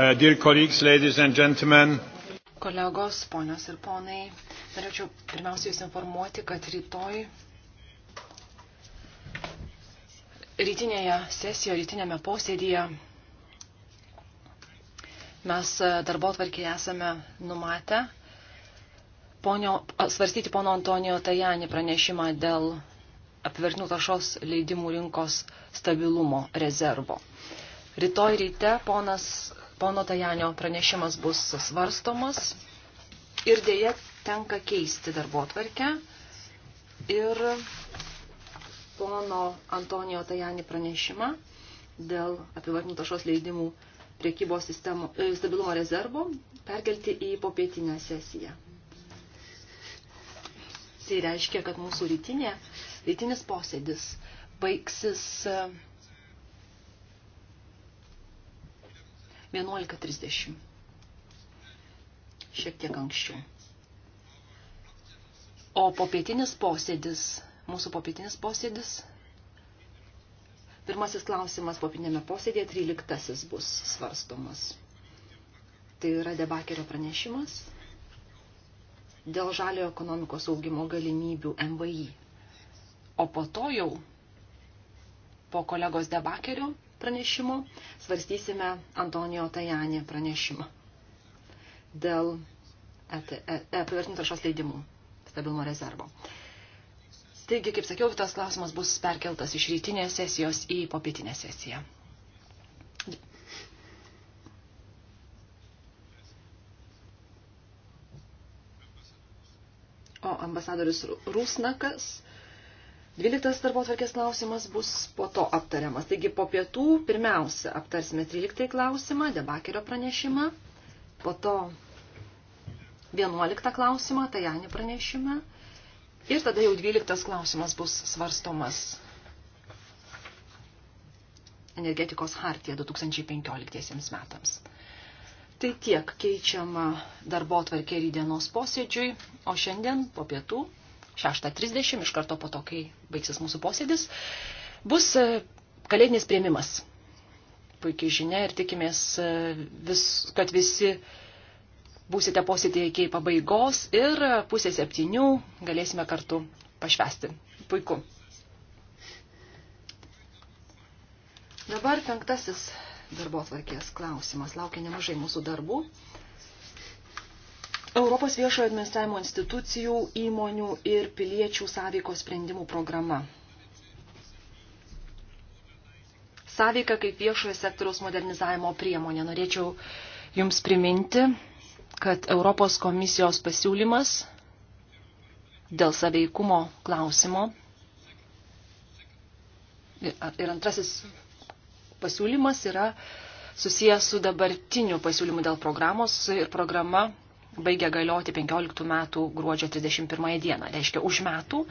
Uh, dear colleagues, ladies and gentlemen. Kolegos, ponios ir ponai, norėčiau pirmiausia Jūs informuoti, kad rytoj rytinėje sesijoje, rytinėme posėdėje mes uh, darbo tvarkėje esame numatę ponio, svarstyti pono Antonijo Tajani pranešimą dėl apvertinių taršos leidimų rinkos stabilumo rezervo. Rytoj ryte ponas pono Tajanio pranešimas bus svarstomas ir dėja tenka keisti darbo tvarkę ir pono Antonijo Tajani pranešimą dėl apivartinių taršos leidimų priekybos sistemo, e, stabilumo rezervo perkelti į popietinę sesiją. Tai reiškia, kad mūsų rytinė, rytinis posėdis baigsis e, 11.30. Šiek tiek anksčiau. O popietinis posėdis, mūsų popietinis posėdis, pirmasis klausimas popietinėme posėdėje, 13 bus svarstomas. Tai yra debakerio pranešimas dėl žalio ekonomikos augimo galimybių MVI. O po to jau, po kolegos debakerio, pranešimu, svarstysime Antonijo Tajanį pranešimą dėl e e, e, apivartinių taršos leidimų stabilumo rezervo. Taigi, kaip sakiau, tas klausimas bus perkeltas iš rytinės sesijos į popietinę sesiją. O ambasadorius Rusnakas 12 darbo tvarkės klausimas bus po to aptariamas. Taigi po pietų pirmiausia aptarsime 13 klausimą, debakerio pranešimą, po to 11 klausimą, tajani pranešimą ir tada jau 12 klausimas bus svarstomas energetikos hartija 2015 metams. Tai tiek keičiama darbo tvarkė rydienos posėdžiui, o šiandien po pietų 6.30, iš karto po to, kai baigsis mūsų posėdis, bus e, kalėdinis prieimimas. Puikiai žinia ir tikimės, e, vis, kad visi būsite posėdėje iki pabaigos ir pusė septynių galėsime kartu pašvesti. Puiku. Dabar penktasis darbo atvarkės klausimas. Laukia nemažai mūsų darbų. Europos viešojo administravimo institucijų, įmonių ir piliečių sąveiko sprendimų programa. Sąveika kaip viešojo sektoriaus modernizavimo priemonė. Norėčiau Jums priminti, kad Europos komisijos pasiūlymas dėl saveikumo klausimo ir antrasis pasiūlymas yra susijęs su dabartiniu pasiūlymu dėl programos ir programa baigia galioti 15 metų gruodžio 31 dieną, reiškia už metų.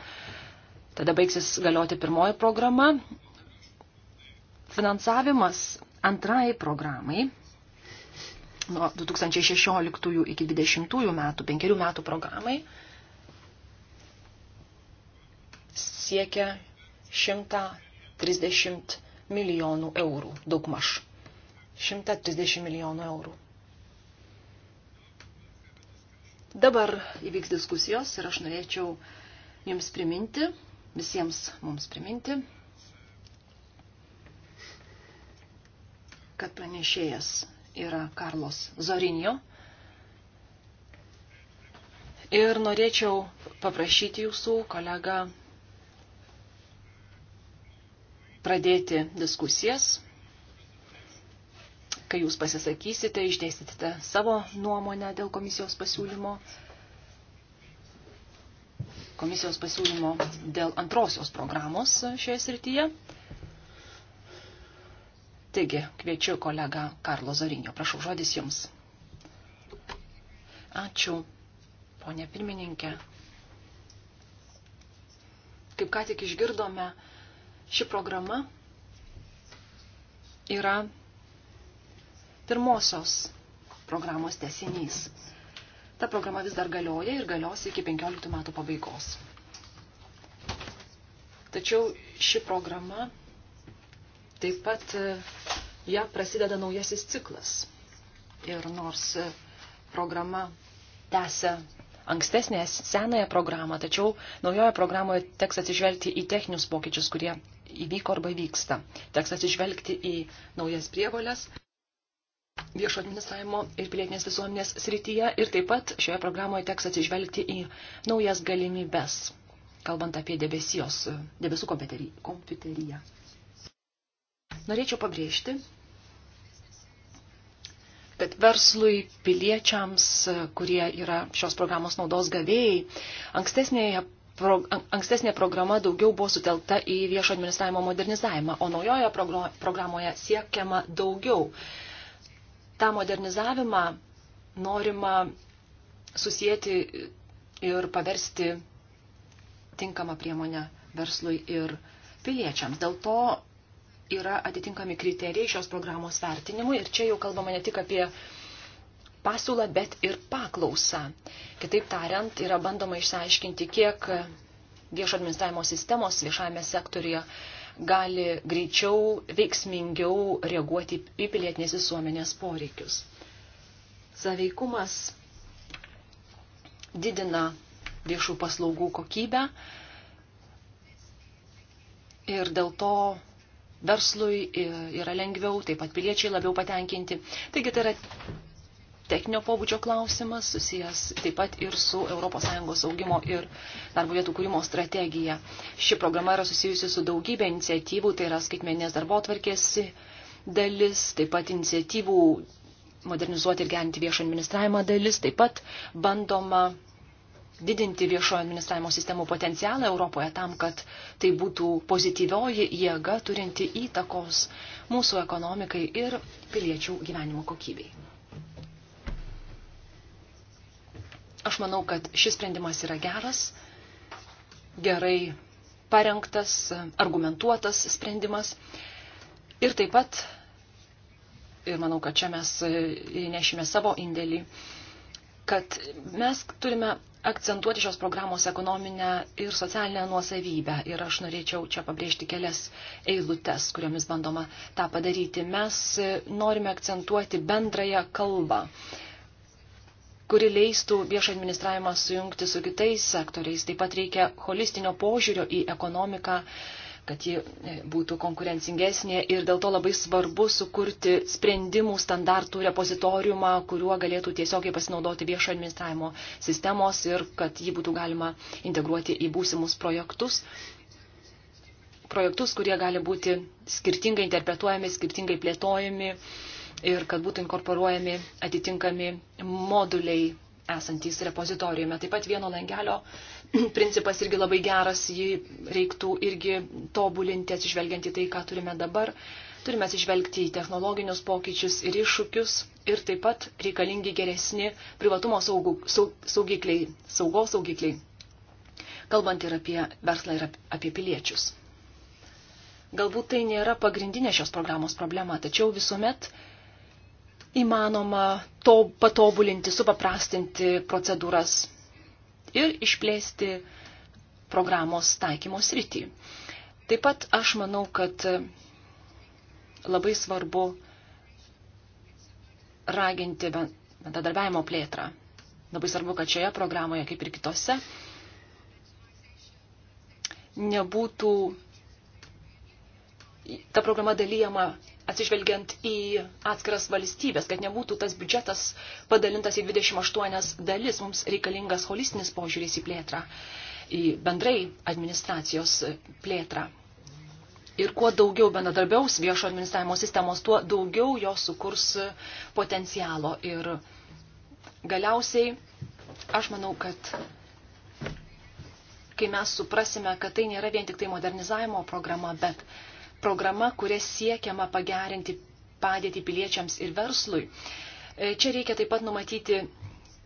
Tada baigsis galioti pirmoji programa. Finansavimas antrai programai nuo 2016 iki 2020 metų, penkerių metų programai siekia 130 milijonų eurų, daugmaž. 130 milijonų eurų. Dabar įvyks diskusijos ir aš norėčiau jums priminti, visiems mums priminti, kad pranešėjas yra Karlos Zorinio. Ir norėčiau paprašyti jūsų kolegą pradėti diskusijas kai jūs pasisakysite, išdėstysite savo nuomonę dėl komisijos pasiūlymo, komisijos pasiūlymo dėl antrosios programos šioje srityje. Taigi, kviečiu kolegą Karlo Zorinio. Prašau, žodis jums. Ačiū, ponė pirmininkė. Kaip ką tik išgirdome, ši programa yra pirmosios programos tesinys. Ta programa vis dar galioja ir galios iki 15 metų pabaigos. Tačiau ši programa taip pat ją e, ja, prasideda naujasis ciklas. Ir nors e, programa tęsia ankstesnė senąją programą, tačiau naujoje programoje teks atsižvelgti į techninius pokyčius, kurie įvyko arba vyksta. Teks atsižvelgti į naujas prievolės viešo administravimo ir pilietinės visuomenės srityje ir taip pat šioje programoje teks atsižvelgti į naujas galimybes, kalbant apie debesijos, debesų kompiuteriją. Norėčiau pabrėžti, kad verslui, piliečiams, kurie yra šios programos naudos gavėjai, ankstesnėje pro, ankstesnė programa daugiau buvo sutelkta į viešo administravimo modernizavimą, o naujoje progr programoje siekiama daugiau tą modernizavimą norima susijęti ir paversti tinkamą priemonę verslui ir piliečiams. Dėl to yra atitinkami kriterijai šios programos vertinimui ir čia jau kalbama ne tik apie pasiūlą, bet ir paklausą. Kitaip tariant, yra bandoma išsiaiškinti, kiek viešo administravimo sistemos viešajame sektorija gali greičiau, veiksmingiau reaguoti į pilietinės visuomenės poreikius. Saveikumas didina viešų paslaugų kokybę ir dėl to verslui yra lengviau, taip pat piliečiai labiau patenkinti. Taigi tai yra techninio pobūdžio klausimas, susijęs taip pat ir su ES augimo ir darbo vietų kūrimo strategija. Ši programa yra susijusi su daugybė iniciatyvų, tai yra skaitmenės darbo atvarkės dalis, taip pat iniciatyvų modernizuoti ir gerinti viešo administravimą dalis, taip pat bandoma didinti viešo administravimo sistemų potencialą Europoje tam, kad tai būtų pozityvioji jėga turinti įtakos mūsų ekonomikai ir piliečių gyvenimo kokybei. Aš manau, kad šis sprendimas yra geras, gerai parengtas, argumentuotas sprendimas. Ir taip pat, ir manau, kad čia mes nešime savo indėlį, kad mes turime akcentuoti šios programos ekonominę ir socialinę nuosavybę. Ir aš norėčiau čia pabrėžti kelias eilutes, kuriomis bandoma tą padaryti. Mes norime akcentuoti bendrąją kalbą kuri leistų viešą administravimą sujungti su kitais sektoriais. Taip pat reikia holistinio požiūrio į ekonomiką, kad ji e, būtų konkurencingesnė ir dėl to labai svarbu sukurti sprendimų standartų repozitoriumą, kuriuo galėtų tiesiogiai pasinaudoti viešo administravimo sistemos ir kad jį būtų galima integruoti į būsimus projektus projektus, kurie gali būti skirtingai interpretuojami, skirtingai plėtojami, uh, ir kad būtų inkorporuojami atitinkami moduliai esantys repozitorijume. Taip pat vieno langelio principas irgi labai geras, jį reiktų irgi tobulinti atsižvelgiant į tai, ką turime dabar. Turime atsižvelgti į technologinius pokyčius ir iššūkius ir taip pat reikalingi geresni privatumo saugų, saug, saugikliai, saugos saugikliai, kalbant ir apie verslą ir apie piliečius. Galbūt tai nėra pagrindinė šios programos problema, tačiau visuomet įmanoma to patobulinti, supaprastinti procedūras ir išplėsti programos taikymo sritį. Taip pat aš manau, kad labai svarbu raginti bendradarbiavimo plėtrą. Labai svarbu, kad šioje programoje, kaip ir kitose, nebūtų ta programa dalyjama atsižvelgiant į atskiras valstybės, kad nebūtų tas biudžetas padalintas į 28 dalis, mums reikalingas holistinis požiūris į plėtrą, į bendrai administracijos plėtrą. Ir kuo daugiau bendradarbiaus viešo administravimo sistemos, tuo daugiau jos sukurs potencialo. Ir galiausiai aš manau, kad kai mes suprasime, kad tai nėra vien tik tai modernizavimo programa, bet programa, kuria siekiama pagerinti padėtį piliečiams ir verslui. E, čia reikia taip pat numatyti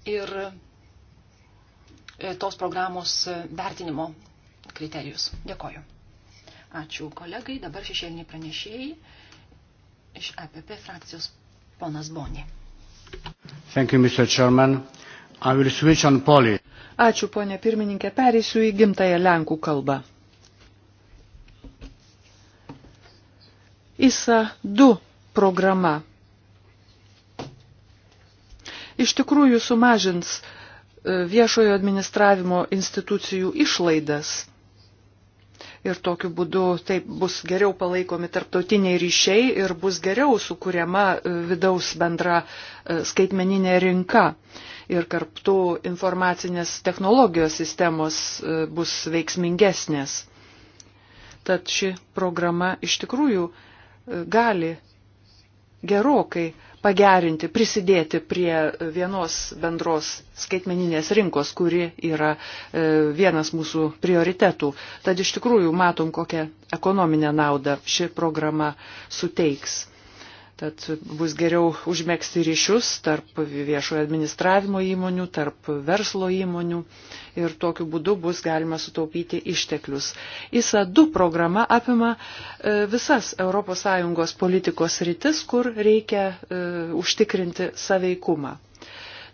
ir e, tos programos vertinimo kriterijus. Dėkoju. Ačiū kolegai. Dabar šešėliniai pranešėjai iš APP frakcijos ponas Boni. Thank you, Mr. Chairman. I will switch on Polish. Ačiū, ponė pirmininkė. Perėsiu į gimtąją Lenkų kalbą. ISA 2 programa iš tikrųjų sumažins e, viešojo administravimo institucijų išlaidas. Ir tokiu būdu taip bus geriau palaikomi tarptautiniai ryšiai ir bus geriau sukūriama e, vidaus bendra e, skaitmeninė rinka. Ir kartu informacinės technologijos sistemos bus veiksmingesnės. Tad ši programa iš tikrųjų gali gerokai pagerinti, prisidėti prie vienos bendros skaitmeninės rinkos, kuri yra e, vienas mūsų prioritetų. Tad iš tikrųjų matom, kokią ekonominę naudą ši programa suteiks. Tad bus geriau užmėgsti ryšius tarp viešojo administravimo įmonių, tarp verslo įmonių ir tokiu būdu bus galima sutaupyti išteklius. ISA 2 programa apima e, visas ES politikos rytis, kur reikia e, užtikrinti saveikumą.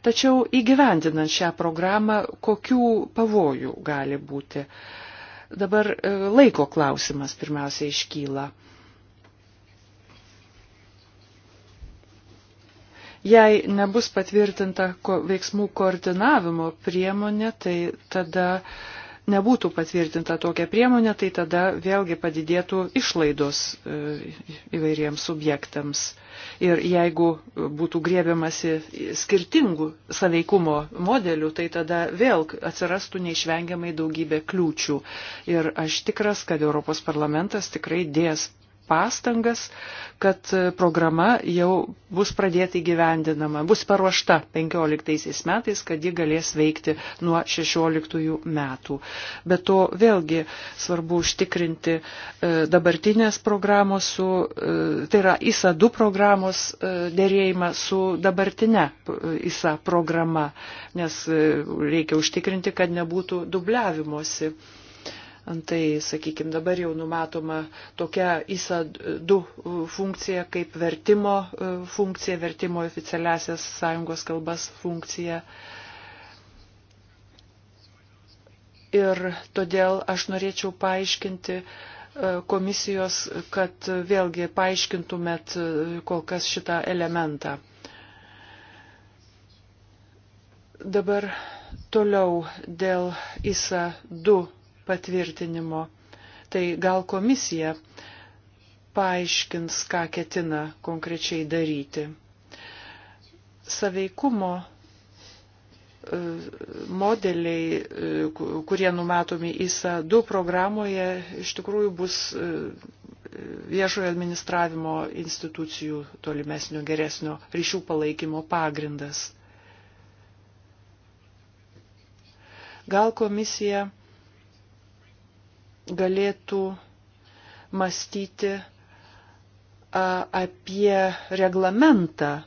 Tačiau įgyvendinant šią programą, kokių pavojų gali būti? Dabar e, laiko klausimas pirmiausia iškyla Jei nebus patvirtinta veiksmų koordinavimo priemonė, tai tada nebūtų patvirtinta tokia priemonė, tai tada vėlgi padidėtų išlaidos e, įvairiems subjektams. Ir jeigu būtų grėbiamasi skirtingų saveikumo modelių, tai tada vėl atsirastų neišvengiamai daugybė kliūčių. Ir aš tikras, kad Europos parlamentas tikrai dės pastangas, kad e, programa jau bus pradėta įgyvendinama, bus paruošta 15 metais, kad ji galės veikti nuo 16 metų. Bet to vėlgi svarbu užtikrinti e, dabartinės programos su, e, tai yra ISA 2 programos dėrėjimą su dabartinė ISA programa, nes reikia užtikrinti, kad nebūtų dubliavimosi. Antai, sakykime, dabar jau numatoma tokia ISA 2 funkcija kaip vertimo e, funkcija, vertimo oficialiasias sąjungos kalbas funkcija. Ir todėl aš norėčiau paaiškinti e, komisijos, kad vėlgi paaiškintumėt e, kol kas šitą elementą. Dabar toliau dėl ISA 2 patvirtinimo. Tai gal komisija paaiškins, ką ketina konkrečiai daryti. Saveikumo e, modeliai, e, kurie numatomi ISA 2 programoje, iš tikrųjų bus e, viešojo administravimo institucijų tolimesnio geresnio ryšių palaikymo pagrindas. Gal komisija galėtų mąstyti apie reglamentą e,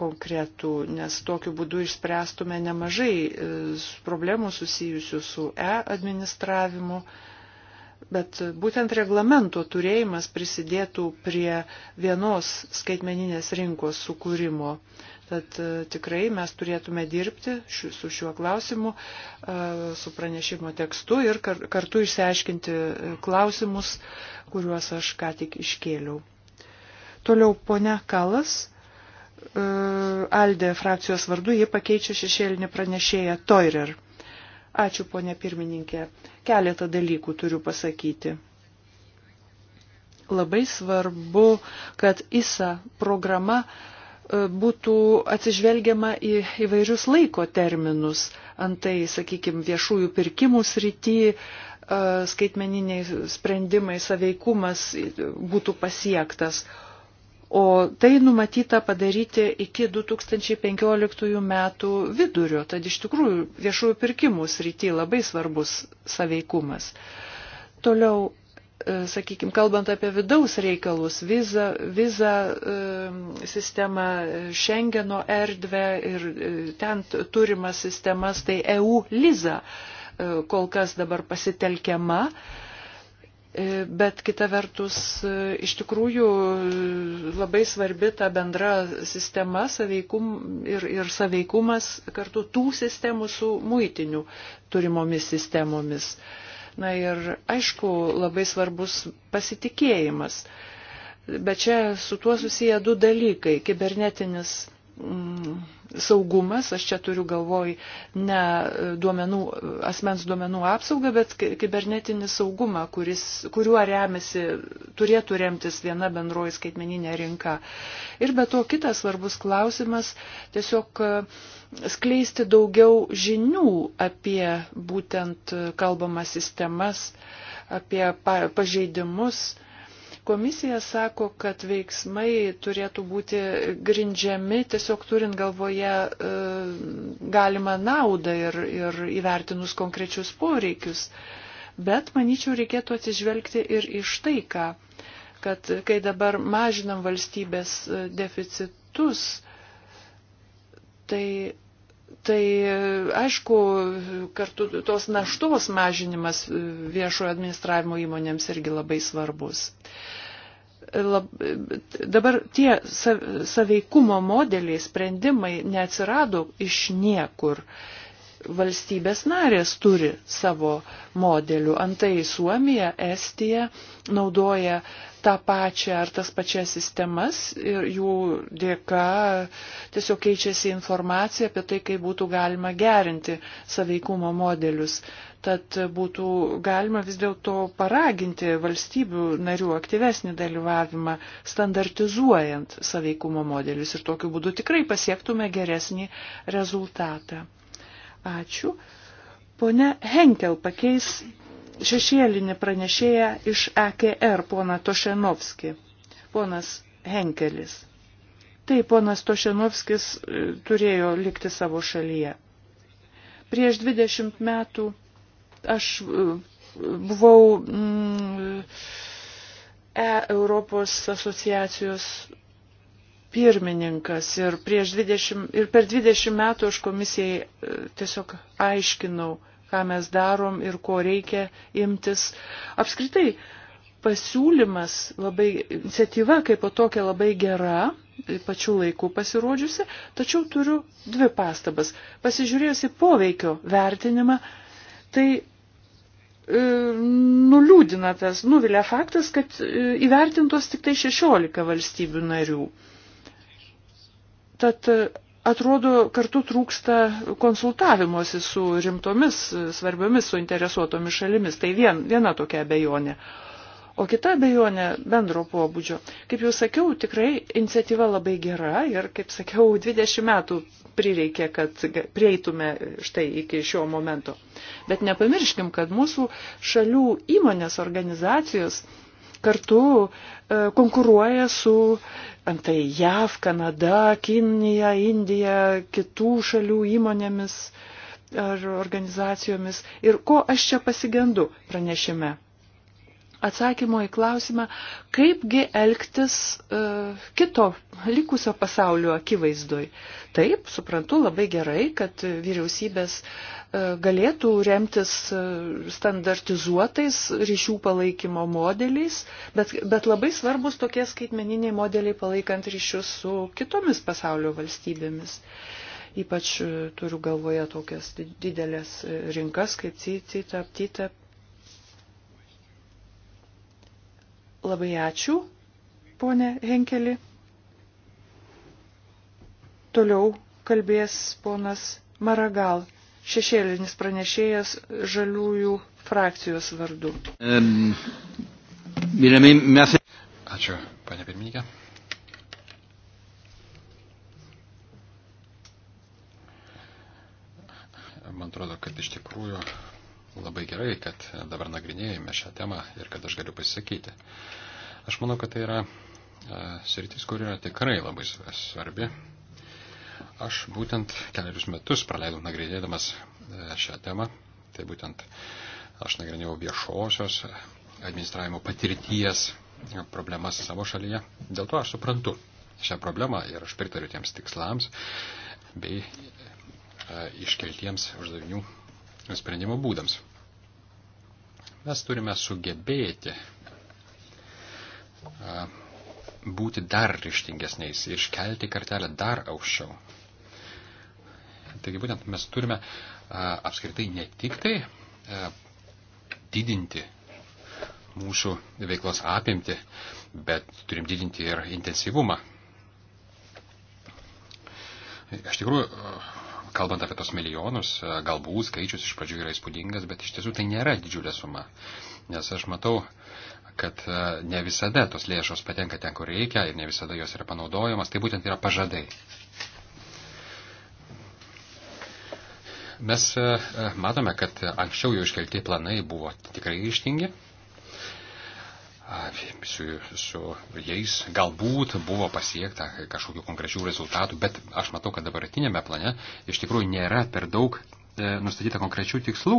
konkretų, nes tokiu būdu išspręstume nemažai e, problemų susijusių su e-administravimu, Bet būtent reglamento turėjimas prisidėtų prie vienos skaitmeninės rinkos sukūrimo. Tad e, tikrai mes turėtume dirbti su šiuo klausimu, e, su pranešimo tekstu ir kartu išsiaiškinti e, klausimus, kuriuos aš ką tik iškėliau. Toliau ponia Kalas, Alde frakcijos vardu, ji pakeičia šešėlinį pranešėją Toirer. Ačiū, ponė pirmininkė. Keletą dalykų turiu pasakyti. Labai svarbu, kad ISA programa e, būtų atsižvelgiama į įvairius laiko terminus. Antai, sakykime, viešųjų pirkimų srity e, skaitmeniniai sprendimai, saveikumas būtų pasiektas. O tai numatyta padaryti iki 2015 metų vidurio, tad iš tikrųjų viešųjų pirkimų srity labai svarbus saveikumas. Toliau, e, sakykime, kalbant apie vidaus reikalus, vizą, vizą e, sistemą, e, Schengeno erdvę ir ten turimas sistemas, tai EU liza kol kas dabar pasitelkiama. E, bet kita vertus, e, iš tikrųjų e, labai svarbi ta bendra sistema saveikum, ir, ir saveikumas kartu tų sistemų su muitiniu turimomis sistemomis. Na ir aišku, labai svarbus pasitikėjimas. Bet čia su tuo susiję du dalykai - kibernetinis. Mm, saugumas, aš čia turiu galvoj ne e, duomenų, e, asmens duomenų apsaugą, bet kibernetinį saugumą, kuris, kuriuo remiasi, turėtų remtis viena bendroji skaitmeninė rinka. Ir be to kitas svarbus klausimas tiesiog e, skleisti daugiau žinių apie būtent kalbamą sistemas, apie pažeidimus Komisija sako, kad veiksmai turėtų būti grindžiami tiesiog turint galvoje e, galimą naudą ir, ir įvertinus konkrečius poreikius. Bet, manyčiau, reikėtų atsižvelgti ir iš tai, ką, kad kai dabar mažinam valstybės e, deficitus, tai Tai aišku, kartu tos naštos mažinimas viešojo administravimo įmonėms irgi labai svarbus. Lab, dabar tie saveikumo modeliai, sprendimai neatsirado iš niekur. Uh, valstybės narės turi savo modelių. Antai Suomija, Estija naudoja tą pačią ar tas pačias sistemas ir jų dėka tiesiog keičiasi informacija apie tai, kaip būtų galima gerinti saveikumo modelius. Tad būtų galima vis dėlto paraginti valstybių narių aktyvesnį dalyvavimą, standartizuojant saveikumo modelius ir tokiu būdu tikrai pasiektume geresnį rezultatą. Ačiū. Pone Henkel pakeis šešėlinį pranešėją iš EKR, pona Tošenovski. Ponas Henkelis. Tai ponas Tošenovskis e, turėjo likti savo šalyje. Prieš 20 metų aš e, buvau mm, E Europos asociacijos pirmininkas ir, prieš 20, ir per 20 metų aš komisijai e, tiesiog aiškinau, ką mes darom ir ko reikia imtis. Apskritai, pasiūlymas, labai, iniciatyva kaip po tokia labai gera, pačių laikų pasirodžiusi, tačiau turiu dvi pastabas. Pasižiūrėjusi poveikio vertinimą, tai e, nuliūdina tas, nuvilia faktas, kad e, įvertintos tik tai 16 valstybių narių. Tad e, atrodo, kartu trūksta konsultavimuose su rimtomis, e, svarbiomis, suinteresuotomis šalimis. Tai vien, viena tokia abejonė. O kita abejonė bendro pobūdžio. Kaip jau sakiau, tikrai iniciatyva labai gera ir, kaip sakiau, 20 metų prireikė, kad prieitume štai iki šio momento. Bet nepamirškim, kad mūsų šalių įmonės organizacijos kartu E, konkuruoja su antai JAV, Kanada, Kinija, Indija, kitų šalių įmonėmis ar organizacijomis. Ir ko aš čia pasigendu pranešime? atsakymo į klausimą, kaipgi elgtis e, kito likusio pasaulio akivaizdoj. Taip, suprantu labai gerai, kad vyriausybės e, galėtų remtis e, standartizuotais ryšių palaikymo modeliais, bet, bet labai svarbus tokie skaitmeniniai modeliai palaikant ryšius su kitomis pasaulio valstybėmis. Ypač e, turiu galvoje tokias didelės e, rinkas kaip CITIP, TITIP Labai ačiū, ponė Henkeli. Toliau kalbės ponas Maragal, šešėlinis pranešėjas žaliųjų frakcijos vardu. Ačiū, panė pirmininkė. Man atrodo, kad iš tikrųjų labai gerai, kad dabar nagrinėjame šią temą ir kad aš galiu pasisakyti. Aš manau, kad tai yra e, sritis, kur yra tikrai labai svarbi. Aš būtent keliarius metus praleidau nagrinėdamas e, šią temą. Tai būtent aš nagrinėjau viešosios administravimo patirties problemas savo šalyje. Dėl to aš suprantu šią problemą ir aš pritariu tiems tikslams bei e, iškeltiems uždavinių sprendimo būdams. Mes turime sugebėti būti dar ryštingesniais ir iškelti kartelę dar aukščiau. Taigi būtent mes turime apskritai ne tik tai didinti mūsų veiklos apimti, bet turim didinti ir intensyvumą. Iš tikrųjų, kalbant apie tos milijonus, e, galbūt skaičius iš pradžių yra įspūdingas, bet iš tiesų tai nėra didžiulė suma. Nes aš matau, kad e, ne visada tos lėšos patenka ten, kur reikia ir ne visada jos yra panaudojamas. Tai būtent yra pažadai. Mes e, matome, kad anksčiau jau iškelti planai buvo tikrai ryštingi su, su jais galbūt buvo pasiekta kažkokių konkrečių rezultatų, bet aš matau, kad dabartinėme plane iš tikrųjų nėra per daug e, nustatyta konkrečių tikslų.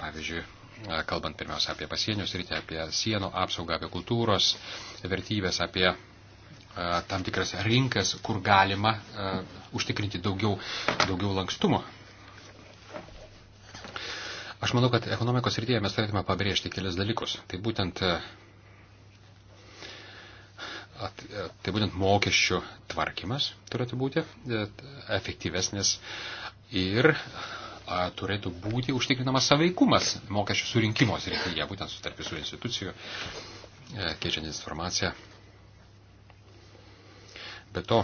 Pavyzdžiui, e, kalbant pirmiausia apie pasienius rytį, apie sienų apsaugą, apie kultūros vertybės, apie e, tam tikras rinkas, kur galima uh, užtikrinti daugiau, daugiau lankstumo. Aš manau, kad ekonomikos rytyje mes turėtume pabrėžti kelias dalykus. Tai būtent uh, at, e, tai būtent mokesčių tvarkymas turėtų būti e, efektyvesnis ir a, turėtų būti užtikrinamas saveikumas mokesčių surinkimo srityje, būtent su tarp visų institucijų, e, keičiant informaciją. Be to,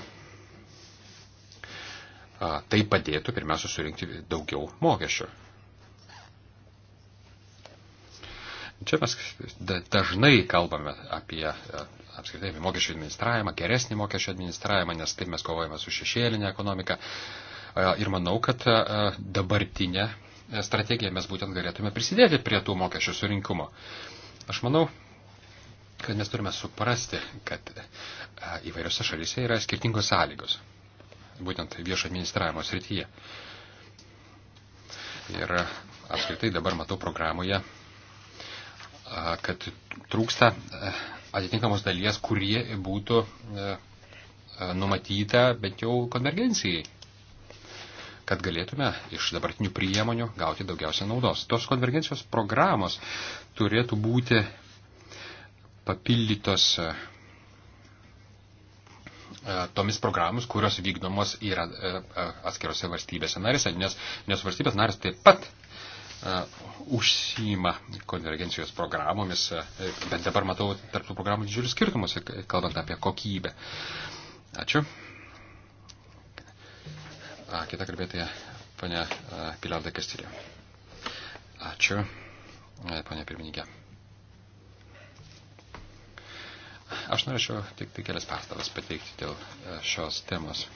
a, tai padėtų pirmiausia surinkti daugiau mokesčių Čia mes dažnai kalbame apie e, apskritai apie mokesčių administravimą, geresnį mokesčių administravimą, nes taip mes kovojame su šešėlinė ekonomika. E, ir manau, kad e, dabartinė strategija mes būtent galėtume prisidėti prie tų mokesčių surinkumo. Aš manau, kad mes turime suprasti, kad įvairiose šalyse yra skirtingos sąlygos, būtent viešo administravimo srityje. Ir apskritai dabar matau programoje kad trūksta atitinkamos dalies, kurie būtų numatyta bent jau konvergencijai, kad galėtume iš dabartinių priemonių gauti daugiausia naudos. Tos konvergencijos programos turėtų būti papildytos tomis programos, kurios vykdomos yra atskirose valstybėse narėse, nes, nes valstybės narės taip pat E, užsima konvergencijos programomis, e, bet dabar matau tarp tų programų didžiulius skirtumus, e, kalbant apie kokybę. Ačiū. A, kita kalbėtoja, ponia Pilarda Kastilė. Ačiū, ponia pirmininkė. Aš norėčiau tik tai kelias pastabas pateikti dėl šios temos.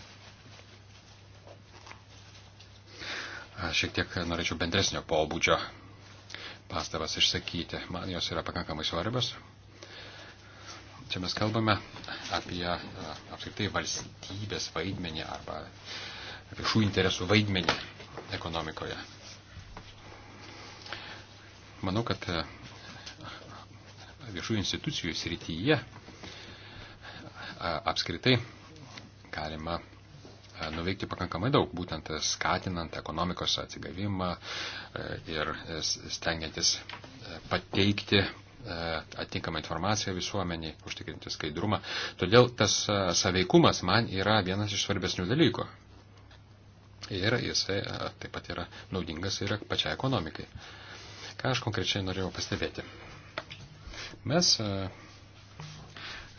šiek tiek norėčiau bendresnio pobūdžio pastabas išsakyti. Man jos yra pakankamai svarbios. Čia mes kalbame apie apskritai valstybės vaidmenį arba viešų interesų vaidmenį ekonomikoje. Manau, kad viešų institucijų srityje apskritai galima E, nuveikti pakankamai daug, būtent skatinant ekonomikos atsigavimą e, ir stengiantis e, pateikti atitinkamą informaciją visuomeniai, užtikrinti skaidrumą. Todėl tas saveikumas man yra vienas iš svarbesnių dalykų. Ir jisai taip pat yra naudingas ir pačiai ekonomikai. Ką aš konkrečiai norėjau pastebėti. Mes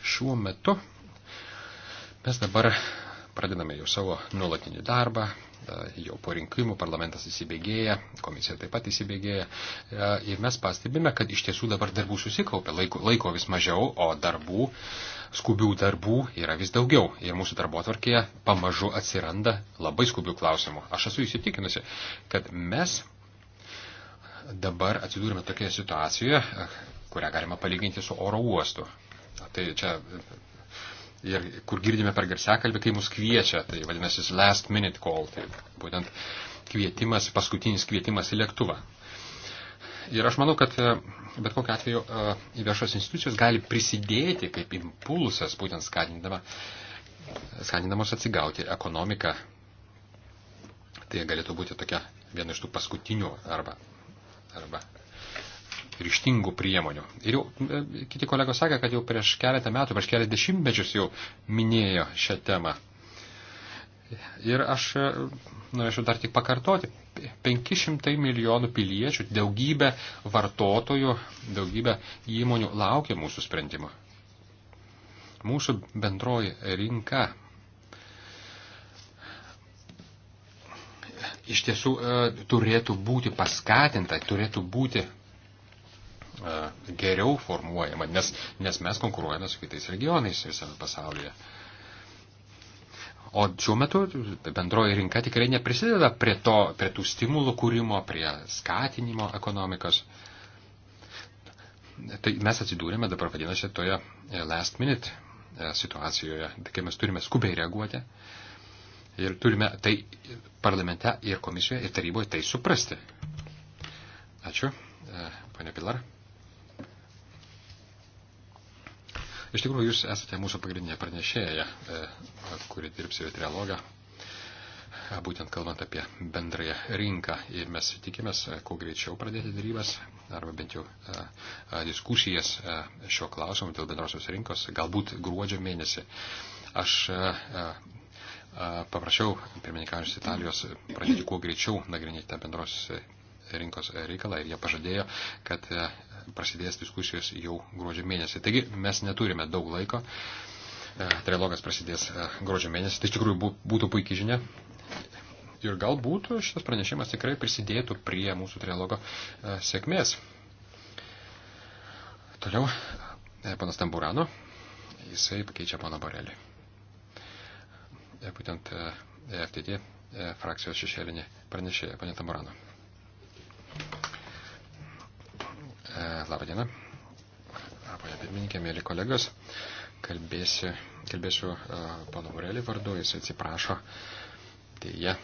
šiuo metu, mes dabar pradedame jau savo nuolatinį darbą, e, jau po rinkimų parlamentas įsibėgėja, komisija taip pat įsibėgėja e, ir mes pastebime, kad iš tiesų dabar darbų susikaupia, laiko, laiko vis mažiau, o darbų, skubių darbų yra vis daugiau ir mūsų darbo atvarkėje pamažu atsiranda labai skubių klausimų. Aš esu įsitikinusi, kad mes dabar atsidūrime tokioje situacijoje, kurią galima palyginti su oro uostu. Tai čia ir kur girdime per garsiakalbį, kai mus kviečia, tai vadinasi last minute call, tai būtent kvietimas, paskutinis kvietimas į lėktuvą. Ir aš manau, kad e, bet kokiu atveju e, viešos institucijos gali prisidėti kaip impulsas, būtent skatindama, skatindamos atsigauti ekonomiką. Tai galėtų būti tokia viena iš tų paskutinių arba, arba ryštingų priemonių. Ir jau e, kiti kolegos sakė, kad jau prieš keletą metų, prieš keletą dešimtmečius jau minėjo šią temą. Ir aš e, norėčiau dar tik pakartoti. 500 milijonų piliečių, daugybė vartotojų, daugybė įmonių laukia mūsų sprendimo. Mūsų bendroji rinka iš tiesų e, turėtų būti paskatinta, turėtų būti geriau formuojama, nes, nes mes konkuruojame su kitais regionais visame pasaulyje. O šiuo metu bendroji rinka tikrai neprisideda prie, to, prie tų stimulų kūrimo, prie skatinimo ekonomikos. Tai mes atsidūrėme dabar vadinasi toje e, last minute e, situacijoje, kai mes turime skubiai reaguoti ir turime tai parlamente ir komisijoje ir taryboje tai suprasti. Ačiū, e, ponia Pilar. Iš tikrųjų, jūs esate mūsų pagrindinė pranešėja, e, kuri dirbs ir trialogą, būtent kalbant apie bendrąją rinką. Ir mes tikimės, e, kuo greičiau pradėti darybas, arba bent jau e, diskusijas šio klausimu dėl bendrosios rinkos, galbūt gruodžio mėnesį. Aš paprašiau pirmininkaujančios Italijos pradėti kuo greičiau nagrinėti tą bendros rinkos reikalą ir jie pažadėjo, kad prasidės diskusijos jau gruodžio mėnesį. Taigi mes neturime daug laiko. E, trilogas prasidės e, gruodžio mėnesį. Tai iš tikrųjų būtų puikiai žinia. Ir galbūt šitas pranešimas tikrai prisidėtų prie mūsų trilogo e, sėkmės. Toliau, panas Tamburano, jisai pakeičia pana Borelį. Būtent FTT frakcijos šešėlinė pranešėja, panė Tamburano. E, labadiena. Pane pirmininkė, mėly kolegos, kalbėsiu, kalbėsiu e, pano Borelį vardu, jis atsiprašo. Deja,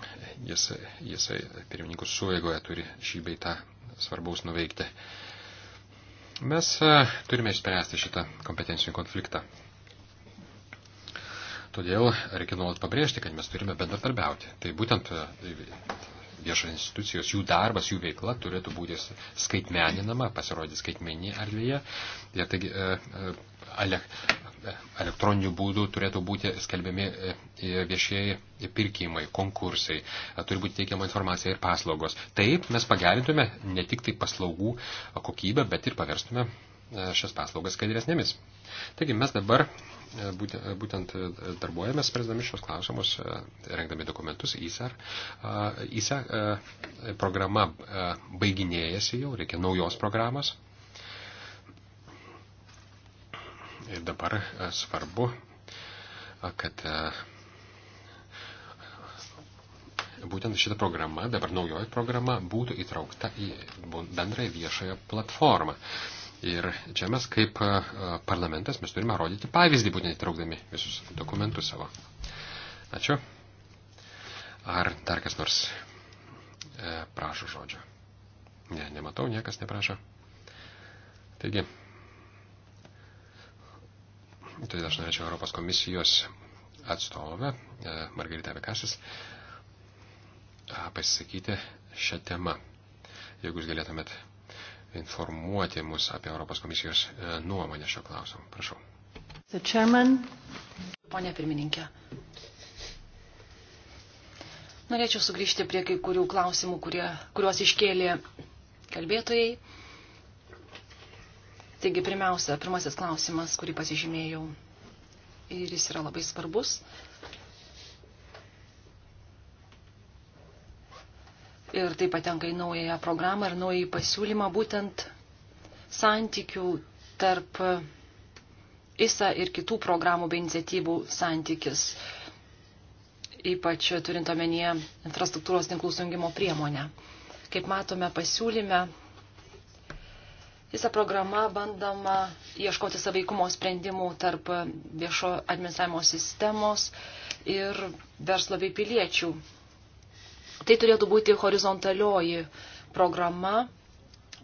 tai jis, jisai pirmininkų suveigoje turi šį beitą svarbaus nuveikti. Mes e, turime išspręsti šitą kompetencijų konfliktą. Todėl reikia nuolat pabrėžti, kad mes turime bendradarbiauti. Tai būtent viešos institucijos, jų darbas, jų veikla turėtų būti skaitmeninama, pasirodyti skaitmeninėje erdvėje. Ir taigi e, e, e, elektroniniu būdu turėtų būti skelbiami viešieji pirkimai, konkursai, turi būti teikiama informacija ir paslaugos. Taip mes pagerintume ne tik tai paslaugų kokybę, bet ir paverstume E, šias paslaugas skaidresnėmis. Taigi mes dabar e, e, būtent darbuojamės, spręsdami šios klausimus, rengdami dokumentus ISAR. ISAR programa baiginėjasi jau, reikia naujos programos. Ir dabar svarbu, kad būtent šita programa, dabar naujoji programa, būtų įtraukta į bendrąją viešąją platformą. Ir čia mes kaip e, parlamentas mes turime rodyti pavyzdį, būtent įtraukdami visus dokumentus savo. Ačiū. Ar dar kas nors e, prašo žodžio? Ne, nematau, niekas neprašo. Taigi, tai aš norėčiau Europos komisijos atstovę, e, Margarita Vikasis, pasisakyti šią temą. Jeigu jūs galėtumėt informuoti mus apie Europos komisijos e, nuomonę šio klausimu. Prašau. Pone pirmininkė. Norėčiau sugrįžti prie kai kurių klausimų, kurie, kuriuos iškėlė kalbėtojai. Taigi, pirmiausia, pirmasis klausimas, kurį pasižymėjau, ir jis yra labai svarbus. ir tai patenka į naująją programą ir naująjį pasiūlymą būtent santykių tarp ISA ir kitų programų bei iniciatyvų santykis, ypač turint omenyje infrastruktūros tinklų sujungimo priemonę. Kaip matome pasiūlyme, visą programą bandama ieškoti saveikumo sprendimų tarp viešo administravimo sistemos ir verslo bei piliečių Tai turėtų būti horizontalioji programa,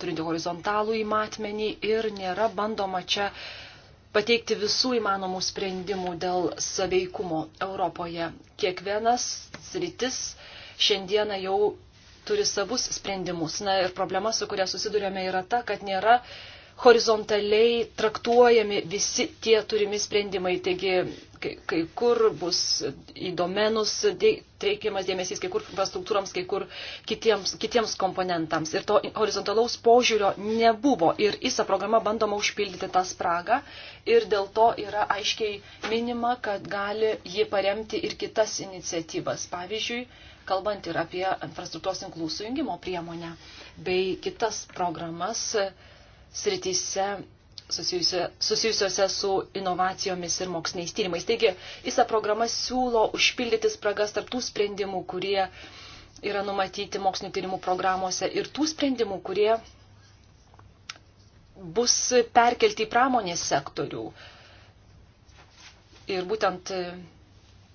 turinti horizontalų įmatmenį ir nėra bandoma čia pateikti visų įmanomų sprendimų dėl saveikumo Europoje. Kiekvienas sritis šiandieną jau turi savus sprendimus. Na ir problema, su kuria susidurėme, yra ta, kad nėra horizontaliai traktuojami visi tie turimi sprendimai. Taigi, kai, kai kur bus į domenus treikiamas dėmesys, kai kur infrastruktūrams, kai kur kitiems, kitiems komponentams. Ir to horizontalaus požiūrio nebuvo. Ir ISA programa bandoma užpildyti tą spragą. Ir dėl to yra aiškiai minima, kad gali ji paremti ir kitas iniciatyvas. Pavyzdžiui, kalbant ir apie infrastruktūros tinklų sujungimo priemonę bei kitas programas srityse susijusiuose su inovacijomis ir moksliniais tyrimais. Taigi, visa programa siūlo užpildyti spragas tarptų sprendimų, kurie yra numatyti mokslinio tyrimų programuose ir tų sprendimų, kurie bus perkelti į pramonės sektorių. Ir būtent e,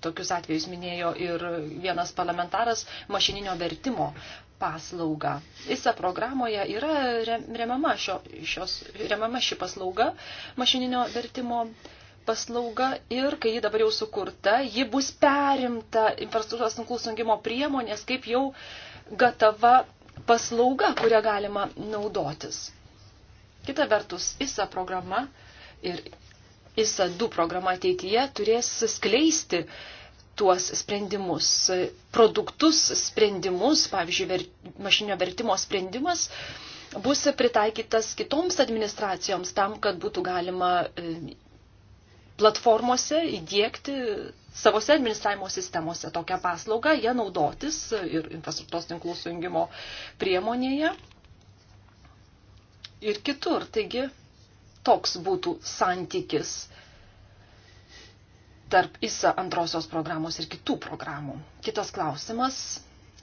tokius atvejus minėjo ir vienas parlamentaras mašininio vertimo paslaugą. ISA programoje yra remiama, šio, šios, remiama ši paslauga, mašininio vertimo paslauga ir kai ji dabar jau sukurta, ji bus perimta infrastruktūros tinklų sungimo priemonės kaip jau gatava paslauga, kurią galima naudotis. Kita vertus, ISA programa ir ISA 2 programa ateityje turės skleisti uh, tuos sprendimus, produktus sprendimus, pavyzdžiui, ver, mašinio vertimo sprendimas bus pritaikytas kitoms administracijoms tam, kad būtų galima e, platformose įdėkti savose administravimo sistemose tokią paslaugą, ją naudotis ir infrastruktūros tinklų sujungimo priemonėje ir kitur. Taigi toks būtų santykis tarp ISA antrosios programos ir kitų programų. Kitas klausimas,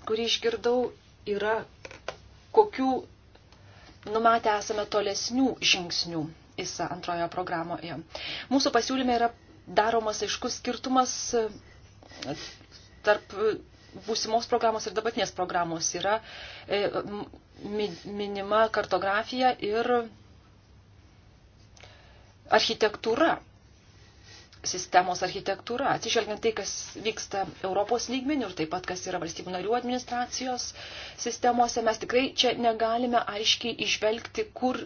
kurį išgirdau, yra kokių numatę esame tolesnių žingsnių ISA antrojo programoje. Mūsų pasiūlyme yra daromas aiškus skirtumas e, tarp e, būsimos programos ir dabartinės programos yra e, minima kartografija ir architektūra sistemos architektūra, atsižvelgiant tai, kas vyksta Europos lygmenių ir taip pat, kas yra valstybių narių administracijos sistemose, mes tikrai čia negalime aiškiai išvelgti, kur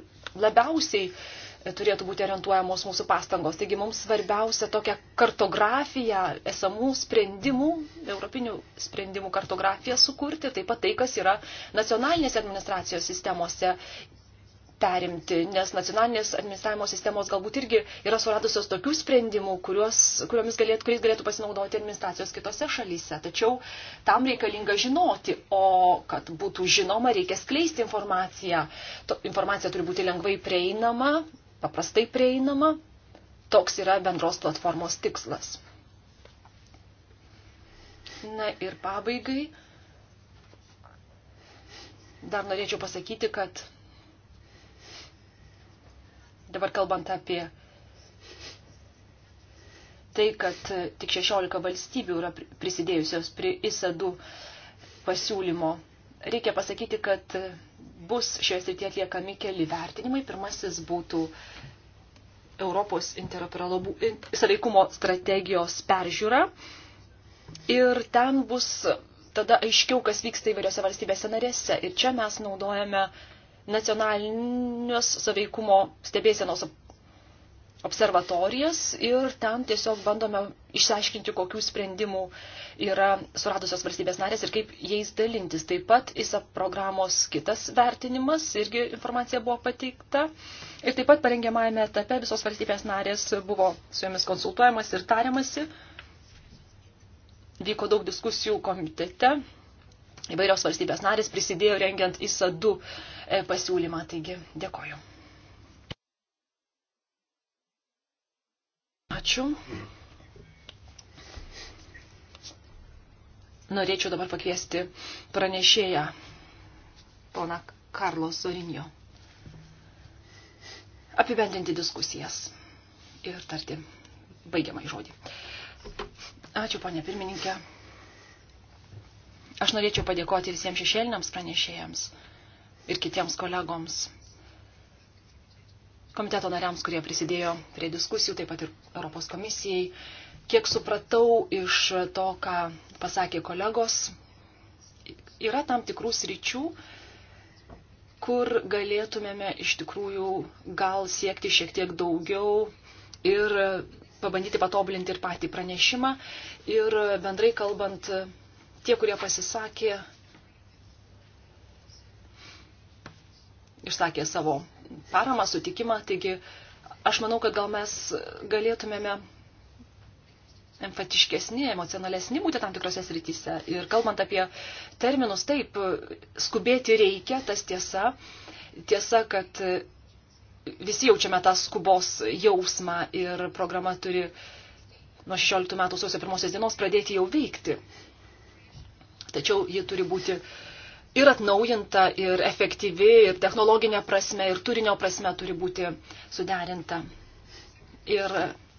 labiausiai e, turėtų būti orientuojamos mūsų pastangos. Taigi mums svarbiausia tokia kartografija, esamų sprendimų, europinių sprendimų kartografiją sukurti, taip pat tai, kas yra nacionalinės administracijos sistemose perimti, nes nacionalinės administravimo sistemos galbūt irgi yra suradusios tokių sprendimų, kuriuos, kuriomis galėtų, kuriais galėtų pasinaudoti administracijos kitose šalyse. Tačiau tam reikalinga žinoti, o kad būtų žinoma, reikia skleisti informaciją. To, informacija turi būti lengvai prieinama, paprastai prieinama. Toks yra bendros platformos tikslas. Na ir pabaigai. Dar norėčiau pasakyti, kad Dabar kalbant apie tai, kad tik 16 valstybių yra prisidėjusios prie ISA 2 pasiūlymo. Reikia pasakyti, kad bus šioje srityje atliekami keli vertinimai. Pirmasis būtų Europos sąveikumo strategijos peržiūra. Ir ten bus tada aiškiau, kas vyksta įvairiose valstybėse narėse. Ir čia mes naudojame uh, nacionalinius saveikumo stebėsenos observatorijas ir ten tiesiog bandome išsiaiškinti, kokių sprendimų yra suradusios valstybės narės ir kaip jais dalintis. Taip pat ISA programos kitas vertinimas, irgi informacija buvo pateikta. Ir taip pat parengiamajame etape visos valstybės narės buvo su jomis konsultuojamas ir tariamasi. Vyko daug diskusijų komitete. Įvairios valstybės narės prisidėjo rengiant ISA 2 E, pasiūlymą. Taigi, dėkoju. Ačiū. Norėčiau dabar pakviesti pranešėją, pona Karlos Zorinio, apibendinti diskusijas ir tarti baigiamą žodį. Ačiū, ponė pirmininkė. Aš norėčiau padėkoti visiems šešėliniams pranešėjams ir kitiems kolegoms, komiteto nariams, kurie prisidėjo prie diskusijų, taip pat ir Europos komisijai. Kiek supratau iš to, ką pasakė kolegos, yra tam tikrų sričių, kur galėtumėme iš tikrųjų gal siekti šiek tiek daugiau ir pabandyti patobulinti ir patį pranešimą. Ir bendrai kalbant, tie, kurie pasisakė, išsakė savo paramą, sutikimą. Taigi aš manau, kad gal mes galėtumėme empatiškesni, emocionalesni būti tam tikrose srityse. Ir kalbant apie terminus, taip, skubėti reikia, tas tiesa. Tiesa, kad visi jaučiame tą skubos jausmą ir programa turi nuo 16 metų sausio pirmosios dienos pradėti jau veikti. Tačiau ji turi būti uh, ir atnaujinta, ir efektyvi, ir technologinė prasme, ir turinio prasme turi būti suderinta. Ir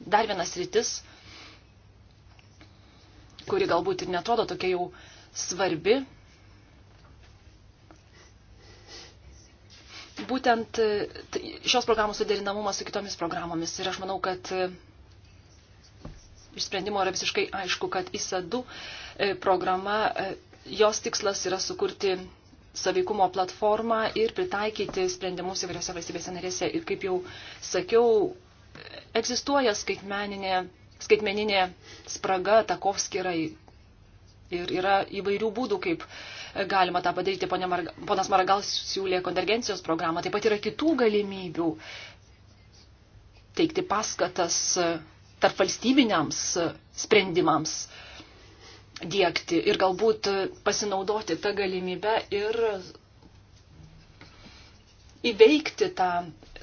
dar vienas rytis, kuri galbūt ir netrodo tokia jau svarbi, būtent e, šios programos suderinamumas su kitomis programomis. Ir aš manau, kad e, iš sprendimo yra visiškai aišku, kad ISA 2 e, programa Jos tikslas yra sukurti saveikumo platformą ir pritaikyti sprendimus įvairiose valstybėse narėse. Ir kaip jau sakiau, egzistuoja skaitmeninė, skaitmeninė spraga, takovskirai. Ir yra įvairių būdų, kaip galima tą padaryti. Marga, ponas Maragal siūlė konvergencijos programą. Taip pat yra kitų galimybių teikti paskatas tarp valstybiniams sprendimams dėkti ir galbūt pasinaudoti tą galimybę ir įveikti tą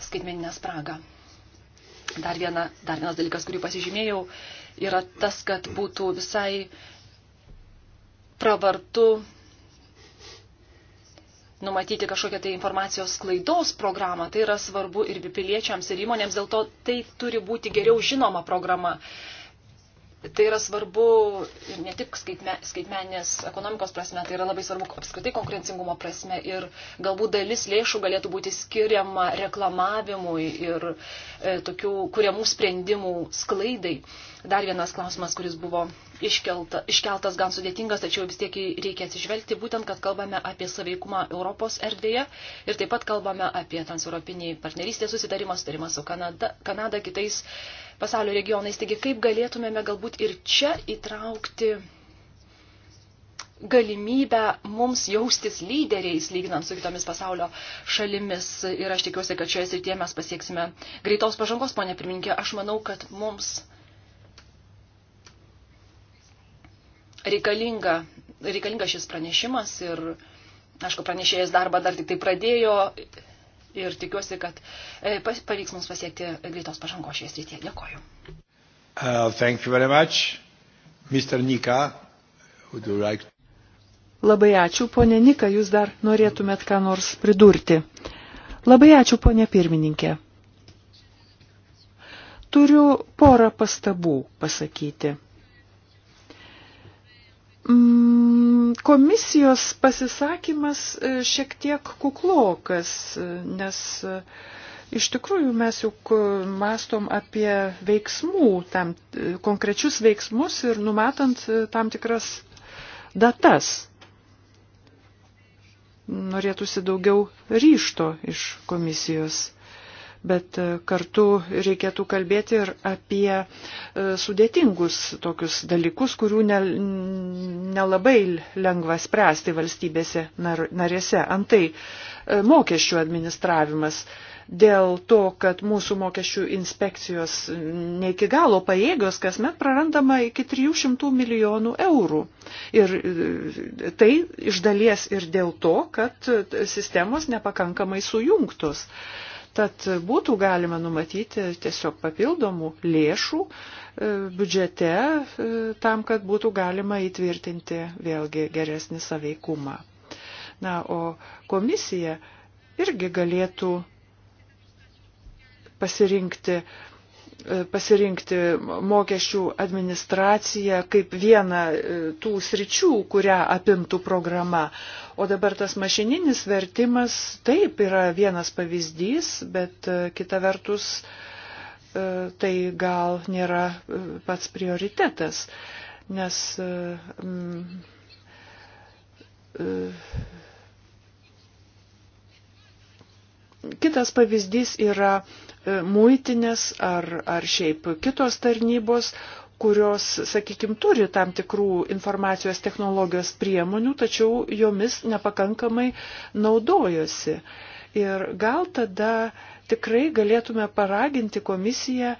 skaitmeninę spragą. Dar, viena, dar vienas dalykas, kurį pasižymėjau, yra tas, kad būtų visai pravartu numatyti kažkokią tai informacijos klaidos programą. Tai yra svarbu ir piliečiams, ir įmonėms, dėl to tai turi būti geriau žinoma programa. Tai yra svarbu ir ne tik skaitme, skaitmenės ekonomikos prasme, tai yra labai svarbu apskritai konkurencingumo prasme ir galbūt dalis lėšų galėtų būti skiriama reklamavimui ir e, tokių kuriamų sprendimų sklaidai. Dar vienas klausimas, kuris buvo iškelta, iškeltas gan sudėtingas, tačiau vis tiek reikia atsižvelgti, būtent, kad kalbame apie saveikumą Europos erdvėje ir taip pat kalbame apie transeuropinį partnerystės susitarimą, sutarimą su Kanada, Kanada kitais pasaulio regionais. Taigi kaip galėtumėme galbūt ir čia įtraukti galimybę mums jaustis lyderiais, lyginant su kitomis pasaulio šalimis. Ir aš tikiuosi, kad šioje srityje mes pasieksime greitos pažangos, ponė pirmininkė. Aš manau, kad mums reikalinga, reikalinga šis pranešimas ir, aišku, pranešėjas darbą dar tik tai pradėjo ir tikiuosi, kad e, pavyks mums pasiekti greitos pažangos šioje srityje. Dėkoju. Uh, Nika, like... Labai ačiū, ponė Nika, jūs dar norėtumėt ką nors pridurti. Labai ačiū, ponė pirmininkė. Turiu porą pastabų pasakyti. Mm, komisijos pasisakymas e, šiek tiek kuklokas, e, nes e, iš tikrųjų mes juk mastom apie veiksmų, tam, konkrečius veiksmus ir numatant tam tikras datas. Norėtųsi daugiau ryšto iš komisijos bet e, kartu reikėtų kalbėti ir apie e, sudėtingus tokius dalykus, kurių nelabai lengva spręsti valstybėse narėse. Antai e, mokesčių administravimas dėl to, kad mūsų mokesčių inspekcijos ne iki galo pajėgios, kasmet prarandama iki 300 milijonų eurų. Ir tai iš dalies ir dėl to, kad sistemos nepakankamai sujungtos. Tad būtų galima numatyti tiesiog papildomų lėšų e, biudžete e, tam, kad būtų galima įtvirtinti vėlgi geresnį saveikumą. Na, o komisija irgi galėtų pasirinkti uh, E, pasirinkti mokesčių administraciją kaip vieną e, tų sričių, kurią apimtų programa. O dabar tas mašininis vertimas taip yra vienas pavyzdys, bet e, kita vertus tai gal nėra pats prioritetas, nes kitas pavyzdys yra E, muitinės ar, ar šiaip kitos tarnybos, kurios, sakykime, turi tam tikrų informacijos technologijos priemonių, tačiau jomis nepakankamai naudojosi. Ir gal tada tikrai galėtume paraginti komisiją e,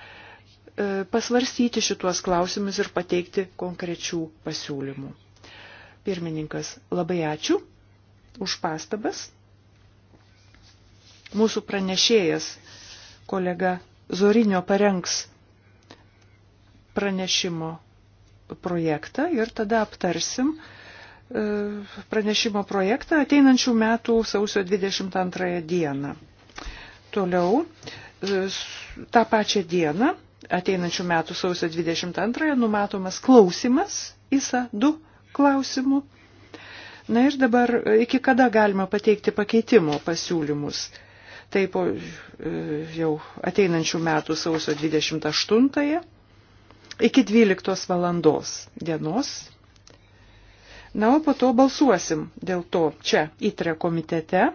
pasvarstyti šituos klausimus ir pateikti konkrečių pasiūlymų. Pirmininkas, labai ačiū už pastabas. Mūsų pranešėjas kolega Zorinio parengs pranešimo projektą ir tada aptarsim e, pranešimo projektą ateinančių metų sausio 22 dieną. Toliau, e, tą pačią dieną, ateinančių metų sausio 22 numatomas klausimas ISA 2 klausimų. Na ir dabar, e, iki kada galima pateikti pakeitimo pasiūlymus? tai po e, jau ateinančių metų sausio 28 iki 12 valandos dienos. Na, o po to balsuosim dėl to čia įtre komitete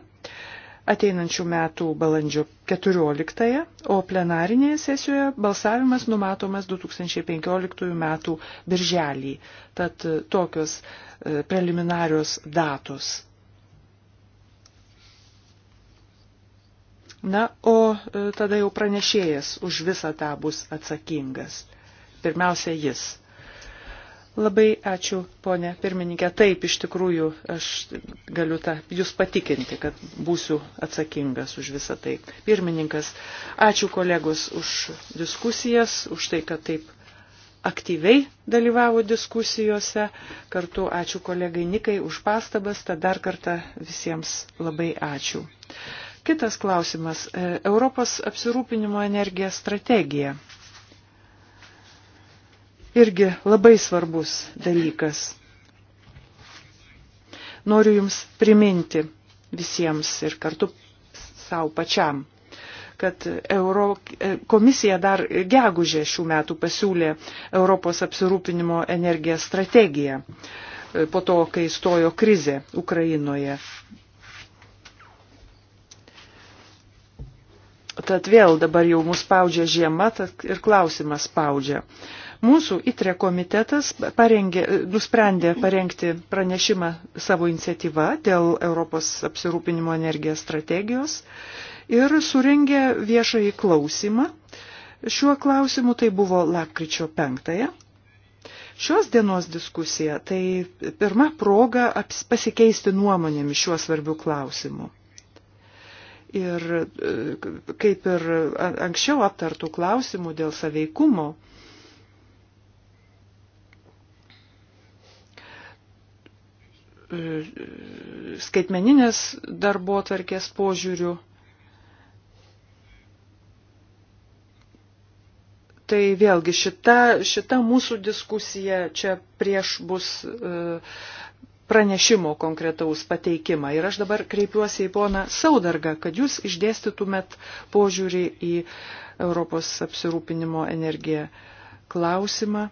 ateinančių metų balandžio 14, o plenarinėje sesijoje balsavimas numatomas 2015 metų birželį. Tad tokios e, preliminarios datos Na, o e, tada jau pranešėjas už visą tą bus atsakingas. Pirmiausia, jis. Labai ačiū, ponė pirmininkė. Taip, iš tikrųjų, aš galiu tą, jūs patikinti, kad būsiu atsakingas už visą tai. Pirmininkas, ačiū kolegos už diskusijas, už tai, kad taip aktyviai dalyvavo diskusijose. Kartu ačiū kolegai Nikai už pastabas, tad dar kartą visiems labai ačiū. Kitas klausimas e, - Europos apsirūpinimo energija strategija. Irgi labai svarbus dalykas. Noriu Jums priminti visiems ir kartu savo pačiam, kad Euro, e, komisija dar gegužė šių metų pasiūlė Europos apsirūpinimo energiją strategiją e, po to, kai stojo krizė Ukrainoje. Tad vėl dabar jau mus spaudžia žiema ir klausimas spaudžia. Mūsų ITRE komitetas parengė, nusprendė parengti pranešimą savo iniciatyvą dėl Europos apsirūpinimo energijos strategijos ir surengė viešai klausimą. Šiuo klausimu tai buvo lapkričio penktąją. Šios dienos diskusija tai pirma proga pasikeisti nuomonėmis šiuo svarbiu klausimu. Ir e, kaip ir anksčiau aptartų klausimų dėl saveikumo, skaitmeninės darbo atvarkės požiūrių, tai vėlgi šita, šita mūsų diskusija čia prieš bus uh, pranešimo konkretaus pateikimą. Ir aš dabar kreipiuosi į poną Saudargą, kad jūs išdėstytumėt požiūrį į Europos apsirūpinimo energiją klausimą.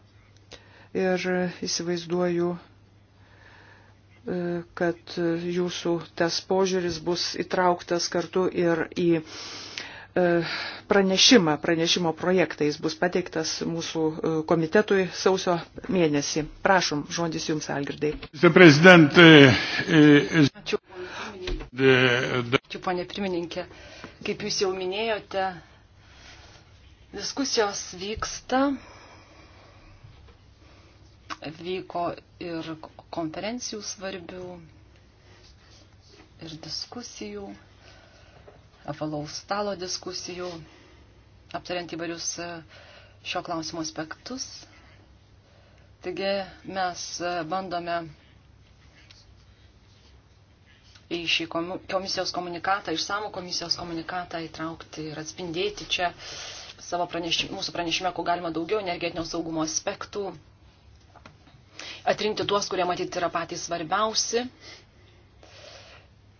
Ir įsivaizduoju, e, kad jūsų tas požiūris bus įtrauktas kartu ir į E, pranešimą, pranešimo projektą. Jis bus pateiktas mūsų e, komitetui sausio mėnesį. Prašom, žodis Jums, Algirdai. Euh, euh, euh, Ačiū, Ačiū ponė pirmininkė. Kaip Jūs jau minėjote, diskusijos vyksta. Vyko ir konferencijų svarbių, ir diskusijų apvalaus stalo diskusijų, aptariant įvairius e, šio klausimo aspektus. Taigi mes e, bandome į šį komisijos komunikatą, išsamų komisijos komunikatą įtraukti ir atspindėti čia savo pranešime, mūsų pranešime, kuo galima daugiau energetinio saugumo aspektų, atrinkti tuos, kurie matyti yra patys svarbiausi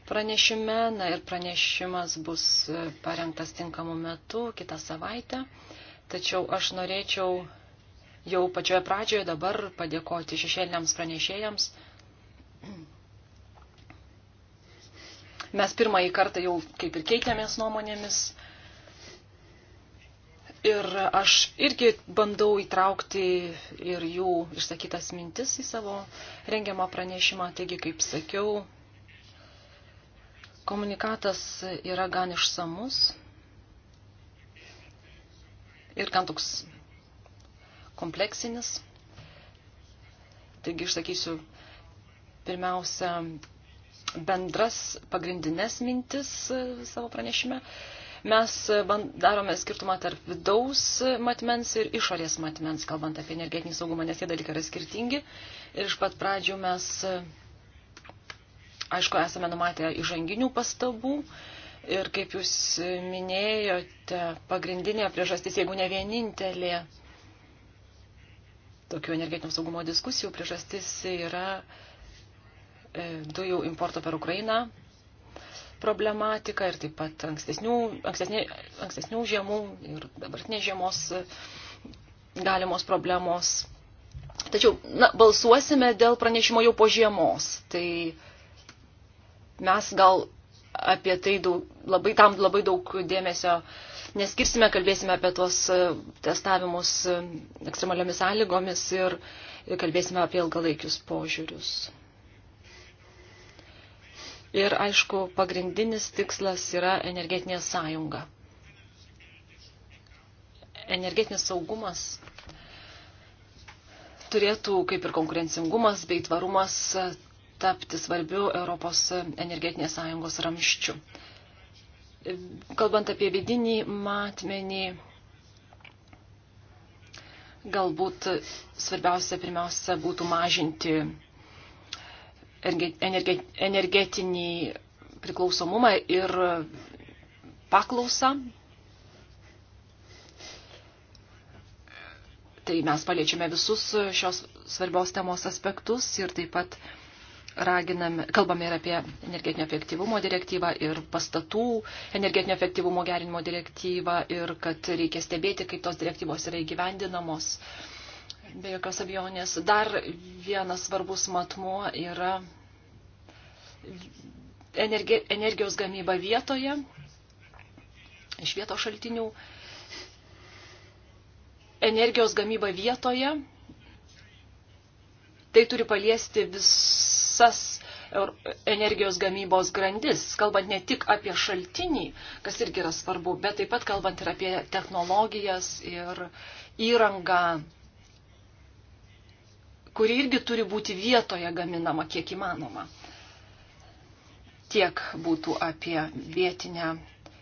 pranešime na, ir pranešimas bus e, parengtas tinkamu metu kitą savaitę. Tačiau aš norėčiau jau pačioje pradžioje dabar padėkoti šešėliniams pranešėjams. Mes pirmąjį kartą jau kaip ir keitėmės nuomonėmis. Ir aš irgi bandau įtraukti ir jų išsakytas mintis į savo rengiamą pranešimą. Taigi, kaip sakiau, Komunikatas yra gan išsamus ir gan toks kompleksinis. Taigi išsakysiu pirmiausia bendras pagrindinės mintis savo pranešime. Mes darome skirtumą tarp vidaus matmens ir išorės matmens, kalbant apie energetinį saugumą, nes tie dalykai yra skirtingi. Ir iš pat pradžių mes Aišku, esame numatę įžanginių pastabų ir, kaip jūs minėjote, pagrindinė priežastis, jeigu ne vienintelė tokių energetinio saugumo diskusijų, priežastis yra e, dujų importo per Ukrainą problematika ir taip pat ankstesnių, ankstesnių, ankstesnių žiemų ir dabartinės žiemos galimos problemos. Tačiau, na, balsuosime dėl pranešimo jau po žiemos. Tai mes gal apie tai daug, labai, tam labai daug dėmesio neskirsime, kalbėsime apie tuos e, testavimus e, ekstremaliomis sąlygomis ir kalbėsime apie ilgalaikius požiūrius. Ir aišku, pagrindinis tikslas yra energetinė sąjunga. Energetinis saugumas turėtų, kaip ir konkurencingumas bei tvarumas, tapti svarbiu Europos energetinės sąjungos ramščiu. Kalbant apie vidinį matmenį, galbūt svarbiausia pirmiausia būtų mažinti energetinį priklausomumą ir paklausą. Tai mes paliečiame visus šios svarbios temos aspektus ir taip pat uh, raginame, kalbame ir apie energetinio efektyvumo direktyvą ir pastatų energetinio efektyvumo gerinimo direktyvą ir kad reikia stebėti, kaip tos direktyvos yra įgyvendinamos. Be jokios abejonės. Dar vienas svarbus matmuo yra energi, energijos gamyba vietoje, iš vietos šaltinių. Energijos gamyba vietoje tai turi paliesti vis, visas energijos gamybos grandis, kalbant ne tik apie šaltinį, kas irgi yra svarbu, bet taip pat kalbant ir apie technologijas ir įrangą, kuri irgi turi būti vietoje gaminama kiek įmanoma. Tiek būtų apie vietinę,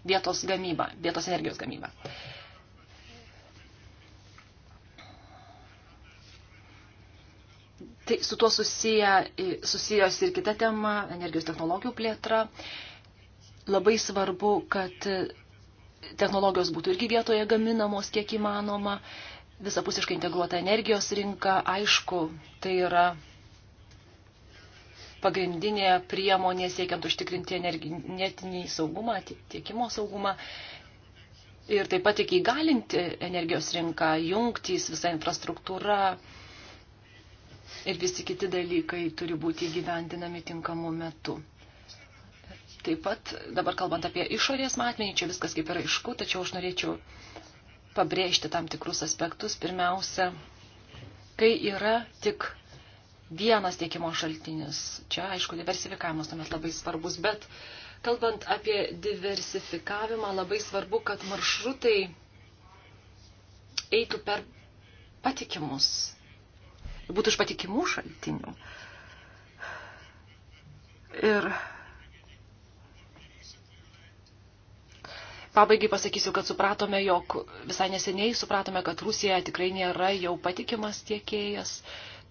vietos gamybą, vietos energijos gamybą. Tai su tuo susiję, susijęs ir kita tema - energijos technologijų plėtra. Labai svarbu, kad technologijos būtų irgi vietoje gaminamos, kiek įmanoma. Visapusiškai integruota energijos rinka, aišku, tai yra pagrindinė priemonė siekiant užtikrinti energetinį saugumą, tiekimo saugumą. Ir taip pat tik įgalinti energijos rinką, jungtys, visa infrastruktūra, uh, ir visi kiti dalykai turi būti įgyvendinami tinkamu metu. Taip pat, dabar kalbant apie išorės matmenį, čia viskas kaip yra aišku, tačiau aš norėčiau pabrėžti tam tikrus aspektus. Pirmiausia, kai yra tik vienas tiekimo šaltinis, čia aišku, diversifikavimas tuomet labai svarbus, bet kalbant apie diversifikavimą, labai svarbu, kad maršrutai eitų per patikimus būtų iš patikimų šaltinių. Ir pabaigai pasakysiu, kad supratome, jog visai neseniai supratome, kad Rusija tikrai nėra jau patikimas tiekėjas.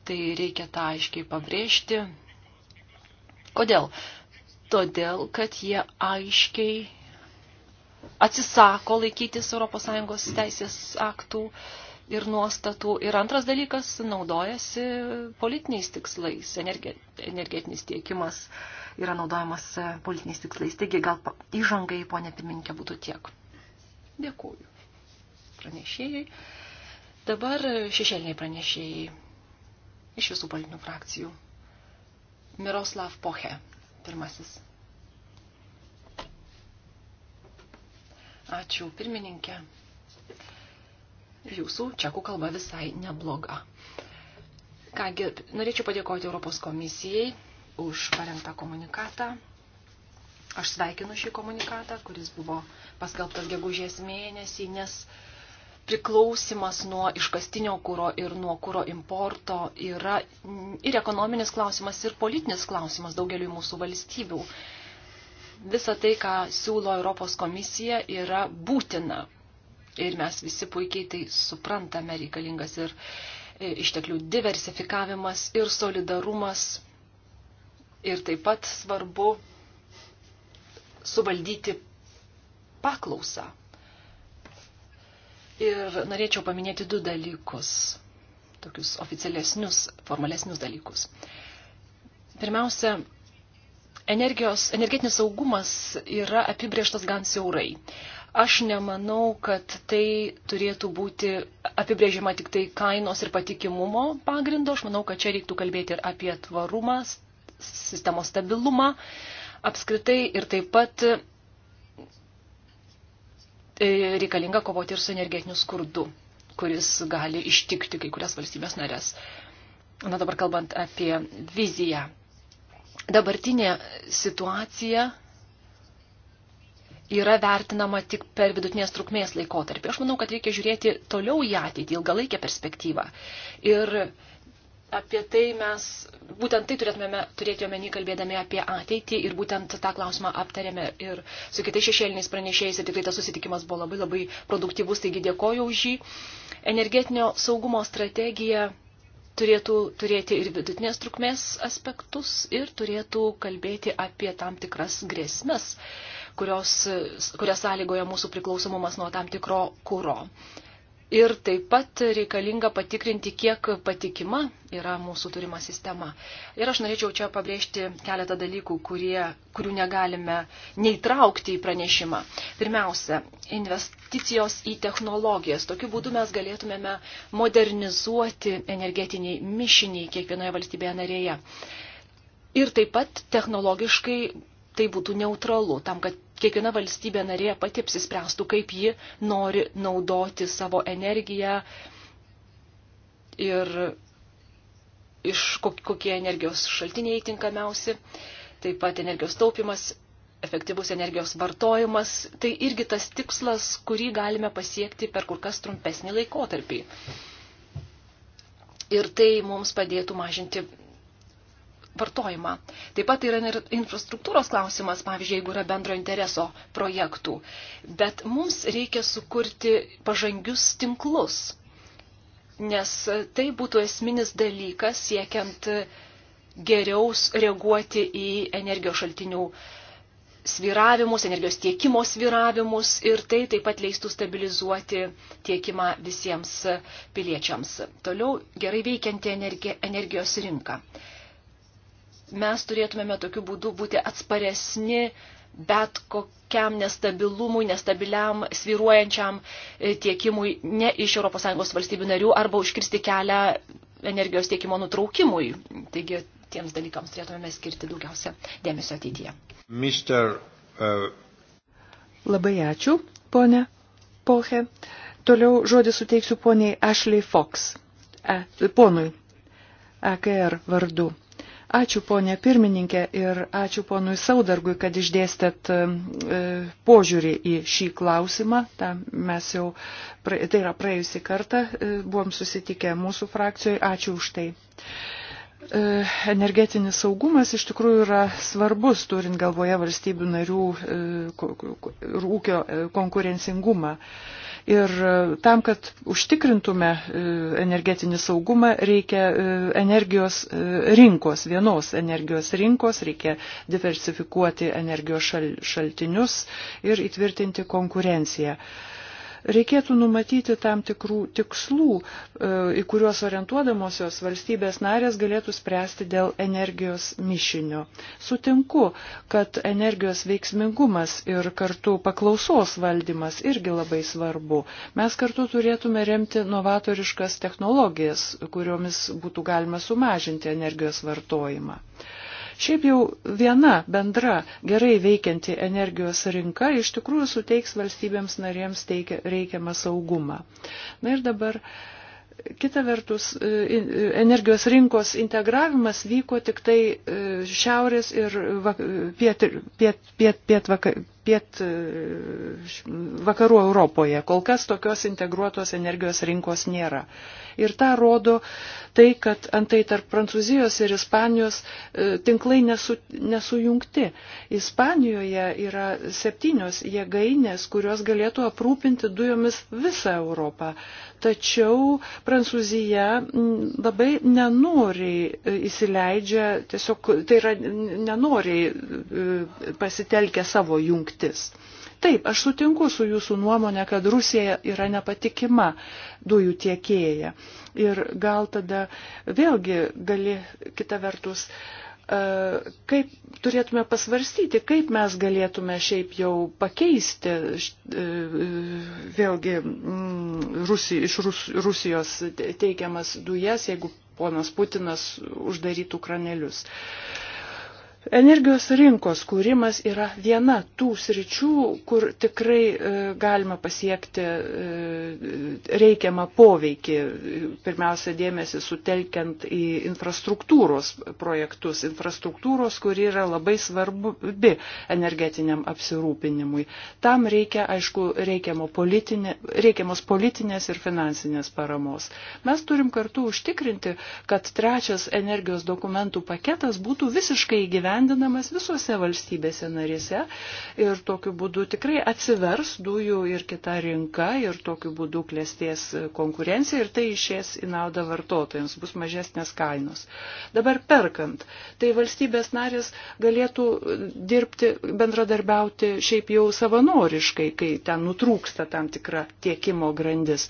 Tai reikia tą aiškiai pabrėžti. Kodėl? Todėl, kad jie aiškiai atsisako laikytis ES teisės aktų, uh, ir nuostatų. Ir antras dalykas - naudojasi politiniais tikslais. Energetinis tiekimas yra naudojamas e, politiniais tikslais. Taigi gal įžangai, ponė pirmininkė, būtų tiek. Dėkuoju. Pranešėjai. Dabar šešėliniai pranešėjai iš visų politinių frakcijų. Miroslav Poche, pirmasis. Ačiū, pirmininkė jūsų čekų kalba visai nebloga. Kągi, norėčiau padėkoti Europos komisijai už parengtą komunikatą. Aš sveikinu šį komunikatą, kuris buvo paskelbtas gegužės mėnesį, nes priklausimas nuo iškastinio kūro ir nuo kūro importo yra ir ekonominis klausimas, ir politinis klausimas daugeliu mūsų valstybių. Visa tai, ką siūlo Europos komisija, yra būtina ir mes visi puikiai tai suprantame, reikalingas ir e, išteklių diversifikavimas ir solidarumas. Ir taip pat svarbu suvaldyti paklausą. Ir norėčiau paminėti du dalykus, tokius oficialesnius, formalesnius dalykus. Pirmiausia, energijos, energetinis saugumas yra apibrieštas gan siaurai. Aš nemanau, kad tai turėtų būti apibrėžima tik tai kainos ir patikimumo pagrindo. Aš manau, kad čia reiktų kalbėti ir apie tvarumą, sistemos stabilumą apskritai ir taip pat e, reikalinga kovoti ir su energetiniu skurdu, kuris gali ištikti kai kurias valstybės narės. Na dabar kalbant apie viziją. Dabartinė situacija yra vertinama tik per vidutinės trukmės laikotarpį. Aš manau, kad reikia žiūrėti toliau į ateitį, ilgalaikę perspektyvą. Ir apie tai mes, būtent tai turėtume turėti omeny, kalbėdami apie ateitį ir būtent tą klausimą aptarėme ir su kitais šešėliniais pranešėjais ir tikrai tas susitikimas buvo labai labai produktyvus, taigi dėkoju už jį. Energetinio saugumo strategija turėtų turėti ir vidutinės trukmės aspektus ir turėtų kalbėti apie tam tikras grėsmes, kurios, kurias sąlygoja mūsų priklausomumas nuo tam tikro kūro. Ir taip pat reikalinga patikrinti, kiek patikima yra mūsų turima sistema. Ir aš norėčiau čia pabrėžti keletą dalykų, kurie, kurių negalime neįtraukti į pranešimą. Pirmiausia, investicijos į technologijas. Tokiu būdu mes galėtumėme modernizuoti energetiniai mišiniai kiekvienoje valstybėje narėje. Ir taip pat technologiškai tai būtų neutralu, tam, kad kiekviena valstybė narė pati apsispręstų, kaip ji nori naudoti savo energiją ir iš kokie energijos šaltiniai tinkamiausi, taip pat energijos taupimas, efektyvus energijos vartojimas. Tai irgi tas tikslas, kurį galime pasiekti per kur kas trumpesnį laikotarpį. Ir tai mums padėtų mažinti vartojimą. Taip pat tai yra ir infrastruktūros klausimas, pavyzdžiui, jeigu yra bendro intereso projektų. Bet mums reikia sukurti pažangius tinklus, nes tai būtų esminis dalykas siekiant geriau reaguoti į energijos šaltinių sviravimus, energijos tiekimo sviravimus ir tai taip pat leistų stabilizuoti tiekimą visiems piliečiams. Toliau gerai veikianti energijos rinka mes turėtumėme tokiu būdu būti atsparesni bet kokiam nestabilumui, nestabiliam, sviruojančiam e, tiekimui ne iš ES valstybių narių arba užkirsti kelią energijos tiekimo nutraukimui. Taigi tiems dalykams turėtumėme skirti daugiausia dėmesio ateityje. Mister, uh... Labai ačiū, ponė Poche. Toliau žodį suteiksiu poniai Ashley Fox, e, ponui, AKR vardu. Ačiū ponė pirmininkė ir ačiū ponui Saudargui, kad išdėstėt e, požiūrį į šį klausimą. Ta, mes jau, tai yra praėjusi kartą, e, buvom susitikę mūsų frakcijoje. Ačiū už tai. E, energetinis saugumas iš tikrųjų yra svarbus, turint galvoje valstybių narių ir ūkio konkurencingumą. Ir e, tam, kad užtikrintume e, energetinį saugumą, reikia e, energijos rinkos, vienos energijos rinkos, reikia diversifikuoti energijos šaltinius ir įtvirtinti konkurenciją reikėtų numatyti tam tikrų tikslų, e, į kuriuos orientuodamosios valstybės narės galėtų spręsti dėl energijos mišinio. Sutinku, kad energijos veiksmingumas ir kartu paklausos valdymas irgi labai svarbu. Mes kartu turėtume remti novatoriškas technologijas, kuriomis būtų galima sumažinti energijos vartojimą. Thank you Šiaip jau viena bendra gerai veikianti energijos rinka iš tikrųjų suteiks valstybėms narėms teikia, reikiamą saugumą. Na ir dabar. Kita vertus, e, e, energijos rinkos integravimas vyko tik tai e, šiaurės ir piet, piet, piet, piet, piet vakarų Europoje. Kol kas tokios integruotos energijos rinkos nėra. Ir tą rodo tai, kad antai tarp Prancūzijos ir Ispanijos e, tinklai nesu, nesujungti. Ispanijoje yra septynios jėgainės, kurios galėtų aprūpinti dujomis visą Europą. Tačiau Prancūzija labai nenoriai e, įsileidžia, tiesiog tai yra nenoriai e, pasitelkia savo jungti kryptis. Taip, aš sutinku su jūsų nuomonė, kad Rusija yra nepatikima dujų tiekėja. Ir gal tada vėlgi gali kita vertus, e, kaip turėtume pasvarstyti, kaip mes galėtume šiaip jau pakeisti e, vėlgi mm, Rusi, iš Rus, Rusijos teikiamas dujas, jeigu ponas Putinas uždarytų kranelius. Uh, Energijos rinkos kūrimas yra viena tų sričių, kur tikrai e, galima pasiekti e, reikiamą poveikį, pirmiausia dėmesį sutelkiant į infrastruktūros projektus, infrastruktūros, kuri yra labai svarbi energetiniam apsirūpinimui. Tam reikia, aišku, reikiamo politinė, reikiamos politinės ir finansinės paramos. Mes turim kartu užtikrinti, kad trečias energijos dokumentų paketas būtų visiškai įgyvendintas įgyvendinamas visose valstybėse narėse ir tokiu būdu tikrai atsivers dujų ir kita rinka ir tokiu būdu klėsties konkurencija ir tai išės į naudą vartotojams, bus mažesnės kainos. Dabar perkant, tai valstybės narės galėtų dirbti, bendradarbiauti šiaip jau savanoriškai, kai ten nutrūksta tam tikra tiekimo grandis.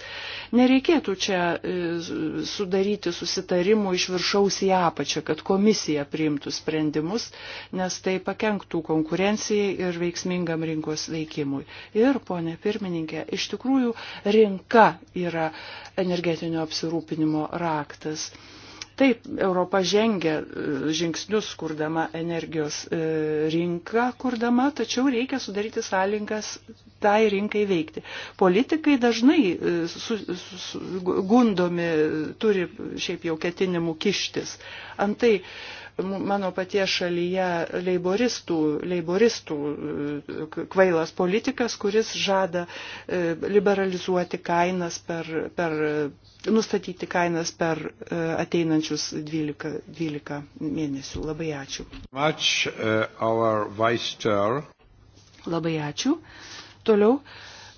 Nereikėtų čia e, sudaryti susitarimų iš viršaus į apačią, kad komisija priimtų sprendimus nes tai pakenktų konkurencijai ir veiksmingam rinkos veikimui. Ir, ponė pirmininkė, iš tikrųjų rinka yra energetinio apsirūpinimo raktas. Taip, Europa žengia e, žingsnius, kurdama energijos e, rinką, kurdama, tačiau reikia sudaryti sąlygas tai rinkai veikti. Politikai dažnai e, su, su, gundomi, turi šiaip jau ketinimų kištis. Antai mano patie šalyje leiboristų, leiboristų e, kvailas politikas, kuris žada e, liberalizuoti kainas per, per nustatyti kainas per e, ateinančius 12, 12 mėnesių. Labai ačiū. Much, uh, Labai ačiū. Toliau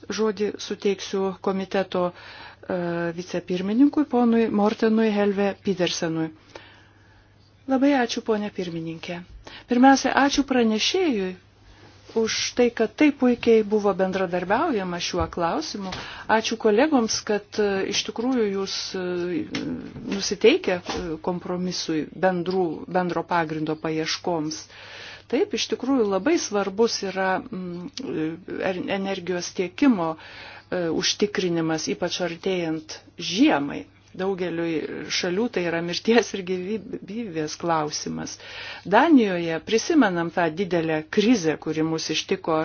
žodį suteiksiu komiteto uh, vicepirmininkui, ponui Mortenui Helve Pidersenui. Uh, Labai ačiū, ponė pirmininkė. Pirmiausia, ačiū pranešėjui už tai, kad taip puikiai buvo bendradarbiaujama šiuo klausimu. Ačiū kolegoms, kad e, iš tikrųjų jūs e, nusiteikia e, kompromisui bendrų, bendro pagrindo paieškoms. Taip, iš tikrųjų labai svarbus yra mm, energijos tiekimo užtikrinimas, ypač artėjant žiemai daugeliui šalių tai yra mirties ir gyvybės klausimas. Danijoje prisimenam tą didelę krizę, kuri mus ištiko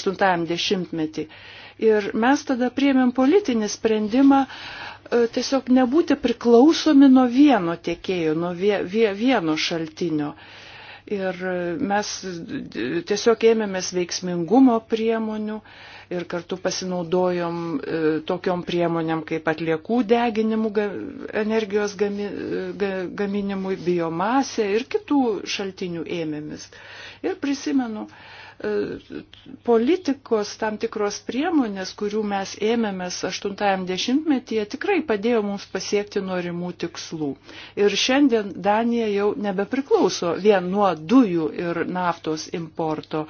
80-metį. Ir mes tada priemėm politinį sprendimą e, tiesiog nebūti priklausomi nuo vieno tiekėjo, nuo vieno šaltinio. Ir mes tiesiog ėmėmės veiksmingumo priemonių ir kartu pasinaudojom e, tokiom priemonėm kaip atliekų deginimų, energijos e, gaminimui, biomasė ir kitų šaltinių ėmėmės. Ir prisimenu, E, politikos tam tikros priemonės, kurių mes ėmėmės 80-metyje, tikrai padėjo mums pasiekti norimų tikslų. Ir šiandien Danija jau nebepriklauso vien nuo dujų ir naftos importo.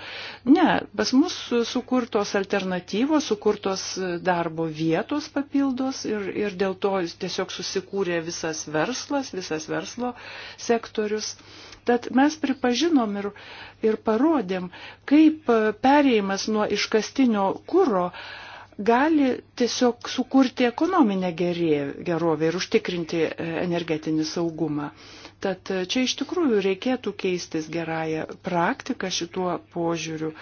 Ne, pas mus sukurtos alternatyvos, sukurtos darbo vietos papildos ir, ir dėl to tiesiog susikūrė visas verslas, visas verslo sektorius. Tad mes pripažinom ir, ir parodėm, kaip e, perėjimas nuo iškastinio kūro gali tiesiog sukurti ekonominę gerovę ir užtikrinti e, energetinį saugumą. Tad e, čia iš tikrųjų reikėtų keistis gerąją praktiką šituo požiūriu,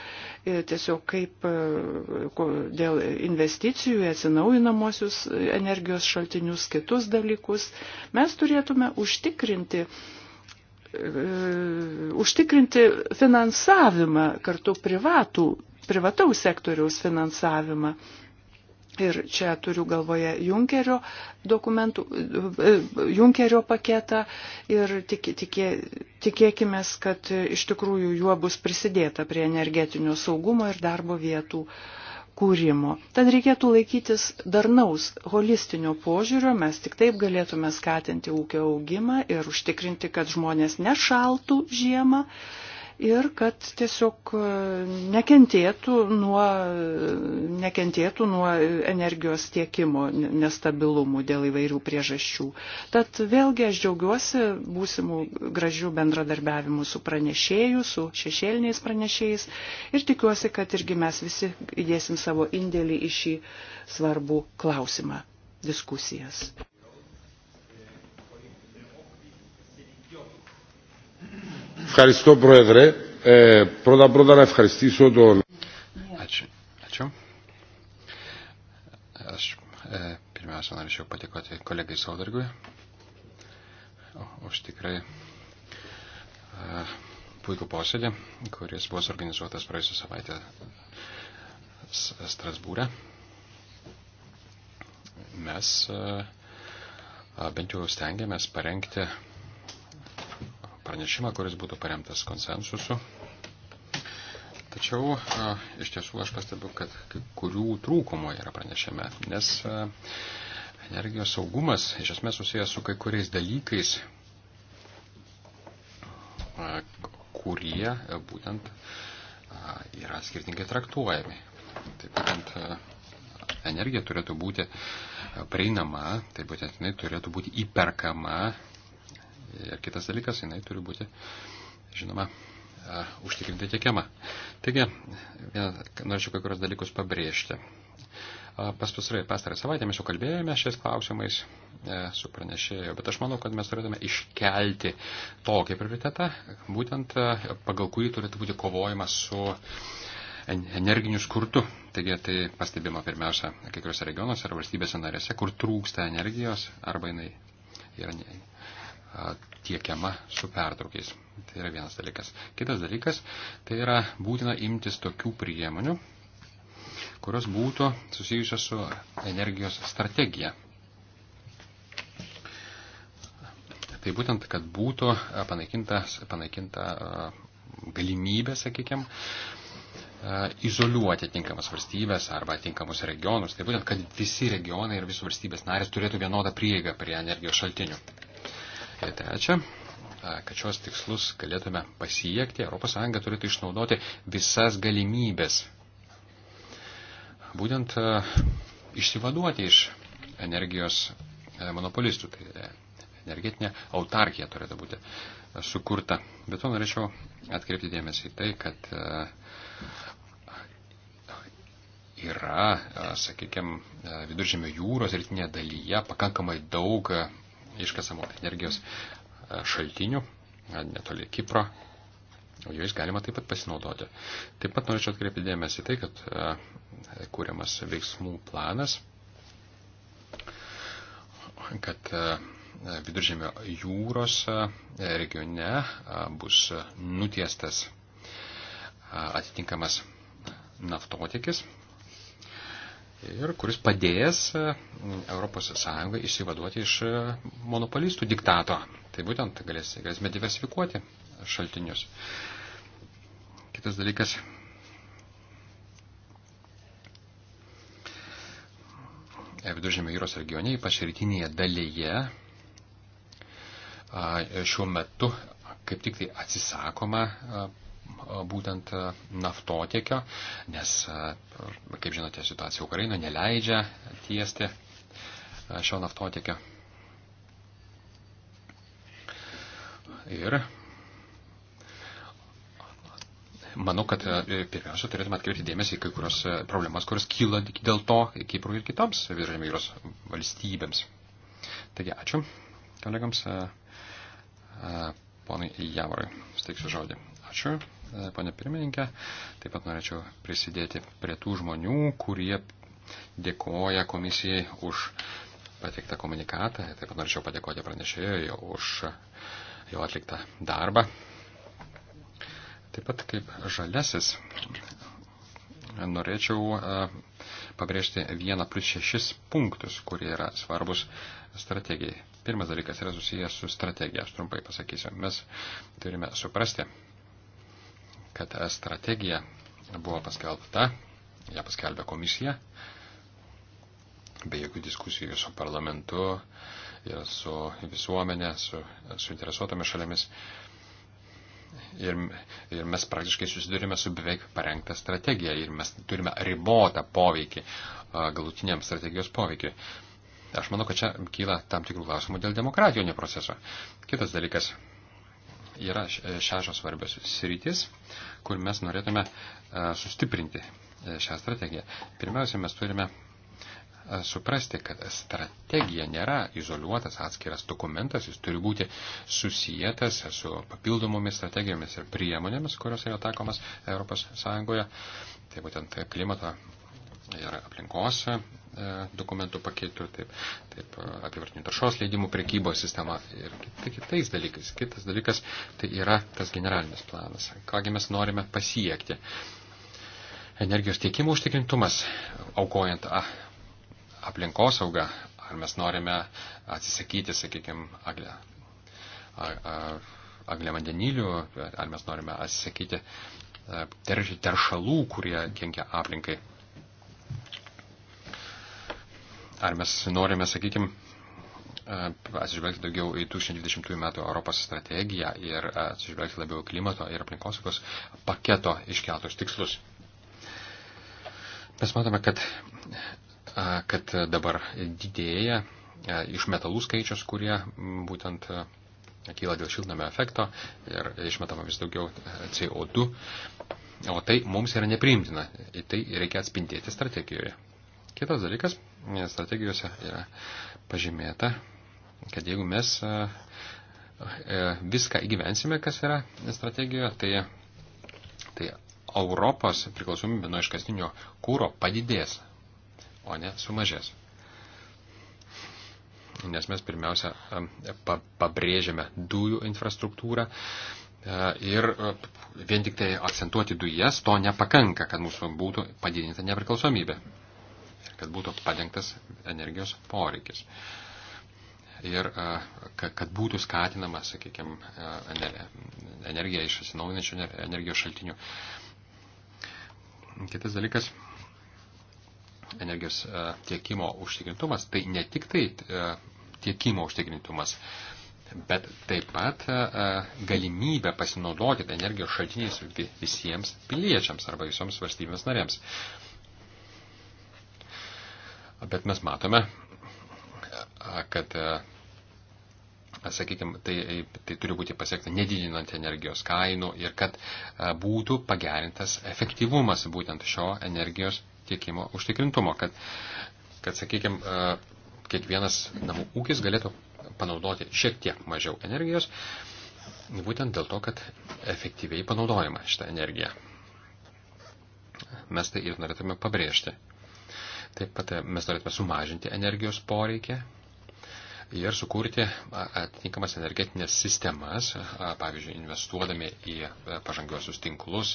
tiesiog kaip dėl investicijų į atsinaujinamosius energijos šaltinius, kitus dalykus. Mes turėtume užtikrinti, E, užtikrinti finansavimą, kartu privatų, privataus sektoriaus finansavimą. Ir čia turiu galvoje Junkerio dokumentų, e, Junkerio paketą ir tik, tikė, tikėkime, kad iš tikrųjų juo bus prisidėta prie energetinio saugumo ir darbo vietų uh, kūrimo. Tad reikėtų laikytis darnaus, holistinio požiūrio, mes tik taip galėtume skatinti ūkio augimą ir užtikrinti, kad žmonės nešaltų žiemą, ir kad tiesiog e, nekentėtų nuo, nekentėtų nuo energijos tiekimo nestabilumų dėl įvairių priežasčių. Tad vėlgi aš džiaugiuosi būsimų gražių bendradarbiavimų su pranešėjų, su šešėliniais pranešėjais ir tikiuosi, kad irgi mes visi įdėsim savo indėlį į šį svarbų klausimą diskusijas. Ευχαριστώ, Πρόεδρε. Ε, πρώτα πρώτα να ευχαριστήσω τον. Ačiū. Ačiū. Aš e, pirmiausia norėčiau patikoti kolegai Saudargui už tikrai e, puikų posėdį, kuris buvo suorganizuotas praėjusią savaitę Strasbūrę. Mes e, bent jau stengiamės parengti pranešimą, kuris būtų paremtas konsensusu. Tačiau iš tiesų aš pastebiu, kad kai kurių trūkumų yra pranešime, nes energijos saugumas iš esmės susijęs su kai kuriais dalykais, kurie būtent yra skirtingai traktuojami. Tai būtent energija turėtų būti prieinama, tai būtent jinai turėtų būti įperkama Ir kitas dalykas, jinai turi būti, žinoma, užtikrinti tiekiama. Taigi, norėčiau kai kurios dalykus pabrėžti. Pas pasarai pastarą savaitę mes jau kalbėjome šiais klausimais e, su pranešėjo, bet aš manau, kad mes turėtume iškelti tokį prioritetą, būtent e, pagal kurį turėtų būti kovojama su energiniu skurtu. Taigi tai pastebima pirmiausia kai kuriuose regionuose ar valstybėse narėse, kur trūksta energijos arba jinai yra tiekiama su pertraukiais. Tai yra vienas dalykas. Kitas dalykas, tai yra būtina imtis tokių priemonių, kurios būtų susijusios su energijos strategija. Tai būtent, kad būtų panaikinta, panaikinta galimybė, sakykime, izoliuoti tinkamas valstybės arba tinkamus regionus. Tai būtent, kad visi regionai ir visos valstybės narės turėtų vienodą prieigą prie energijos šaltinių. Ir trečia, kad šios tikslus galėtume pasiekti, ES turėtų išnaudoti visas galimybės. Būtent išsivaduoti iš energijos e, monopolistų, tai energetinė autarkija turėtų būti sukurta. Bet to norėčiau atkreipti dėmesį į tai, kad yra, sakykime, viduržėmio jūros rytinėje dalyje pakankamai daug iškasamų energijos e, šaltinių netoli Kipro, o jais galima taip pat pasinaudoti. Taip pat norėčiau atkreipti dėmesį tai, kad e, kūriamas veiksmų planas, kad e, viduržėmio jūros regione bus nutiestas atitinkamas naftotikis, ir kuris padės ES išsivaduoti iš e, monopolistų diktato. Tai būtent galės, galėsime diversifikuoti šaltinius. Kitas dalykas. Viduržėmio jūros regione, ypač rytinėje dalyje, šiuo metu kaip tik tai atsisakoma būtent naftotiekio, nes, kaip žinote, situacija Ukraina neleidžia tiesti šio naftotiekio. Ir manau, kad pirmiausia turėtume atkreipti dėmesį į kai kurios problemas, kurios kyla dėl to Kiprui ir kitoms viduržėmio jūros valstybėms. Taigi, ačiū kolegams, ponai Javorui, steiksiu žodį. Ačiū. E, ponė pirmininkė. Taip pat norėčiau prisidėti prie tų žmonių, kurie dėkoja komisijai už pateiktą komunikatą. Taip pat norėčiau padėkoti pranešėjai už jau atliktą darbą. Taip pat kaip žalesis norėčiau e, pabrėžti vieną plus šešis punktus, kurie yra svarbus strategijai. Pirmas dalykas yra susijęs su strategija, aš trumpai pasakysiu. Mes turime suprasti, kad e, strategija buvo paskelbta, ją paskelbė komisija, be jokių diskusijų su parlamentu ir su visuomenė, su suinteresuotomis šalėmis. Ir, ir mes praktiškai susidurime su beveik parengta strategija ir mes turime ribotą poveikį e, galutiniam strategijos poveikiui. Aš manau, kad čia kyla tam tikrų klausimų dėl demokratinio proceso. Kitas dalykas yra e, šešios svarbios sritis, kur mes norėtume e, sustiprinti e, šią strategiją. Pirmiausia, mes turime suprasti, kad strategija nėra izoliuotas atskiras dokumentas, jis turi būti susijęs su papildomomis strategijomis ir priemonėmis, kurios yra taikomas ES. Tai būtent klimato ir aplinkos E, dokumentų paketų, taip, taip e, apivartinių taršos leidimų, prekybos sistema ir kitais dalykais. Kitas dalykas tai yra tas generalinis planas, kągi mes norime pasiekti. Energijos tiekimo užtikrintumas, aukojant aplinkosaugą, ar mes norime atsisakyti, sakykime, aglę. Angliavandenilių, ar mes norime atsisakyti e, teršalų, kurie kenkia aplinkai. Ar mes norime, sakykime, atsižvelgti daugiau į 2020 metų Europos strategiją ir e, atsižvelgti labiau klimato ir aplinkosaugos paketo iškeltus tikslus. Mes matome, kad, e, kad dabar didėja e, iš metalų skaičius, kurie būtent kyla dėl šiltnamio efekto ir išmetama vis daugiau CO2. O tai mums yra nepriimtina. Į tai reikia atspindėti strategijoje. Kitas dalykas, strategijose yra pažymėta, kad jeigu mes viską įgyvensime, kas yra strategijoje, tai, tai Europos priklausomybė nuo iškastinio kūro padidės, o ne sumažės. Nes mes pirmiausia pabrėžiame dujų infrastruktūrą ir vien tik tai akcentuoti dujas to nepakanka, kad mūsų būtų padidinta nepriklausomybė ir kad būtų padengtas energijos poreikis. Ir e, kad būtų skatinama, sakykime, energija iš atsinaujinančių energijos šaltinių. Kitas dalykas - energijos e, tiekimo užtikrintumas. Tai ne tik tai e, tiekimo užtikrintumas, bet taip pat galimybę pasinaudoti energijos šaltiniais visiems piliečiams arba visoms valstybės narėms. Bet mes matome, kad, sakykime, tai, tai turi būti pasiekta nedidinant energijos kainų ir kad būtų pagerintas efektyvumas būtent šio energijos tiekimo užtikrintumo, kad, kad sakykime, kiekvienas namų ūkis galėtų panaudoti šiek tiek mažiau energijos, būtent dėl to, kad efektyviai panaudojama šitą energiją. Mes tai ir norėtume pabrėžti. Taip pat e, mes norėtume sumažinti energijos poreikį ir sukurti atitinkamas energetinės sistemas, pavyzdžiui, investuodami į e, pažangiosius tinklus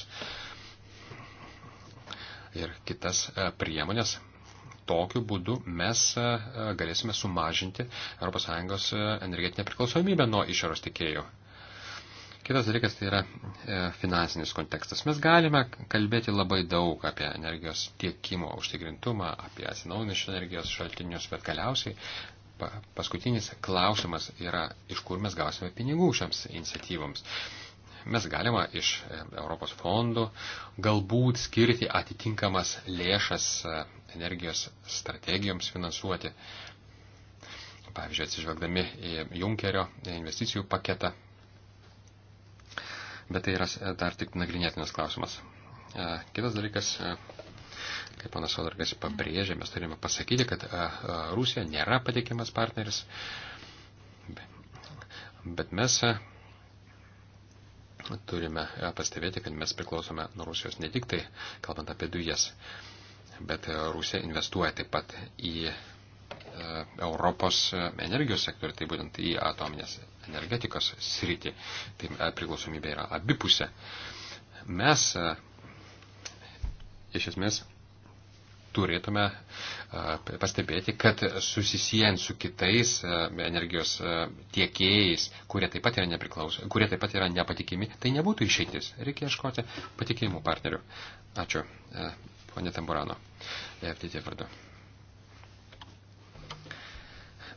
ir kitas e, priemonės. Tokiu būdu mes galėsime sumažinti ES energetinę priklausomybę nuo išoros tikėjų. Kitas dalykas tai yra e, finansinis kontekstas. Mes galime kalbėti labai daug apie energijos tiekimo užtikrintumą, apie atsinaujinančius energijos šaltinius, bet galiausiai paskutinis klausimas yra, iš kur mes gausime pinigų šiams iniciatyvams. Mes galima iš e, Europos fondų galbūt skirti atitinkamas lėšas e, energijos strategijoms finansuoti. Pavyzdžiui, atsižvelgdami į Junkerio investicijų paketą bet tai yra e, dar tik nagrinėtinas klausimas. E, kitas dalykas, e, kaip panas Sodargas pabrėžė, mes turime pasakyti, kad Rusija nėra patikimas partneris, bet mes turime pastebėti, kad mes priklausome nuo Rusijos ne tik tai, kalbant apie dujas, bet Rusija investuoja taip pat į E, Europos energijos sektorių, tai būtent į atominės energetikos sritį. Tai e, priklausomybė yra abipusė. Mes e, iš esmės turėtume pastebėti, kad susisijant su kitais energijos tiekėjais, kurie taip pat yra, kurie taip pat yra nepatikimi, tai nebūtų išeitis. Reikia ieškoti patikimų partnerių. Ačiū, ponė Tamburano, FTT vardu.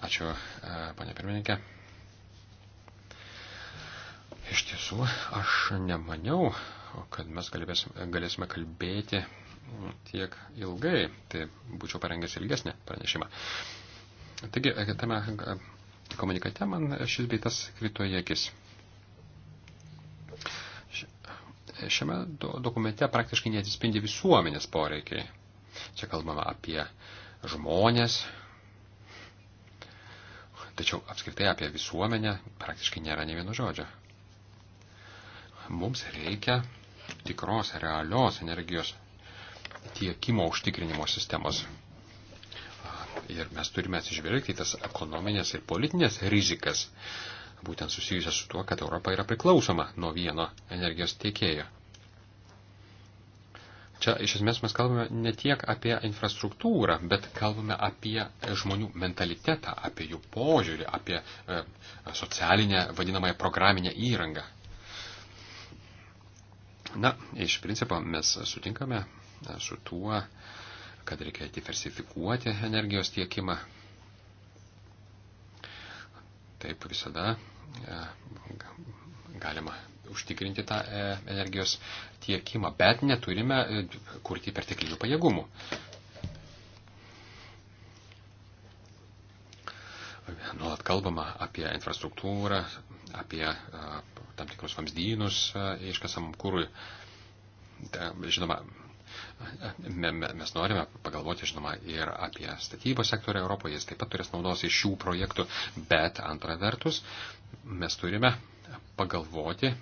Ačiū, e, panė pirmininkė. Iš tiesų, aš nemaniau, kad mes galėsime, galėsime kalbėti tiek ilgai, tai būčiau parengęs ilgesnį pranešimą. Taigi, tame e, komunikate man šis beitas krito į akis. Šiame dokumente praktiškai neatsispindi visuomenės poreikiai. Čia kalbama apie žmonės, Tačiau apskritai apie visuomenę praktiškai nėra ne vieno žodžio. Mums reikia tikros realios energijos tiekimo užtikrinimo sistemos. Ir mes turime atsižvelgti tas ekonominės ir politinės rizikas, būtent susijusias su tuo, kad Europa yra priklausoma nuo vieno energijos tiekėjo. Čia iš esmės mes kalbame ne tiek apie infrastruktūrą, bet kalbame apie e, žmonių mentalitetą, apie jų požiūrį, apie e, socialinę vadinamąją programinę įrangą. Na, iš principo mes sutinkame e, su tuo, kad reikia diversifikuoti energijos tiekimą. Taip visada e, galima užtikrinti tą e, energijos tiekimą, bet neturime e, kurti perteklinių pajėgumų. Nuolat kalbama apie infrastruktūrą, apie e, tam tikrus vamzdynus iškasamam kūrui. Žinoma, mes norime pagalvoti, žinoma, ir apie statybos sektorių Europoje, jis taip pat turės naudos iš šių projektų, bet antra vertus mes turime pagalvoti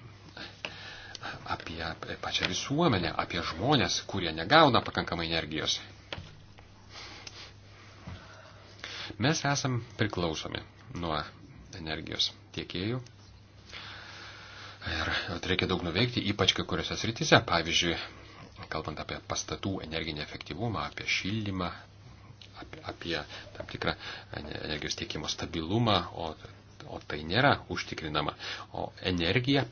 apie pačią visuomenę, apie žmonės, kurie negauna pakankamai energijos. Mes esam priklausomi nuo energijos tiekėjų. Ir reikia daug nuveikti, ypač kai kuriuose srityse, pavyzdžiui, kalbant apie pastatų energinį efektyvumą, apie šildymą, apie, apie tam tikrą energijos tiekimo stabilumą, o, o tai nėra užtikrinama. O energija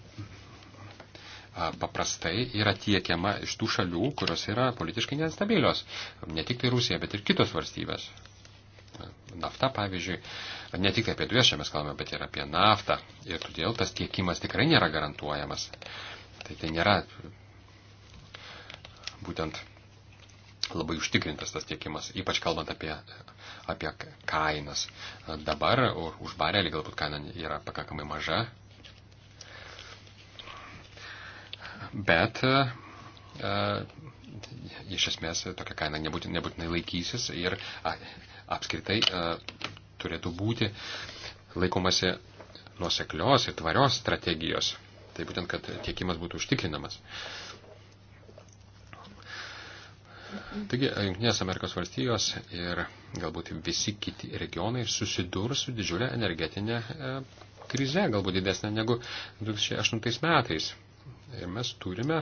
paprastai yra tiekiama iš tų šalių, kurios yra politiškai nestabilios. Ne tik tai Rusija, bet ir kitos valstybės. Nafta, pavyzdžiui, ne tik apie dujas čia mes kalbame, bet ir apie naftą. Ir todėl tas tiekimas tikrai nėra garantuojamas. Tai tai nėra būtent labai užtikrintas tas tiekimas, ypač kalbant apie, apie kainas. Dabar už barelį galbūt kaina yra pakankamai maža, bet e, e, iš esmės tokia kaina nebūtinai, nebūtinai laikysis ir apskritai e, turėtų būti laikomasi nuoseklios ir tvarios strategijos. Tai būtent, kad tiekimas būtų užtikrinamas. Taigi, Junktinės Amerikos valstijos ir galbūt visi kiti regionai susidurs su didžiulė energetinė krize, galbūt didesnė negu 2008 metais. Ir mes turime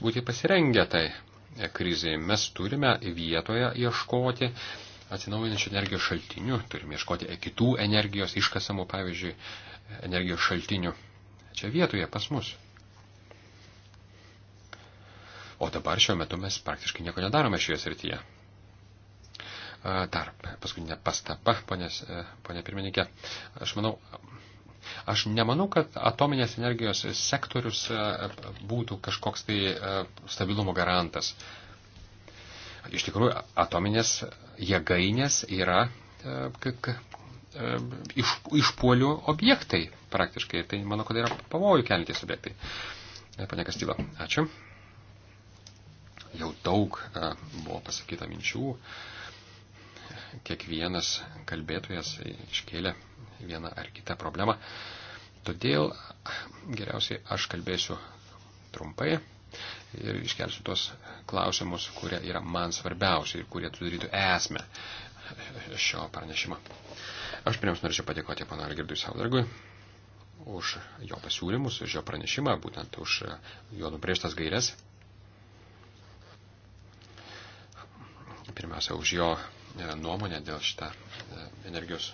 būti pasirengę tai krizai. Mes turime vietoje ieškoti atsinaujinančių energijos šaltinių, turime ieškoti kitų energijos iškasamų, pavyzdžiui, energijos šaltinių. Čia vietoje pas mus. O dabar šiuo metu mes praktiškai nieko nedarome šioje srityje. Dar paskutinė pastaba, e, ponė pirmininkė. Aš manau, Aš nemanau, kad atominės energijos sektorius e, būtų kažkoks tai e, stabilumo garantas. Iš tikrųjų, atominės jėgainės yra e, iš, išpolių objektai praktiškai. Tai manau, kad yra pavojų keliantys objektai. Pane Kastyla, ačiū. Jau daug buvo pasakyta minčių. Kiekvienas kalbėtojas iškėlė vieną ar kitą problemą. Todėl geriausiai aš kalbėsiu trumpai ir iškelsiu tos klausimus, kurie yra man svarbiausi ir kurie sudarytų esmę šio pranešimo. Aš pirmiausia norėčiau padėkoti pana Algirdui Saudargui už jo pasiūlymus, už jo pranešimą, būtent už jo nubrėžtas gairias. Pirmiausia, už jo nuomonę dėl šitą energijos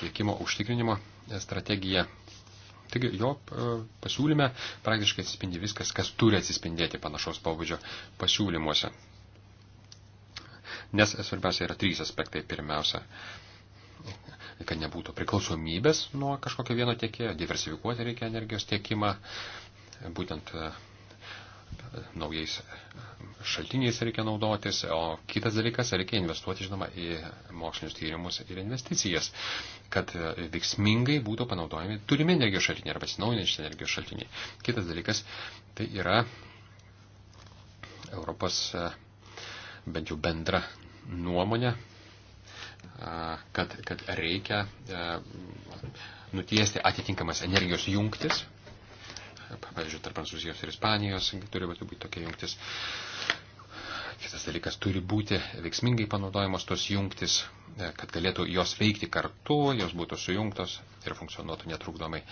tiekimo užtikrinimo e, strategiją. Taigi jo e, pasiūlyme praktiškai atsispindi viskas, kas turi atsispindėti panašaus pobūdžio pasiūlymuose. Nes svarbiausia yra trys aspektai. Pirmiausia, kad nebūtų priklausomybės nuo kažkokio vieno tiekėjo, diversifikuoti reikia energijos tiekimą, būtent e, naujais šaltiniais reikia naudotis, o kitas dalykas reikia investuoti, žinoma, į mokslinius tyrimus ir investicijas, kad veiksmingai būtų panaudojami turimi energijos šaltiniai arba atsinaujinančios energijos šaltiniai. Kitas dalykas tai yra Europos bent jau bendra nuomonė, kad, kad reikia nutiesti atitinkamas energijos jungtis pavyzdžiui, tarp Prancūzijos ir Ispanijos turi būti tokia jungtis. Kitas dalykas turi būti veiksmingai panaudojamos tos jungtis, e, kad galėtų jos veikti kartu, jos būtų sujungtos ir funkcionuotų netrukdomai.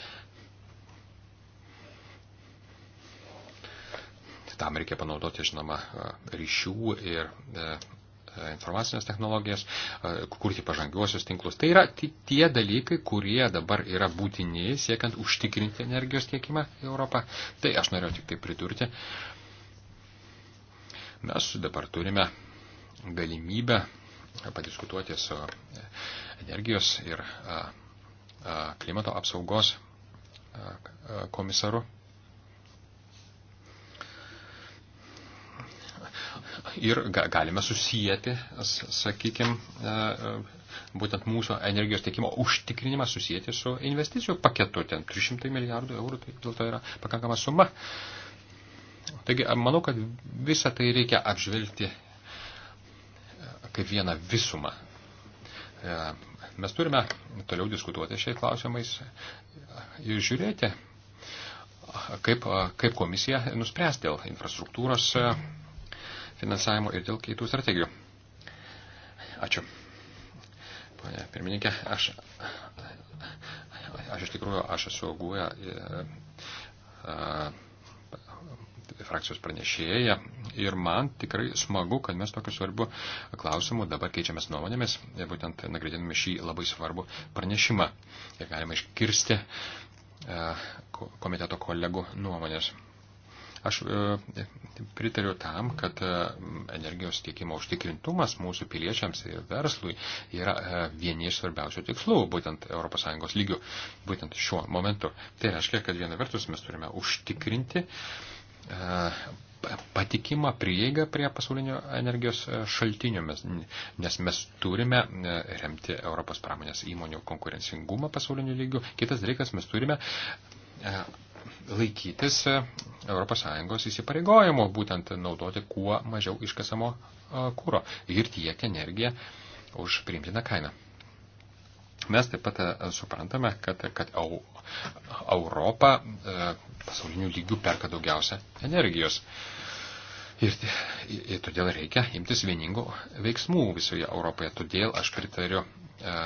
Tam reikia panaudoti, žinoma, e, ryšių ir e, E, informacinės technologijas, e, kurti pažangiuosius tinklus. Tai yra tie dalykai, kurie dabar yra būtini siekiant užtikrinti energijos tiekimą į Europą. Tai aš norėjau tik tai pridurti. Mes dabar turime galimybę padiskutuoti su energijos ir klimato apsaugos komisaru ir galime susijęti, sakykime, e, būtent mūsų energijos tiekimo užtikrinimą susijęti su investicijų paketu. Ten 300 milijardų eurų, tai dėl to yra pakankama suma. Taigi, manau, kad visą tai reikia apžvelgti e, kaip vieną visumą. E, mes turime toliau diskutuoti šiais klausimais ir žiūrėti, kaip, kaip komisija nuspręs dėl infrastruktūros. Mm finansavimo ir dėl kitų strategijų. Ačiū. Pane pirmininkė, aš, aš iš tikrųjų, aš esu auguoja e, e, frakcijos pranešėja ir man tikrai smagu, kad mes tokiu svarbu klausimu dabar keičiamės nuomonėmis, būtent nagrinėdami šį labai svarbų pranešimą ir galima iškirsti e, komiteto kolegų nuomonės. Aš e, pritariu tam, kad e, energijos tiekimo užtikrintumas mūsų piliečiams ir verslui yra e, vieni iš svarbiausių tikslų, būtent ES lygių, būtent šiuo momentu. Tai reiškia, kad viena vertus mes turime užtikrinti patikimą prieigą prie pasaulinio energijos šaltinių, nes mes turime remti Europos pramonės įmonių konkurencingumą pasauliniu lygiu. Kitas dalykas, mes turime laikytis ES įsipareigojimo būtent naudoti kuo mažiau iškasamo e, kūro ir tiek energiją už priimtiną kainą. Mes taip pat e, suprantame, kad, kad au, Europa e, pasaulinių lygių perka daugiausia energijos. Ir, ir todėl reikia imtis vieningų veiksmų visoje Europoje. Todėl aš pritariu e,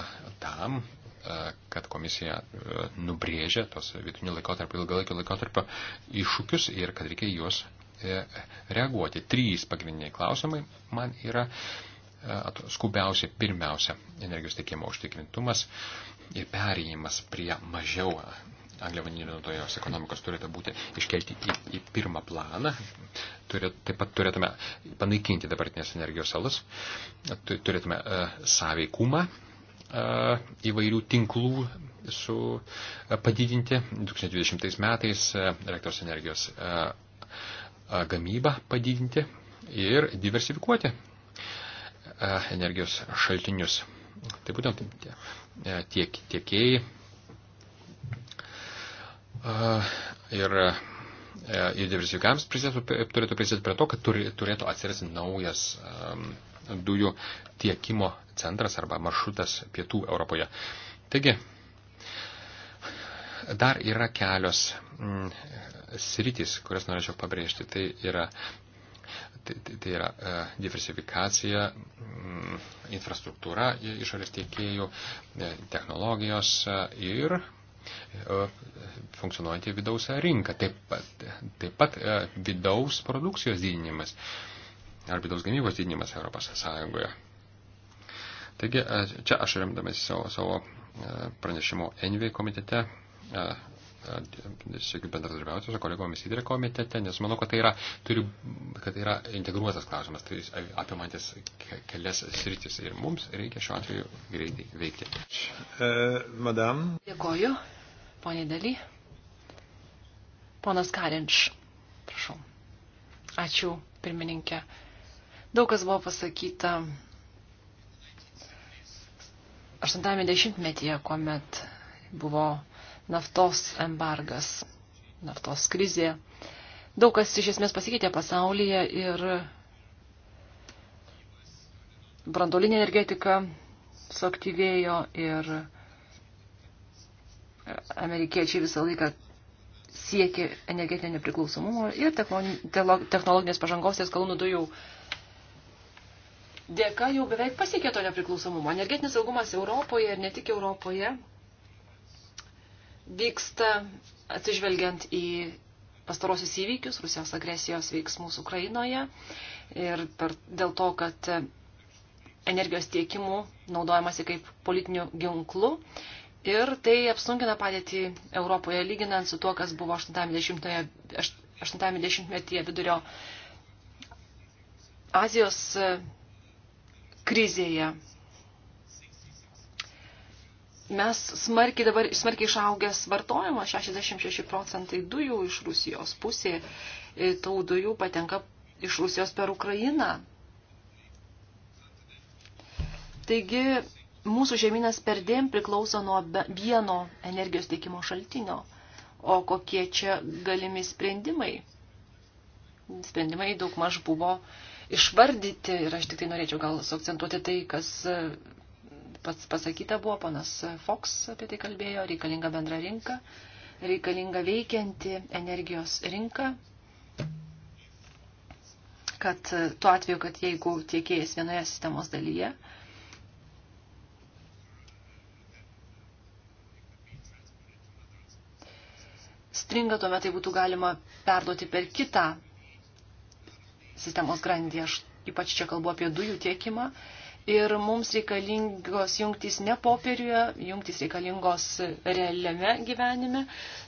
tam, E, kad komisija e, nubrėžia tos vidutinio laikotarpio, ilgalaikio laikotarpio iššūkius ir kad reikia juos e, reaguoti. Trys pagrindiniai klausimai man yra skubiausia, pirmiausia, energijos tiekimo užtikrintumas ir perėjimas prie mažiau angliavandenilio naudojos ekonomikos turėtų būti iškelti į, į pirmą planą. Turėt, taip pat turėtume panaikinti dabartinės energijos salas, turėtume e, sąveikumą įvairių tinklų su padidinti 2020 metais elektros energijos gamybą padidinti ir diversifikuoti energijos šaltinius. Tai būtent tiek tiekėjai ir, ir diversifikams turėtų prisidėti prie to, kad turėtų atsirasti naujas dujų tiekimo centras arba maršrutas pietų Europoje. Taigi, dar yra kelios mm, sritys, kurias norėčiau pabrėžti. Tai yra, tai, tai, tai yra e, diversifikacija, mm, infrastruktūra išorės tiekėjų, e, technologijos e, ir e, funkcionuojantį vidaus rinką, taip pat, taip pat e, vidaus produkcijos didinimas. E, ar vidaus gamybos didinimas Europos Sąjungoje. Taigi e, čia aš remdamas savo, savo e, pranešimo Envy komitete, e, siekiu bendradarbiauti su kolegomis įdėlė komitete, nes manau, kad tai yra, turi, kad tai yra integruotas klausimas, tai apimantis kelias sritis ir mums reikia šiuo atveju greitai veikti. E, madam. Dėkoju, ponė Daly. Ponas Karinč, prašau. Ačiū, pirmininkė. Daug kas buvo pasakyta 80-ame dešimtmetyje, kuomet buvo naftos embargas, naftos krizė. Daug kas iš esmės pasikeitė pasaulyje ir brandolinė energetika suaktyvėjo ir amerikiečiai visą laiką siekė energetinio nepriklausomumo ir technologinės pažangos ties kalnų dujų dėka jau beveik pasiekė to nepriklausomumo. Energetinis saugumas Europoje ir ne tik Europoje vyksta atsižvelgiant į pastarosius įvykius, Rusijos agresijos veiksmus Ukrainoje ir per, dėl to, kad energijos tiekimų naudojamasi kaip politiniu ginklu. Ir tai apsunkina padėtį Europoje, lyginant su tuo, kas buvo 80-metyje vidurio Azijos krizėje. Mes smarkiai dabar, smarkiai išaugęs vartojimas, 66 procentai dujų iš Rusijos pusė, e, tų dujų patenka iš Rusijos per Ukrainą. Taigi mūsų žemynas perdėm priklauso nuo vieno energijos teikimo šaltinio. O kokie čia galimi sprendimai? Sprendimai daug maž buvo uh, išvardyti ir aš tik tai norėčiau gal suakcentuoti tai, kas e, pats pasakyta buvo, panas Fox apie tai kalbėjo, reikalinga bendra rinka, reikalinga veikianti energijos rinka, kad e, tuo atveju, kad jeigu tiekėjas vienoje sistemos dalyje, stringa, tuomet tai būtų galima perduoti per kitą sistemos grandį. Aš ypač čia kalbu apie dujų tiekimą. Ir mums reikalingos jungtys ne popieriuje, jungtys reikalingos realiame gyvenime.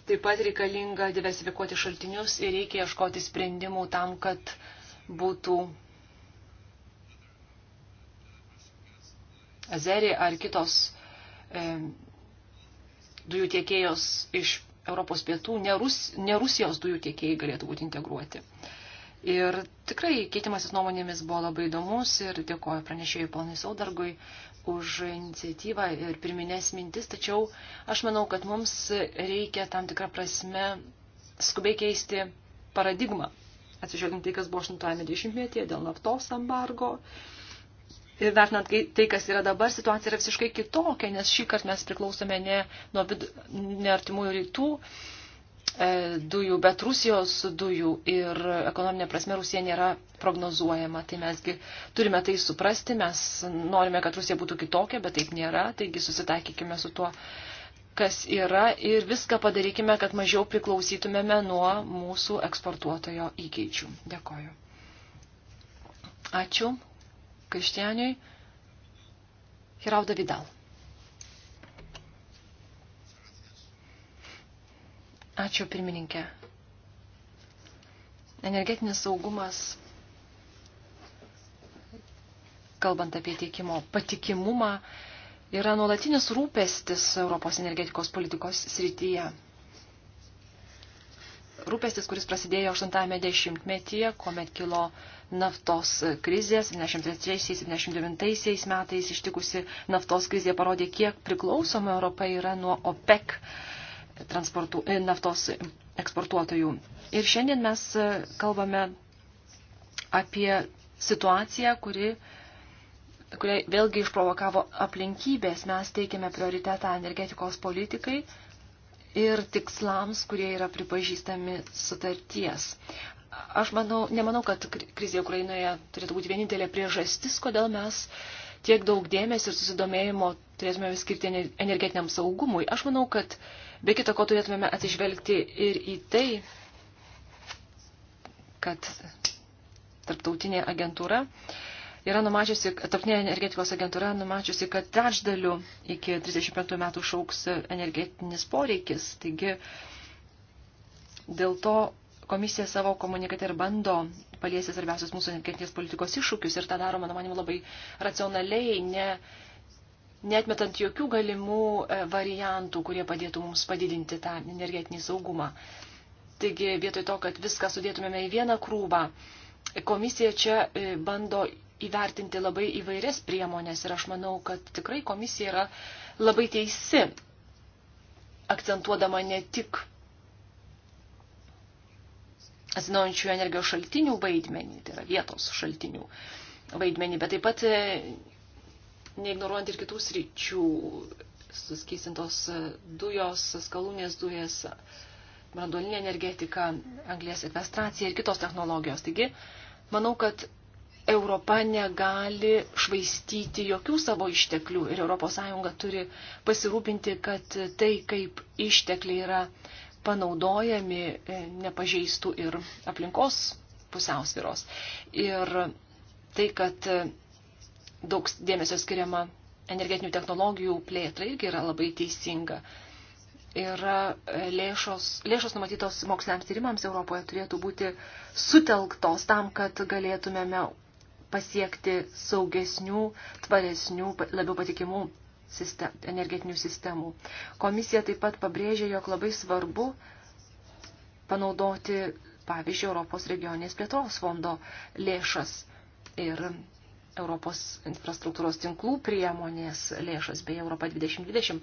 Taip pat reikalinga diversifikuoti šaltinius ir reikia ieškoti sprendimų tam, kad būtų Azerija ar kitos e, dujų tiekėjos iš Europos pietų, ne, Rus, ne Rusijos dujų tiekėjai galėtų būti integruoti. E, Ir tikrai keitimasis nuomonėmis buvo labai įdomus ir dėkoju pranešėjui ponui Saudargui už iniciatyvą ir pirminės mintis, tačiau aš manau, kad mums reikia tam tikrą prasme skubiai keisti paradigmą, atsižvelgiant tai, kas buvo 80-ame dešimtmetyje dėl naftos embargo. Ir vertinant tai, kas yra dabar, situacija yra visiškai kitokia, nes šį kartą mes priklausome ne nuo vid... ne artimųjų rytų E, dujų, bet Rusijos dujų ir ekonominė prasme Rusija nėra prognozuojama. Tai mesgi turime tai suprasti, mes norime, kad Rusija būtų kitokia, bet taip nėra, taigi susitaikykime su tuo, kas yra ir viską padarykime, kad mažiau priklausytumėme nuo mūsų eksportuotojo įgeičių. Dėkoju. Ačiū Krištianiui. Hirauda Vidal. Ačiū pirmininkė. Energetinis saugumas, kalbant apie tiekimo patikimumą, yra nuolatinis rūpestis Europos energetikos politikos srityje. Rūpestis, kuris prasidėjo 80-ame dešimtmetyje, kuomet kilo naftos krizės, 73-79 metais ištikusi naftos krizė parodė, kiek priklausoma Europa yra nuo OPEC transportų, e, naftos eksportuotojų. Ir šiandien mes e, kalbame apie situaciją, kuri, kuriai vėlgi išprovokavo aplinkybės. Mes teikiame prioritetą energetikos politikai ir tikslams, kurie yra pripažįstami sutarties. Aš manau, nemanau, kad krizė Ukrainoje turėtų būti vienintelė priežastis, kodėl mes tiek daug dėmesio ir susidomėjimo turėtume skirti energetiniam saugumui. Aš manau, kad uh, Be kita ko turėtumėme atsižvelgti ir į tai, kad tarptautinė agentūra yra numačiusi, tarptautinė energetikos agentūra numačiusi, kad trečdaliu iki 35 metų šauks energetinis poreikis. Taigi dėl to komisija savo komunikate ir bando paliesti svarbiausius mūsų energetinės politikos iššūkius ir tą daro, mano manimu, labai racionaliai, ne netmetant jokių galimų e, variantų, kurie padėtų mums padidinti tą energetinį saugumą. Taigi vietoj to, kad viską sudėtumėme į vieną krūvą, komisija čia e, bando įvertinti labai įvairias priemonės ir aš manau, kad tikrai komisija yra labai teisi, akcentuodama ne tik atsinaujančių energijos šaltinių vaidmenį, tai yra vietos šaltinių vaidmenį, bet taip pat e, neignoruojant ir kitų sričių, suskysintos dujos, skalūnės dujas, branduolinė energetika, anglės sekvestracija ir kitos technologijos. Taigi, manau, kad Europa negali švaistyti jokių savo išteklių ir ES turi pasirūpinti, kad tai, kaip ištekliai yra panaudojami, nepažeistų ir aplinkos pusiausviros. Ir tai, kad daug dėmesio skiriama energetinių technologijų plėtrai irgi yra labai teisinga. Ir e, lėšos, lėšos numatytos moksliniams tyrimams Europoje turėtų būti sutelktos tam, kad galėtumėme pasiekti saugesnių, tvaresnių, labiau patikimų sistem, energetinių sistemų. Komisija taip pat pabrėžė, jog labai svarbu panaudoti, pavyzdžiui, Europos regionės plėtros fondo lėšas ir Europos infrastruktūros tinklų priemonės lėšas bei Europa 2020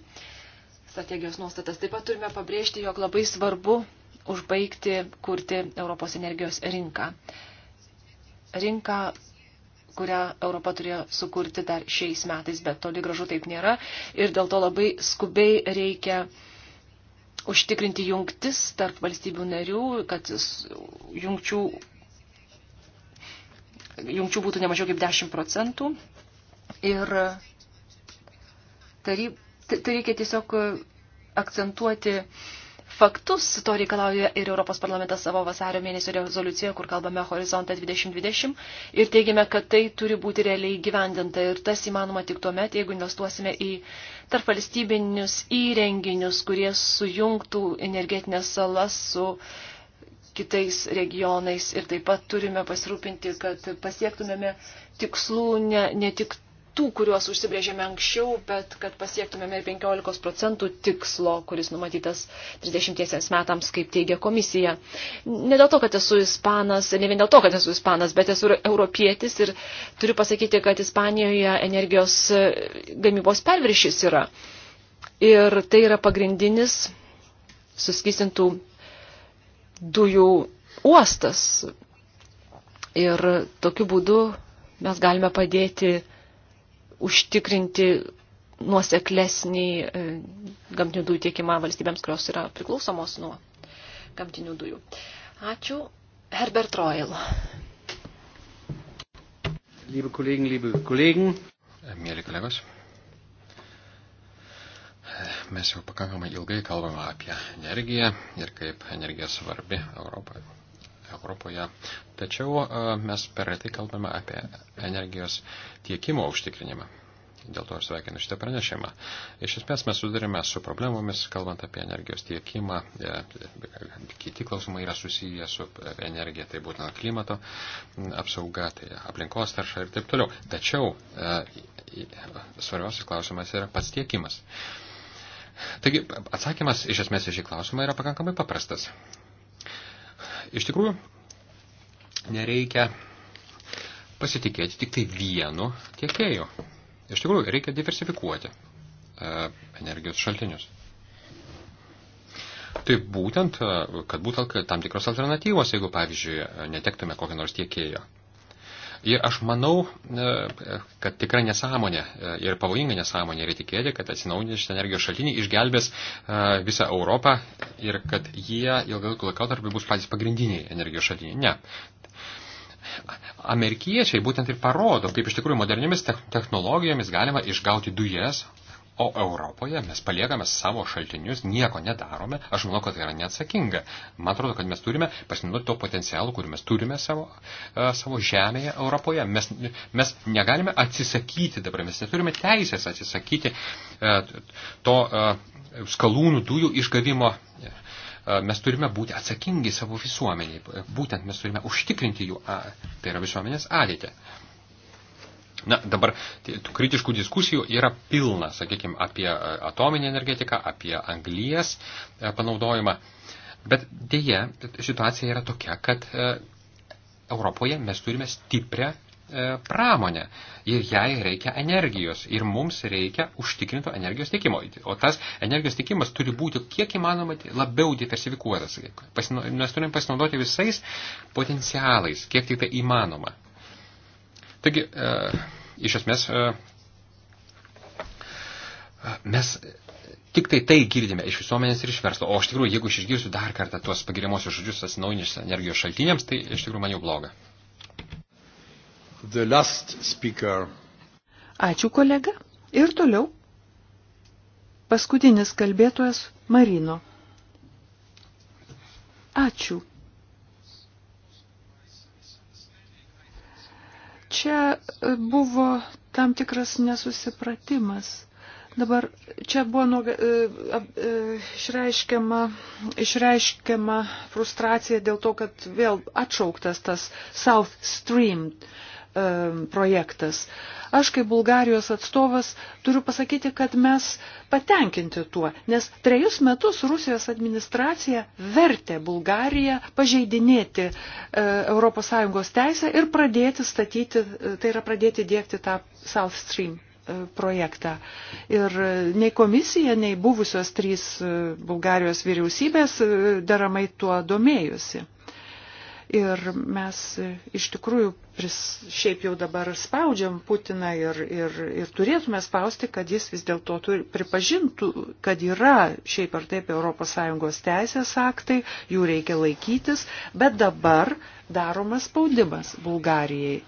strategijos nuostatas. Taip pat turime pabrėžti, jog labai svarbu užbaigti kurti Europos energijos rinką. Rinką, kurią Europa turėjo sukurti dar šiais metais, bet toli gražu taip nėra ir dėl to labai skubiai reikia užtikrinti jungtis tarp valstybių narių, kad jungčių jungčių būtų nemažiau kaip 10 procentų. Ir tai reikia tiesiog akcentuoti faktus, to reikalauja ir Europos parlamentas savo vasario mėnesio rezoliucijoje, kur kalbame horizontą 2020 ir teigiame, kad tai turi būti realiai gyvendinta ir tas įmanoma tik tuo met, jeigu investuosime į tarpvalstybinius įrenginius, kurie sujungtų energetinės salas su uh, kitais regionais ir taip pat turime pasirūpinti, kad pasiektumėme tikslų ne, ne tik tų, kuriuos užsibrėžėme anksčiau, bet kad pasiektumėme ir 15 procentų tikslo, kuris numatytas 30 metams, kaip teigia komisija. Ne dėl to, kad esu ispanas, ne vien dėl to, kad esu ispanas, bet esu europietis ir turiu pasakyti, kad Ispanijoje energijos e, gamybos perviršys yra. Ir tai yra pagrindinis suskistintų dujų uostas. Ir tokiu būdu mes galime padėti užtikrinti nuoseklesnį e, gamtinių dujų tiekimą valstybėms, kurios yra priklausomos nuo gamtinių dujų. Ačiū. Herbert Royal. Liebe Kollegen, liebe Kollegen. Mėly kolegos mes jau pakankamai ilgai kalbame apie energiją ir kaip energija svarbi Europoje. Europoje. Tačiau e, mes per retai kalbame apie energijos tiekimo užtikrinimą. Dėl to aš sveikinu šitą pranešimą. Iš esmės mes sudarėme su problemomis, kalbant apie energijos tiekimą. E, kiti klausimai yra susiję su energija, tai būtent klimato apsauga, tai aplinkos tarša ir taip toliau. Tačiau e, svarbiausias klausimas yra pats tiekimas. E, Taigi, atsakymas iš esmės iš šį klausimą yra pakankamai paprastas. Iš tikrųjų, nereikia pasitikėti tik tai vienu tiekėju. Iš tikrųjų, reikia diversifikuoti e, energijos šaltinius. Tai būtent, e, kad būtų tam tikros alternatyvos, jeigu, pavyzdžiui, netektume kokią nors tiekėjo. Ir aš manau, e, kad tikra nesąmonė e, ir pavojinga nesąmonė yra tikėti, kad atsinaujinančios energijos šaltiniai išgelbės e, visą Europą ir kad jie ilgalaikiu laikotarpiu bus patys pagrindiniai energijos šaltiniai. Ne. Amerikiečiai būtent ir parodo, kaip iš tikrųjų moderniomis technologijomis galima išgauti dujas, O Europoje mes paliekame savo šaltinius, nieko nedarome. Aš manau, kad tai yra neatsakinga. Man atrodo, kad mes turime pasinaudoti to potencialo, kurį mes turime savo, e, savo žemėje Europoje. Mes, mes negalime atsisakyti dabar, mes neturime teisės atsisakyti e, to e, skalūnų dujų išgavimo. Mes turime būti atsakingi savo visuomeniai. Būtent mes turime užtikrinti jų, tai yra visuomenės ateitį. Na, dabar tai tų kritiškų diskusijų yra pilna, sakykime, apie e, atominę energetiką, apie anglijas e, panaudojimą. Bet dėje situacija yra tokia, kad e, Europoje mes turime stiprią pramonę ir jai reikia energijos ir mums reikia užtikrinto energijos tiekimo. O tas energijos tiekimas turi būti kiek įmanoma labiau diversifikuotas. Mes turime pasinaudoti visais potencialais, kiek tik tai įmanoma. Taigi, e, iš esmės, e, e, mes tik tai tai girdime iš visuomenės ir iš verslo. O aš tikrųjų, jeigu aš išgirsiu dar kartą tuos pagiriamosius žodžius atsinaujinės energijos šaltiniams, tai iš tikrųjų man jau bloga. The last speaker. Ačiū kolega. Ir toliau. Paskutinis kalbėtojas Marino. Ačiū. Čia buvo tam tikras nesusipratimas. Dabar čia buvo nuoga, e, e, išreiškiama, išreiškiama frustracija dėl to, kad vėl atšauktas tas South Stream E, projektas. Aš kaip Bulgarijos atstovas turiu pasakyti, kad mes patenkinti tuo, nes trejus metus Rusijos administracija vertė Bulgariją pažeidinėti ES teisę ir pradėti statyti, e, tai yra pradėti dėkti tą South Stream e, projektą. Ir nei komisija, nei buvusios trys Bulgarijos vyriausybės deramai tuo domėjusi. Ir mes e, iš tikrųjų pris, šiaip jau dabar spaudžiam Putiną ir, ir, ir turėtume spausti, kad jis vis dėlto pripažintų, kad yra šiaip ar taip ES teisės aktai, jų reikia laikytis, bet dabar daromas spaudimas Bulgarijai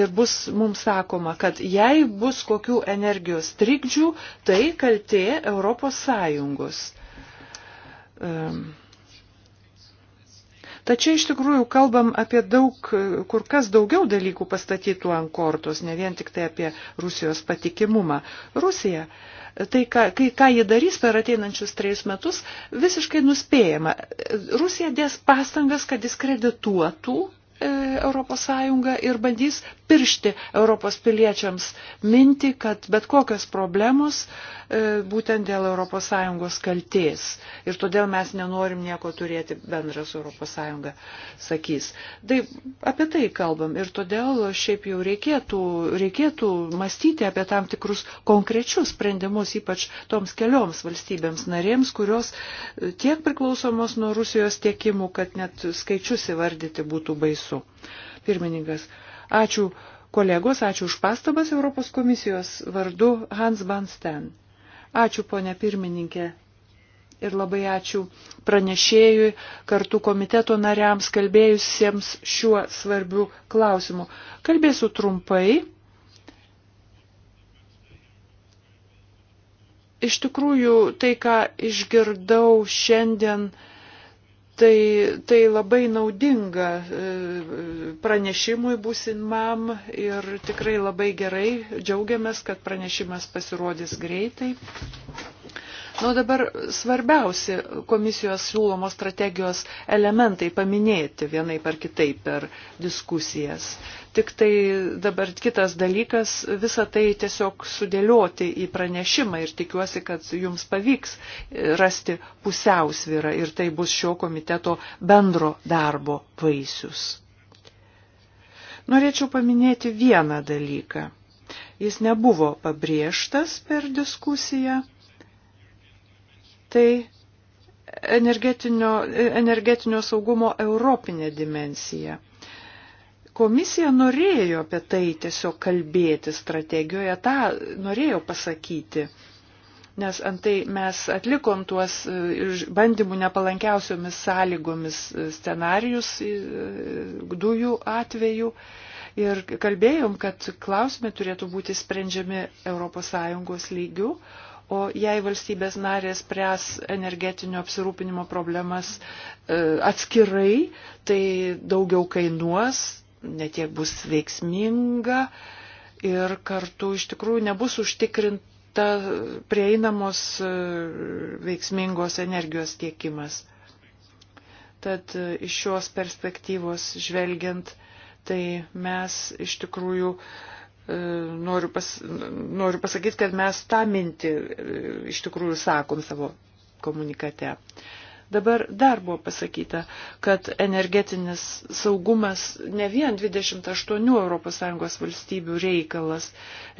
ir bus mums sakoma, kad jei bus kokių energijos trikdžių, tai kaltė Europos Sąjungos. Um Tačiau iš tikrųjų kalbam apie daug, kur kas daugiau dalykų pastatytų ant kortos, ne vien tik tai apie Rusijos patikimumą. Rusija, tai ką, kai, ką ji darys per ateinančius trejus metus, visiškai nuspėjama. Rusija dės pastangas, kad diskredituotų ES ir bandys piršti Europos piliečiams minti, kad bet kokios problemos e, būtent dėl ES kalties. Ir todėl mes nenorim nieko turėti bendrą su ES, sakys. Tai apie tai kalbam. Ir todėl šiaip jau reikėtų, reikėtų mąstyti apie tam tikrus konkrečius sprendimus, ypač toms kelioms valstybėms narėms, kurios e, tiek priklausomos nuo Rusijos tiekimų, kad net skaičius įvardyti būtų baisu mūsų. Pirmininkas, ačiū kolegos, ačiū už pastabas Europos komisijos vardu Hans Bansten. Ačiū, ponė pirmininkė, ir labai ačiū pranešėjui, kartu komiteto nariams kalbėjusiems šiuo svarbiu klausimu. Kalbėsiu trumpai. Iš tikrųjų, tai, ką išgirdau šiandien, Tai, tai labai naudinga e, pranešimui būsimam ir tikrai labai gerai džiaugiamės, kad pranešimas pasirodys greitai. Na, nu, dabar svarbiausi komisijos siūlomos strategijos elementai paminėti vienai par kitaip per diskusijas. Tik tai dabar kitas dalykas visą tai tiesiog sudėlioti į pranešimą ir tikiuosi, kad jums pavyks rasti pusiausvyrą ir tai bus šio komiteto bendro darbo vaisius. Norėčiau paminėti vieną dalyką. Jis nebuvo pabrėžtas per diskusiją tai energetinio, energetinio saugumo europinė dimensija. Komisija norėjo apie tai tiesiog kalbėti strategijoje, tą norėjo pasakyti nes antai mes atlikom tuos e, bandymų nepalankiausiomis sąlygomis e, scenarius e, dujų atveju ir kalbėjom, kad klausimai turėtų būti sprendžiami ES lygių, O jei valstybės narės pres energetinio apsirūpinimo problemas e, atskirai, tai daugiau kainuos, netiek bus veiksminga ir kartu iš tikrųjų nebus užtikrinta prieinamos e, veiksmingos energijos tiekimas. Tad e, iš šios perspektyvos žvelgiant, tai mes iš tikrųjų uh, E, noriu, pas, noriu pasakyti, kad mes tą mintį e, iš tikrųjų sakom savo komunikate. Dabar dar buvo pasakyta, kad energetinis saugumas ne vien 28 ES valstybių reikalas,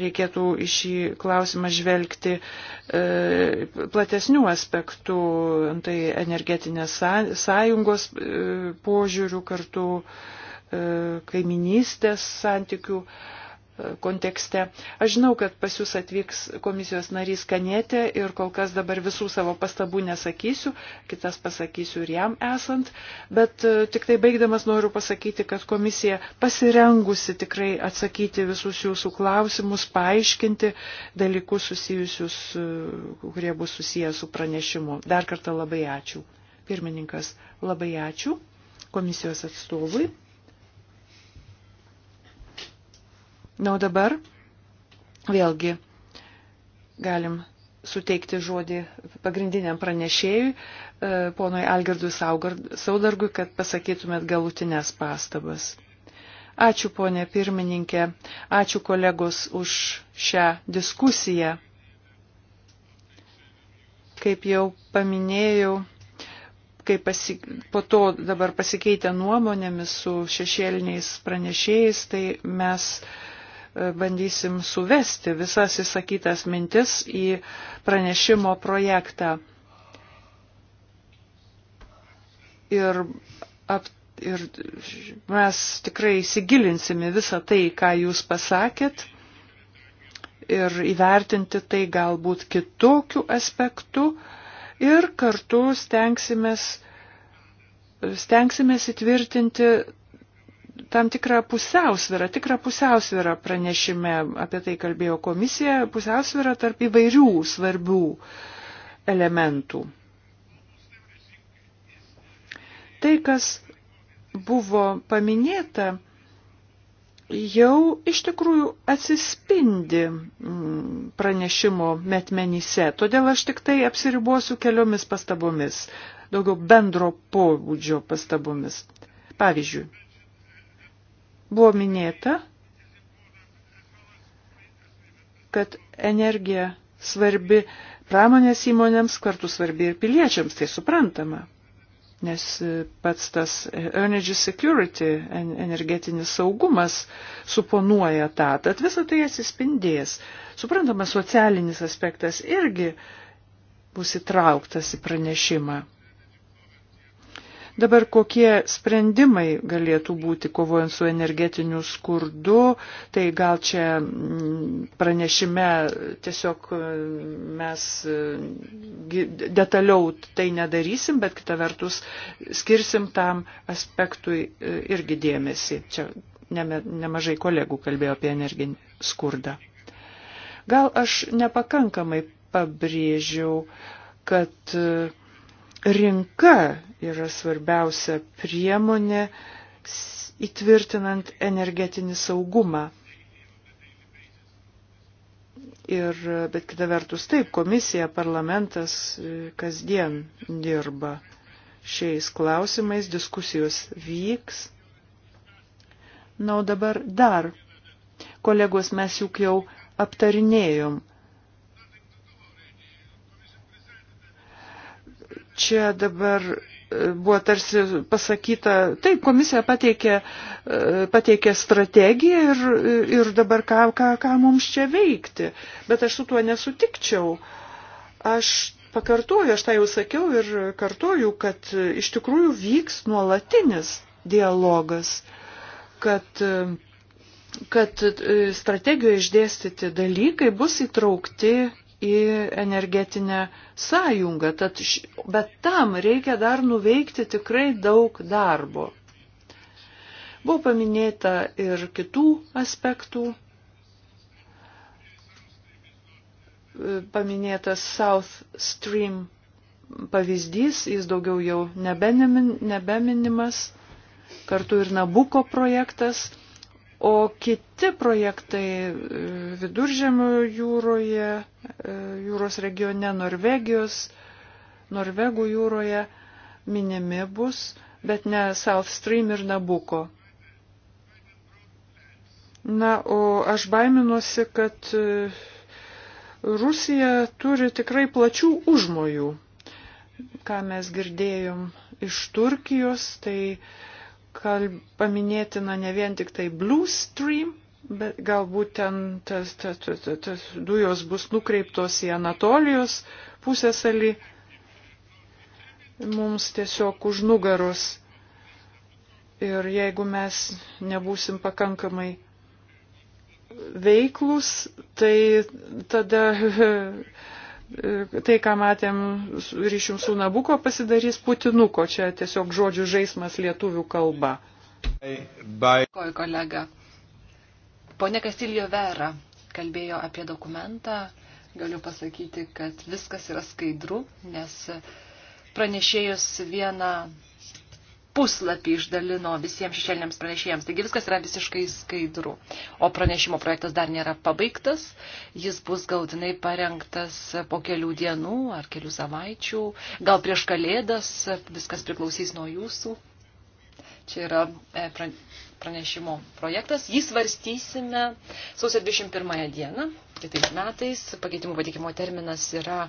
reikėtų į šį klausimą žvelgti e, platesnių aspektų, tai energetinės sąjungos e, požiūrių kartu e, kaiminystės santykių. E, kontekste. Aš žinau, kad pas jūs atvyks komisijos narys Kanėtė ir kol kas dabar visų savo pastabų nesakysiu, kitas pasakysiu ir jam esant, bet e, tik tai baigdamas noriu pasakyti, kad komisija pasirengusi tikrai atsakyti visus jūsų klausimus, paaiškinti dalykus susijusius, e, kurie bus susijęs su pranešimu. Dar kartą labai ačiū. Pirmininkas, labai ačiū komisijos atstovui. Na, o dabar vėlgi galim suteikti žodį pagrindiniam pranešėjui, e, ponui Algirdui Saudargui, kad pasakytumėt galutinės pastabas. Ačiū, ponė pirmininkė, ačiū kolegos už šią diskusiją. Kaip jau paminėjau, kai pasi, po to dabar pasikeitę nuomonėmis su šešėliniais pranešėjais, tai mes uh, bandysim suvesti visas įsakytas mintis į pranešimo projektą. Ir, ap, ir mes tikrai įsigilinsime visą tai, ką jūs pasakėt ir įvertinti tai galbūt kitokiu aspektu ir kartu stengsimės, stengsimės įtvirtinti tam tikrą pusiausvyrą, tikrą pusiausvyrą pranešime, apie tai kalbėjo komisija, pusiausvyrą tarp įvairių svarbių elementų. Tai, kas buvo paminėta, jau iš tikrųjų atsispindi mm, pranešimo metmenyse. Todėl aš tik tai apsiribuosiu keliomis pastabomis, daugiau bendro pobūdžio pastabomis. Pavyzdžiui, Buvo minėta, kad energija svarbi pramonės įmonėms, kartu svarbi ir piliečiams, tai suprantama. Nes pats tas energy security, energetinis saugumas suponuoja tą, tad visą tai atsispindės. Suprantama, socialinis aspektas irgi bus įtrauktas į pranešimą. Dabar kokie sprendimai galėtų būti kovojant su energetiniu skurdu, tai gal čia mm, pranešime tiesiog e, mes e, detaliau tai nedarysim, bet kita vertus skirsim tam aspektui e, irgi dėmesį. Čia nemažai kolegų kalbėjo apie energinį skurdą. Gal aš nepakankamai pabrėžiau, kad uh, rinka yra svarbiausia priemonė įtvirtinant energetinį saugumą. Ir, bet kita vertus, taip, komisija, parlamentas e, kasdien dirba šiais klausimais, diskusijos vyks. Na, o dabar dar, kolegos, mes juk jau aptarinėjom čia dabar e, buvo tarsi pasakyta, taip, komisija pateikė, e, pateikė strategiją ir, ir dabar ką, ką, ką mums čia veikti. Bet aš su tuo nesutikčiau. Aš pakartoju, aš tą jau sakiau ir kartoju, kad iš tikrųjų vyks nuolatinis dialogas, kad kad e, strategijoje išdėstyti dalykai bus įtraukti į energetinę sąjungą. Tad, bet tam reikia dar nuveikti tikrai daug darbo. Buvo paminėta ir kitų aspektų. Paminėtas South Stream pavyzdys, jis daugiau jau nebeminimas, kartu ir Nabuko projektas O kiti projektai e, viduržėmio jūroje, e, jūros regione Norvegijos, Norvegų jūroje minimi bus, bet ne South Stream ir Nabuko. Na, o aš baiminuosi, kad e, Rusija turi tikrai plačių užmojų. Ką mes girdėjom iš Turkijos, tai uh, kalb, paminėtina ne vien tik tai Blue Stream, bet galbūt ten tas, tas, tas, tas, tas dujos bus nukreiptos į Anatolijos pusėsalį mums tiesiog už nugaros. Ir jeigu mes nebūsim pakankamai veiklus, tai tada tai, ką matėm ryšium su Nabuko, pasidarys Putinuko. Čia tiesiog žodžių žaidimas lietuvių kalba. Dėkoju, kolega. Pone Kastilio Vera kalbėjo apie dokumentą. Galiu pasakyti, kad viskas yra skaidru, nes pranešėjus vieną puslapį išdalino visiems šešėliniams pranešėjams. Taigi viskas yra visiškai skaidru. O pranešimo projektas dar nėra pabaigtas. Jis bus galutinai parengtas po kelių dienų ar kelių savaičių. Gal prieš kalėdas viskas priklausys nuo jūsų. Čia yra e, pranešimo projektas. Jį svarstysime sausio 21 dieną, kitais metais. Pakeitimų patikimo terminas yra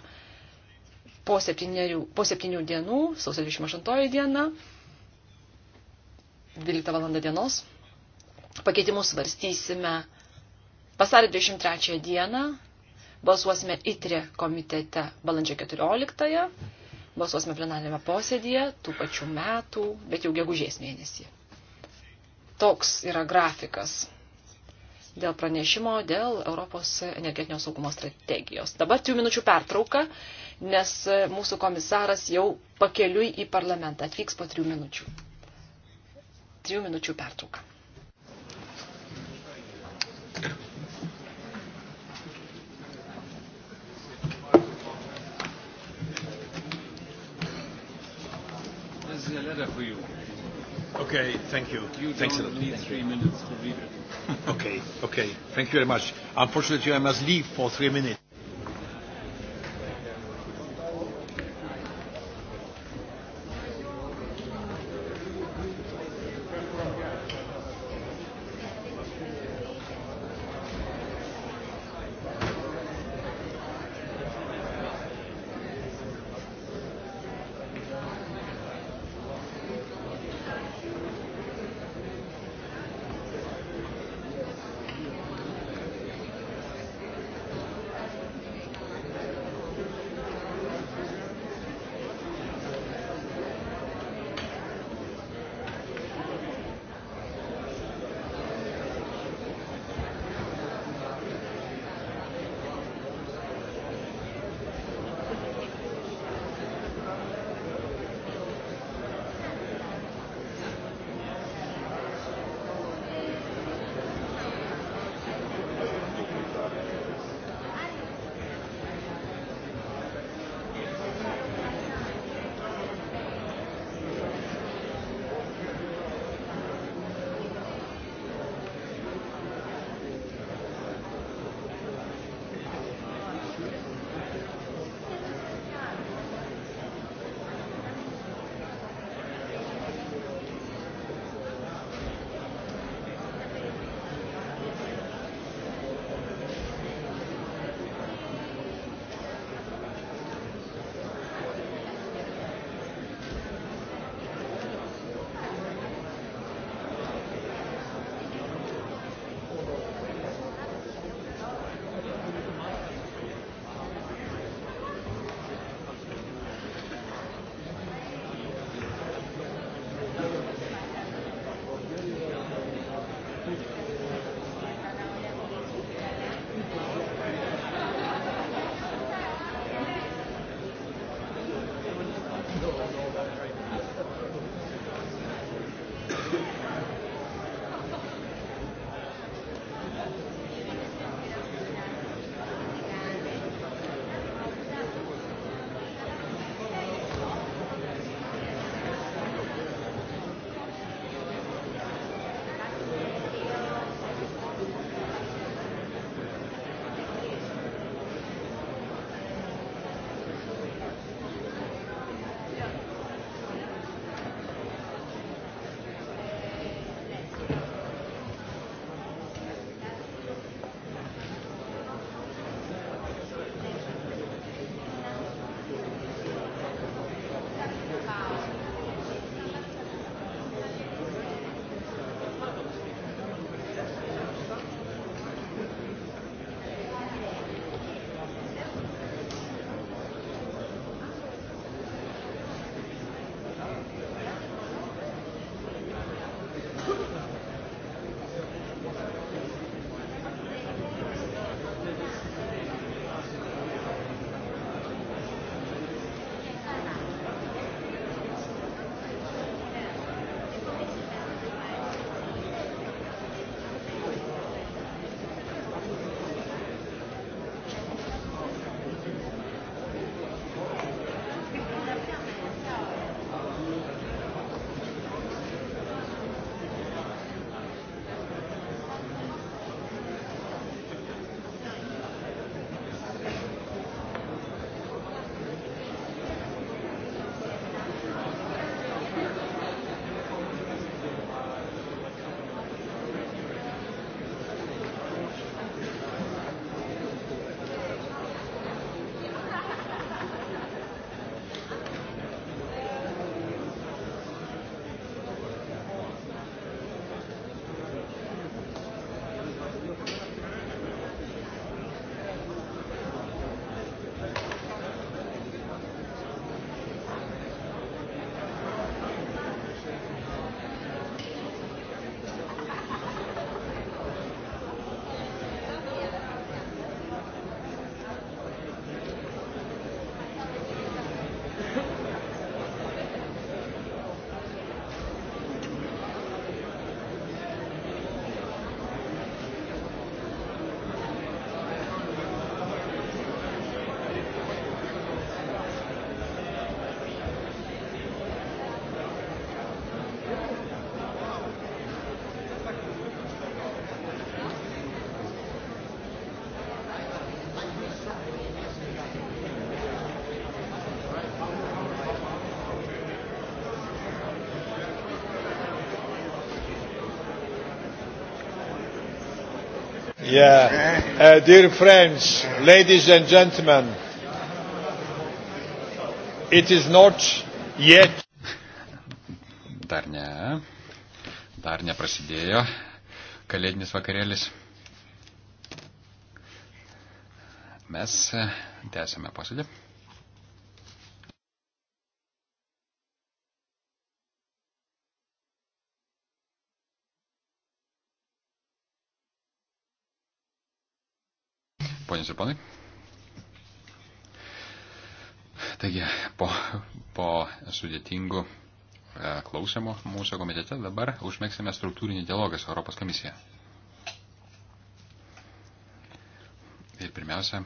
po septynių, po septynių dienų, sausio 28 diena. 12 val. dienos. Pakeitimus svarstysime vasario 23 dieną, balsuosime ITRE komitete balandžio 14, balsuosime plenarinėme posėdėje tų pačių metų, bet jau gegužės mėnesį. Toks yra grafikas dėl pranešimo dėl Europos energetinio saugumo strategijos. Dabar trijų minučių pertrauka, nes mūsų komisaras jau pakeliui į parlamentą atvyks po trijų minučių trijų minučių pertrauką. This is a letter for you. Okay, thank you. you Thanks a lot. Need thank three you. minutes to read it. okay, okay. Thank you very much. Unfortunately, I must leave for three minutes. Yeah. Uh, dear friends, ladies and gentlemen, it is not yet. Dar ne. Dar neprasidėjo kalėdinis vakarėlis. Mes uh, tęsime posėdį. Ponios ir ponai. Taigi, po, po sudėtingų e, klausimų mūsų komitete dabar užmėgsime struktūrinį dialogą su Europos komisija. Ir pirmiausia,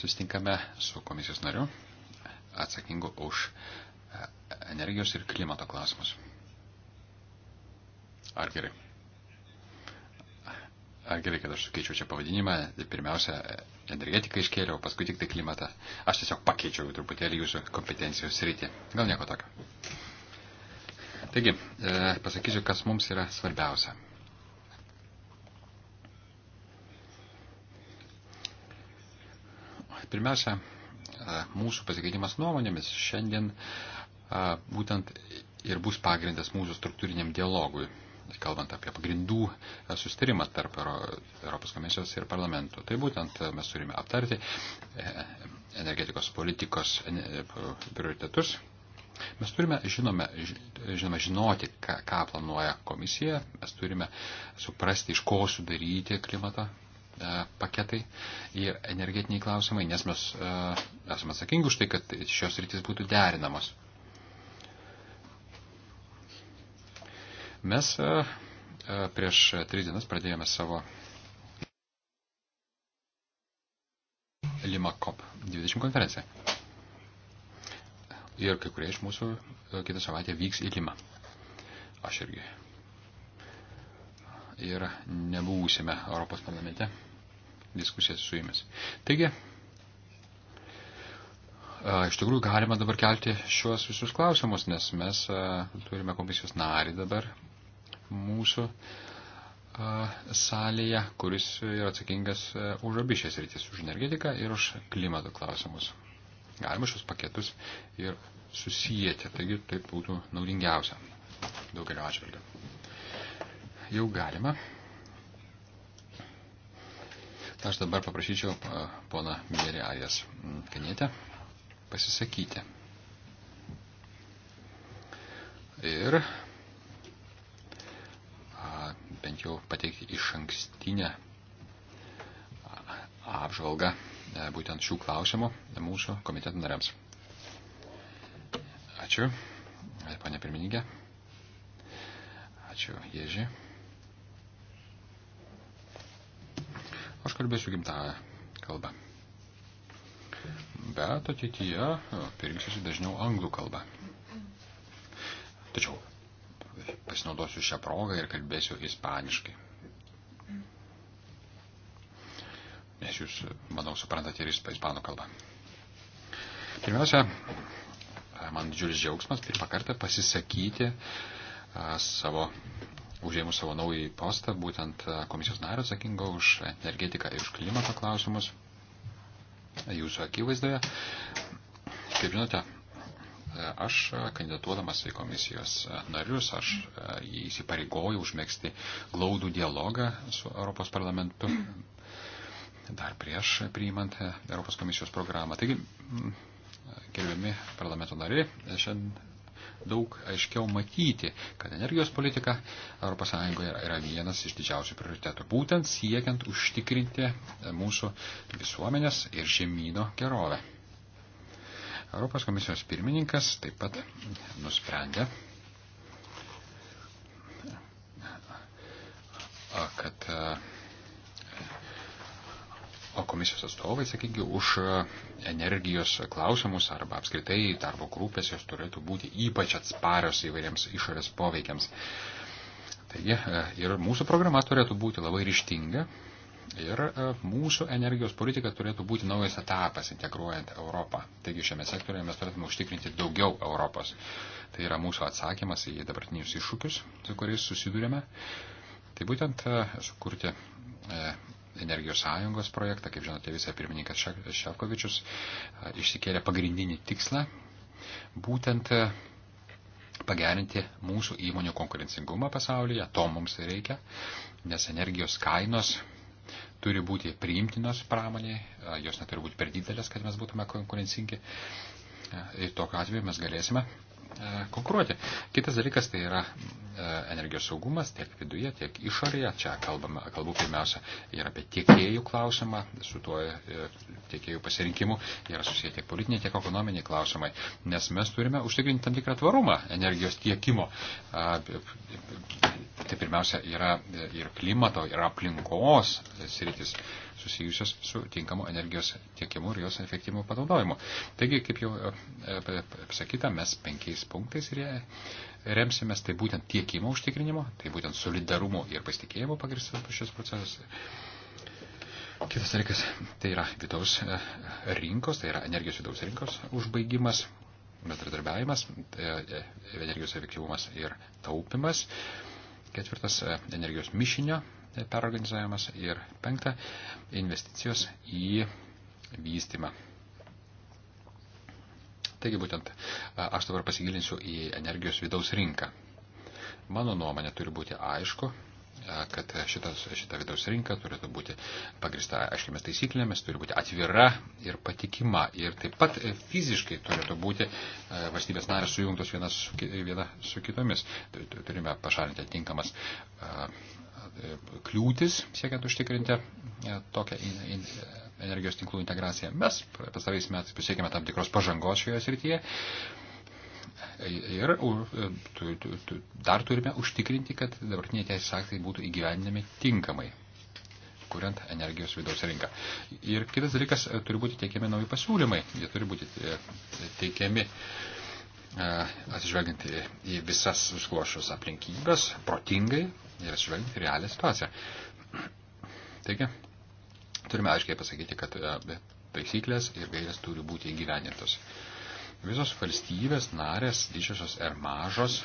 sustinkame su komisijos nariu, atsakingu už e, energijos ir klimato klausimus. Ar gerai? gerai, kad aš sukeičiau čia pavadinimą, tai pirmiausia energetiką iškėliau, paskui tik tai klimatą. Aš tiesiog pakeičiau truputėlį jūsų kompetencijos sritį. Gal nieko tokio. Taigi, e, pasakysiu, kas mums yra svarbiausia. Pirmiausia, e, mūsų pasikeitimas nuomonėmis šiandien e, būtent ir bus pagrindas mūsų struktūriniam dialogui kalbant apie pagrindų e, sustarimą tarp Europos komisijos ir parlamentų. Tai būtent e, mes turime aptarti e, energetikos politikos prioritetus. Mes turime, žinome, žinome žinoti, ką, ką planuoja komisija, mes turime suprasti, iš ko sudaryti klimato paketai ir energetiniai klausimai, nes mes esame atsakingi už tai, kad šios rytis būtų derinamos. Mes e, e, prieš tris dienas pradėjome savo Lima COP20 konferenciją. Ir kai kurie iš mūsų e, kitą savaitę vyks į Limą. Aš irgi. Ir nebūsime Europos parlamente diskusijas su jumis. Taigi, iš tikrųjų galima dabar kelti šiuos visus klausimus, nes mes turime komisijos narį dabar mūsų salėje, kuris yra atsakingas už abi šias rytis, už energetiką ir už klimato klausimus. Galima šios paketus ir susijęti, taigi tai būtų naudingiausia daugelio atžvilgių. Jau galima. Aš dabar paprašyčiau pona Mėrį Arijas Kanietę pasisakyti. Ir bent jau pateikti iš ankstinę apžvalgą e, būtent šių klausimų mūsų komiteto nariams. Ačiū, panė pirmininkė. Ačiū, Ježi. Aš kalbėsiu gimtąją kalbą. Bet ateityje e, pirksiu dažniau anglų kalbą. Tačiau pasinaudosiu šią progą ir kalbėsiu ispaniškai. Nes jūs, manau, suprantate ir ispanų kalbą. Pirmiausia, man didžiulis džiaugsmas pirmą kartą pasisakyti savo, užėmus savo naują postą, būtent komisijos nario atsakingo už energetiką ir už klimato klausimus jūsų akivaizdoje. Kaip žinote, aš kandidatuodamas į komisijos narius, aš e, įsipareigojau užmėgsti glaudų dialogą su Europos parlamentu dar prieš priimant Europos komisijos programą. Taigi, gerbiami parlamento nariai, šiandien daug aiškiau matyti, kad energijos politika ES yra vienas iš didžiausių prioritetų, būtent siekiant užtikrinti mūsų visuomenės ir žemynų gerovę. Europos komisijos pirmininkas taip pat nusprendė, kad o komisijos atstovai, sakykime, už energijos klausimus arba apskritai darbo grupės jos turėtų būti ypač atsparios įvairiems išorės poveikiams. Taigi ir mūsų programa turėtų būti labai ryštinga Ir e, mūsų energijos politika turėtų būti naujas etapas integruojant Europą. Taigi šiame sektoriuje mes turėtume užtikrinti daugiau Europos. Tai yra mūsų atsakymas į dabartinius iššūkius, su kuriais susidurėme. Tai būtent e, sukurti e, energijos sąjungos projektą, kaip žinote, visą pirmininkas Šefkovičius išsikėlė pagrindinį tikslą būtent pagerinti mūsų įmonių konkurencingumą pasaulyje. To mums reikia, nes energijos kainos turi būti priimtinos pramonė, jos neturi būti per didelės, kad mes būtume konkurencingi. Ir tokiu atveju mes galėsime E, konkuruoti. Kitas dalykas tai yra e, energijos saugumas tiek viduje, tiek išorėje. Čia kalbame, kalbu pirmiausia ir apie tiekėjų klausimą, su tuo e, tiekėjų pasirinkimu yra susiję tiek politiniai, tiek ekonominiai klausimai, nes mes turime užtikrinti tam tikrą tvarumą energijos tiekimo. Tai pirmiausia yra ir klimato, ir aplinkos sritis. Tai susijusios su tinkamu energijos tiekimu ir jos efektyvimu panaudojimu. Taigi, kaip jau e, e, pasakyta, mes penkiais punktais remsimės, tai būtent tiekimo užtikrinimo, tai būtent solidarumo ir pasitikėjimo pagristas šis procesas. Kitas dalykas, tai yra vidaus e, rinkos, tai yra energijos vidaus rinkos užbaigimas, bendradarbiavimas, energijos efektyvumas ir taupimas. Ketvirtas energijos mišinio perorganizavimas ir penkta investicijos į vystymą. Taigi būtent aš dabar pasigilinsiu į energijos vidaus rinką. Mano nuomonė turi būti aišku, kad šitas, šita vidaus rinka turėtų būti pagrista aiškiamis taisyklėmis, turi būti atvira ir patikima. Ir taip pat e, fiziškai turėtų būti valstybės narės sujungtos viena su, viena su kitomis. Turime pašalinti atinkamas kliūtis siekiant užtikrinti e, tokią in, in, energijos tinklų integraciją. Mes pastarais metais pasiekėme tam tikros pažangos šioje srityje e, ir e, tu, tu, tu, dar turime užtikrinti, kad dabartiniai teisės aktai būtų įgyvendinami tinkamai kuriant energijos vidaus rinką. Ir kitas dalykas, turi būti teikiami nauji pasiūlymai, jie turi būti teikiami uh, E, atsižvelgiant į, į visas susiklošius aplinkybės, protingai ir atsižvelgiant į realią situaciją. Taigi, turime aiškiai pasakyti, kad e, taisyklės ir gairės turi būti įgyvenintos. Visos valstybės narės, didžiosios ir mažos,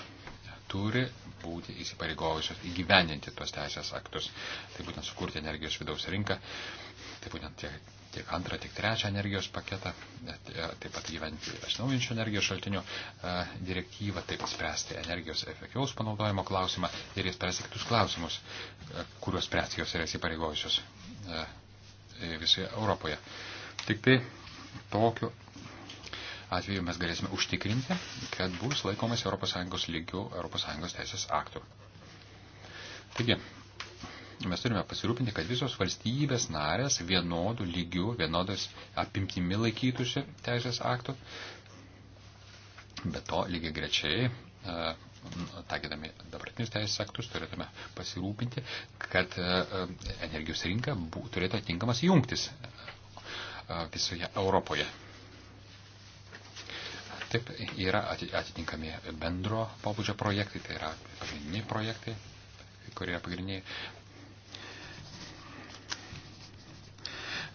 turi būti įsipareigojusios įgyveninti tuos teisės aktus. Tai būtent sukurti energijos vidaus rinką, tai būtent tiek tiek antrą, tiek trečią energijos paketą, e, taip pat gyventi atsinaujinčių energijos šaltinių e, direktyvą, taip pat spręsti energijos efektyvaus panaudojimo klausimą ir įspręsti kitus klausimus, e, kuriuos spręsti jos yra įsipareigojusios visoje Europoje. Tik tai tokiu atveju mes galėsime užtikrinti, kad bus laikomas ES lygių ES teisės aktų. Taigi, mes turime pasirūpinti, kad visos valstybės narės vienodų lygių, vienodas apimtimi laikytųsi teisės aktų. Be to, lygiai grečiai, e, taikydami dabartinius teisės aktus, turėtume pasirūpinti, kad e, e, energijos rinka turėtų atinkamas jungtis visoje Europoje. Taip, yra atitinkami bendro pobūdžio projektai, tai yra pagrindiniai projektai, kurie yra pagrindiniai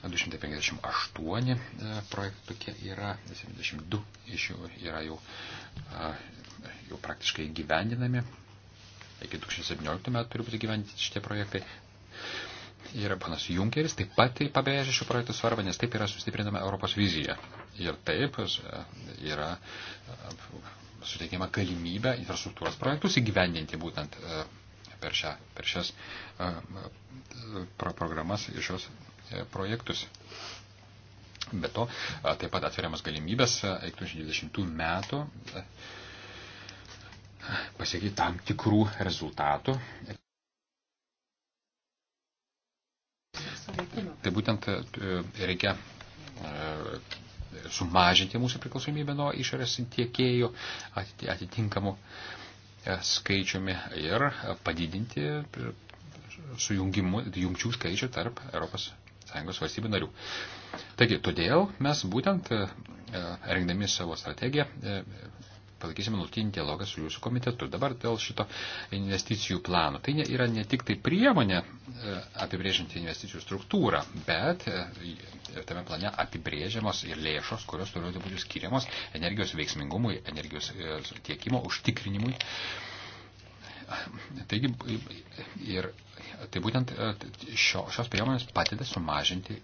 258 e, projektų tokie yra, 72 iš jų yra jau, jau praktiškai gyvendinami. Iki 2017 metų turi būti gyventi šitie projektai. Ir panas Junkeris taip pat tai pabrėžia šių projektų svarbą, nes taip yra sustiprinama Europos vizija. Ir taip e, yra e, suteikiama galimybė infrastruktūros projektus įgyvendinti būtent per, šią, per šias pro programas ir šios E, projektus. Be to, taip pat atveriamas galimybės iki 2020 metų pasiekti tam tikrų rezultatų. Tai būtent e, reikia sumažinti mūsų priklausomybę nuo išorės tiekėjų atitinkamų skaičiumi ir padidinti sujungimų, jungčių skaičių tarp Europos ES valstybių narių. Taigi, todėl mes būtent e, e, rengdami savo strategiją e, palaikysime nuolatinį dialogą su jūsų komitetu. Dabar dėl šito investicijų plano. Tai yra ne tik tai priemonė apibrėžinti investicijų struktūrą, bet tame plane apibrėžiamos ir lėšos, kurios turėtų būti skiriamos energijos veiksmingumui, energijos tiekimo užtikrinimui. Taigi, ir tai būtent e, šio, šios priemonės padeda sumažinti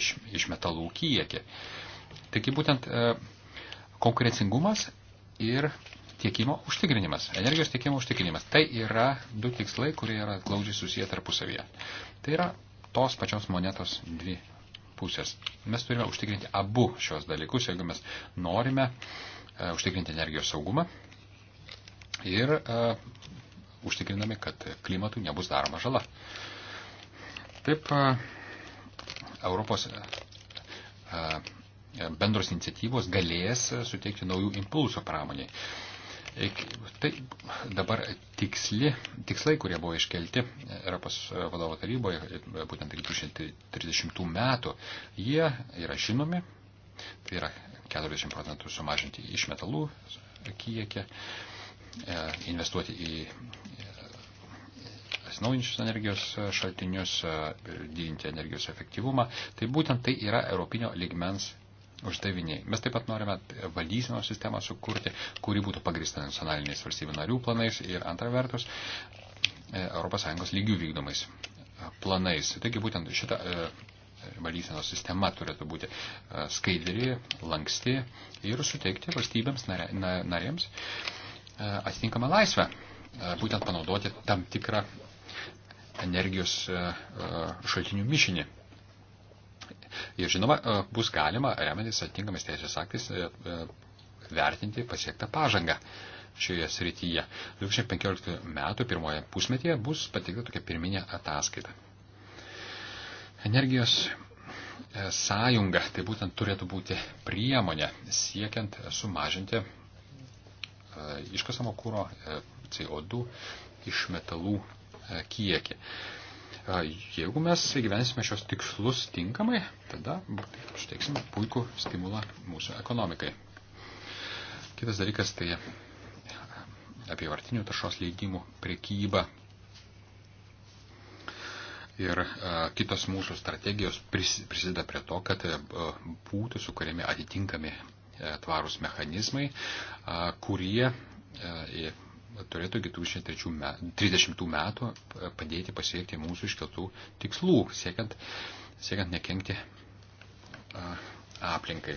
iš, iš metalų kiekį. Taigi būtent e, konkurencingumas ir tiekimo užtikrinimas, energijos tiekimo užtikrinimas. Tai yra du tikslai, kurie yra glaudžiai susiję tarpusavyje. Tai yra tos pačios monetos dvi pusės. Mes turime užtikrinti abu šios dalykus, jeigu mes norime uh, užtikrinti energijos saugumą ir uh, užtikrinami, kad klimatui nebus daroma žala. Taip, Europos bendros iniciatyvos galės suteikti naujų impulsų pramoniai. Tai dabar tiksli, tikslai, kurie buvo iškelti Europos vadovo taryboje, būtent 2030 metų, jie yra žinomi, tai yra 40 procentų sumažinti iš metalų kiekį. Kiek E, investuoti į e, atsinaujinčius energijos šaltinius, e, didinti energijos efektyvumą. Tai būtent tai yra europinio ligmens uždaviniai. Mes taip pat norime valdysenos sistemą sukurti, kuri būtų pagrįsta nacionaliniais valstybių narių planais ir antra vertus ES lygių vykdomais planais. Taigi būtent šita valdysenos sistema turėtų būti skaidri, lanksti ir suteikti valstybėms narėms atitinkamą laisvę, būtent panaudoti tam tikrą energijos šaltinių mišinį. Ir žinoma, bus galima, remiantis atitinkamais teisės aktais, vertinti pasiektą pažangą šioje srityje. 2015 metų pirmoje pusmetyje bus pateikta tokia pirminė ataskaita. Energijos sąjunga tai būtent turėtų būti priemonė siekiant sumažinti E, iškasamo kūro e, CO2 iš metalų e, kiekį. Jeigu mes įgyvensime šios tikslus tinkamai, tada suteiksime puikų stimulą mūsų ekonomikai. Kitas dalykas tai apie vartinių taršos leidimų priekybą ir a, kitos mūsų strategijos prisideda prie to, kad a, būtų sukūrėmi atitinkami E, tvarūs mechanizmai, e, kurie e, turėtų iki 2030 metų padėti pasiekti mūsų iškeltų tikslų, siekiant, siekiant nekenkti aplinkai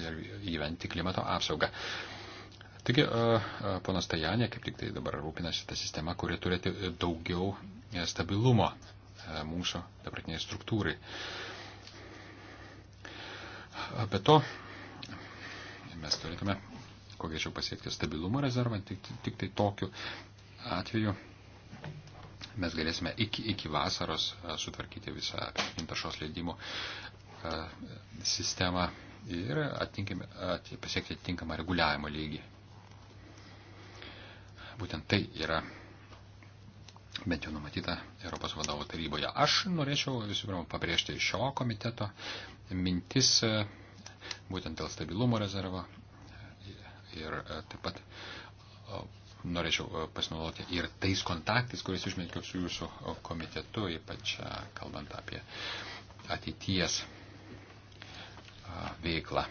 ir įventi klimato apsaugą. Taigi, ponas Tajanė kaip tik tai dabar rūpinasi tą sistemą, kuri turėti daugiau stabilumo mūsų dabartiniai struktūrai. Be to, mes turėtume kuo greičiau pasiekti stabilumo rezervą, tik, tik tai tokiu atveju mes galėsime iki, iki vasaros sutvarkyti visą taršos leidimų sistemą ir atinkime, at, pasiekti atitinkamą reguliavimo lygį. Būtent tai yra bent jau numatyta Europos vadovo taryboje. Aš norėčiau visų pirma pabrėžti šio komiteto mintis būtent dėl stabilumo rezervo ir e, taip pat norėčiau e, pasinaudoti ir tais kontaktais, kuris išmėgiau su jūsų komitetu, ypač e, kalbant apie ateities veiklą.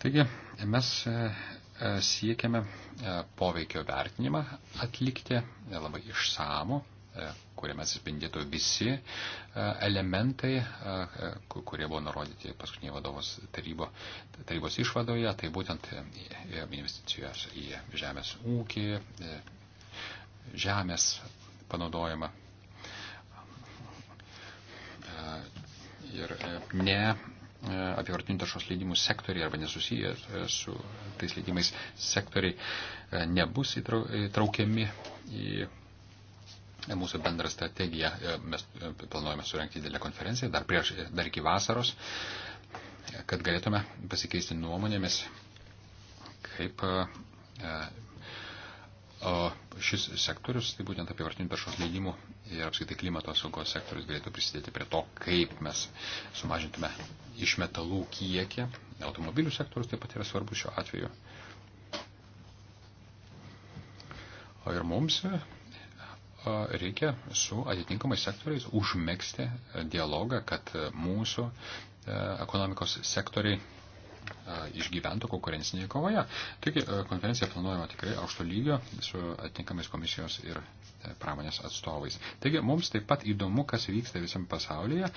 Taigi, mes siekiame poveikio vertinimą atlikti labai išsamų E, kuriame atsispindėtų visi e, elementai, e, kurie buvo nurodyti paskutinėje vadovos tarybo, tarybos išvadoje, tai būtent investicijos į žemės ūkį, žemės panaudojimą ir ne apivartinių taršos leidimų sektoriai arba nesusiję su tais leidimais sektoriai nebus įtraukiami į mūsų bendrą strategiją. E, mes e, planuojame surenkti didelę konferenciją dar, prieš, e, dar iki vasaros, kad galėtume pasikeisti nuomonėmis, kaip šis sektorius, tai būtent apie vartinių taršos leidimų ir apskaitai klimato saugos sektorius galėtų prisidėti prie to, kaip mes sumažintume iš metalų kiekį. Automobilių sektorius taip pat yra svarbus šiuo atveju. O ir mums reikia su atitinkamais sektoriais užmėgsti dialogą, kad mūsų ekonomikos sektoriai išgyventų konkurencinėje kovoje. Taigi konferencija planuojama tikrai aukšto lygio su atitinkamais komisijos ir pramonės atstovais. Taigi mums taip pat įdomu, kas vyksta visam pasaulyje.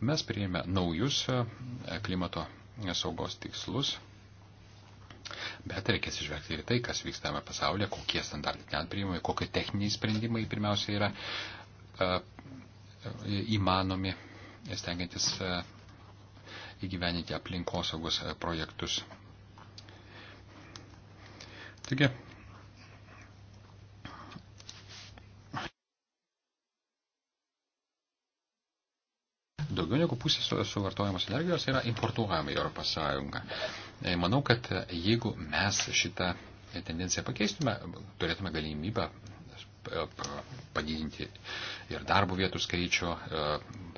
Mes priėmė naujus klimato saugos tikslus Bet reikės išvegti ir tai, kas vykstame pasaulyje, kokie standartai ten priimami, kokie techniniai sprendimai pirmiausia yra uh, įmanomi, stengiantis uh, įgyveninti aplinkosaugos projektus. Taigi, daugiau negu pusė suvartojamos energijos yra importuojama į Europos Sąjungą. E, manau, kad jeigu mes šitą tendenciją pakeistume, turėtume galimybę e, padidinti ir darbo vietų skaičių. E,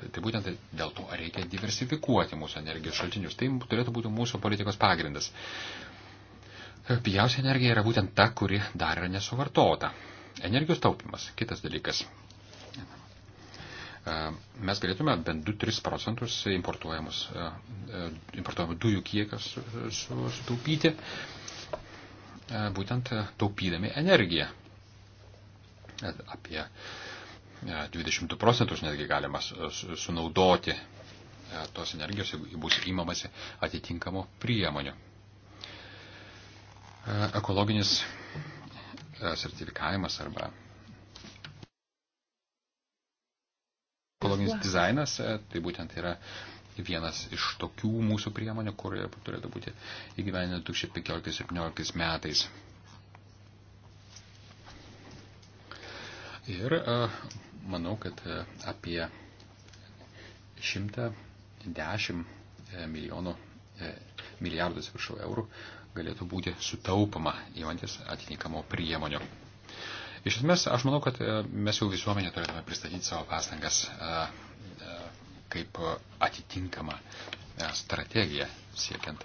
tai, tai būtent dėl to reikia diversifikuoti mūsų energijos šaltinius. Tai turėtų būti mūsų politikos pagrindas. Pigiausia energija yra būtent ta, kuri dar yra nesuvartota. Energijos taupimas, kitas dalykas. E, mes galėtume bent 2-3 procentus importuojamus, e, e, importuojamų dujų kiekius sutaupyti, būtent taupydami energiją. Apie 22 procentus netgi galima sunaudoti tos energijos, jeigu bus įmamasi atitinkamo priemonių. Ekologinis sertifikavimas arba Ekologinis dizainas, e, tai būtent yra vienas iš tokių mūsų priemonių, kur turėtų būti įgyveninta 2015-2017 metais. Ir e, manau, kad e, apie 110 milijonų, milijardus viršų eurų galėtų būti sutaupama įmantis atitinkamų priemonių. Iš esmės, aš manau, kad e, mes jau visuomenė turėtume pristatyti savo pastangas e, e, kaip atitinkamą strategiją siekiant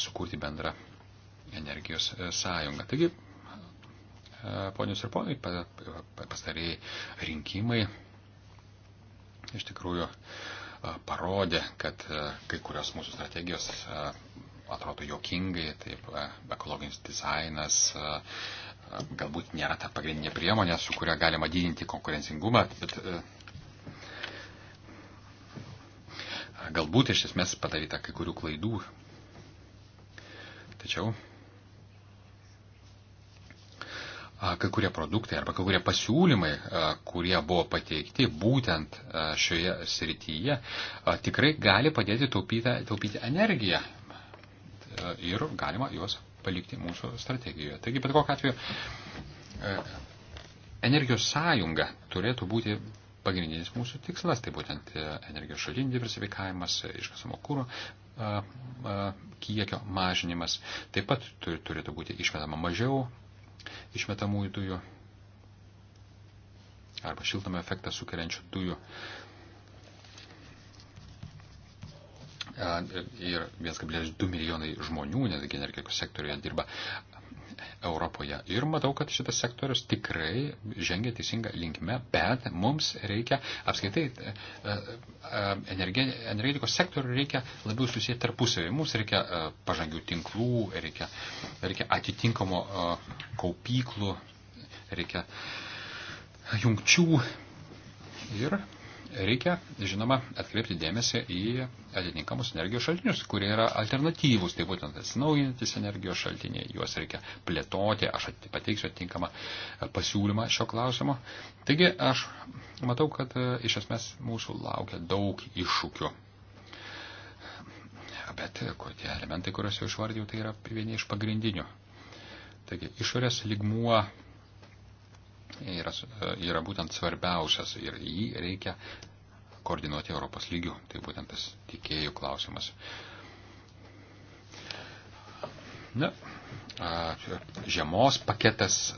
sukurti bendrą energijos sąjungą. Taigi, ponius ir ponai, pastarėjai rinkimai iš tikrųjų parodė, kad kai kurios mūsų strategijos atrodo jokingai, taip ekologinis dizainas, galbūt nėra ta pagrindinė priemonė, su kuria galima didinti konkurencingumą, bet e, galbūt iš esmės padaryta kai kurių klaidų. Tačiau kai kurie produktai arba kai kurie pasiūlymai, kurie buvo pateikti būtent šioje srityje, tikrai gali padėti taupyti, taupyti energiją ir galima juos palikti mūsų strategijoje. Taigi, bet kokiu atveju, e, energijos sąjunga turėtų būti pagrindinis mūsų tikslas, tai būtent e, energijos šaltinių diversifikavimas, e, iškasamo kūro kiekio mažinimas, taip pat turėtų būti išmetama mažiau išmetamųjų dujų arba šiltame efektą sukeliančių dujų E, ir 1,2 milijonai žmonių netgi energetikos sektoriuje dirba Europoje. Ir matau, kad šitas sektorius tikrai žengia teisinga linkme, bet mums reikia apskaitai e, e, energetikos sektorių reikia labiau susiję tarpusavį. Mums reikia pažangių tinklų, reikia, reikia atitinkamo kaupyklų, reikia jungčių. Ir Reikia, žinoma, atkreipti dėmesį į atitinkamus energijos šaltinius, kurie yra alternatyvūs, tai būtent atsinaujinantis energijos šaltiniai, juos reikia plėtoti, aš pateiksiu atitinkamą e, pasiūlymą šio klausimo. Taigi aš matau, kad e, iš esmės mūsų laukia daug iššūkių. Bet e, tie elementai, kuriuos jau išvardėjau, tai yra vieni iš pagrindinių. Taigi išorės ligmuo yra, yra būtent svarbiausias ir jį reikia koordinuoti Europos lygių. Tai būtent tas tikėjų klausimas. Na, žiemos paketas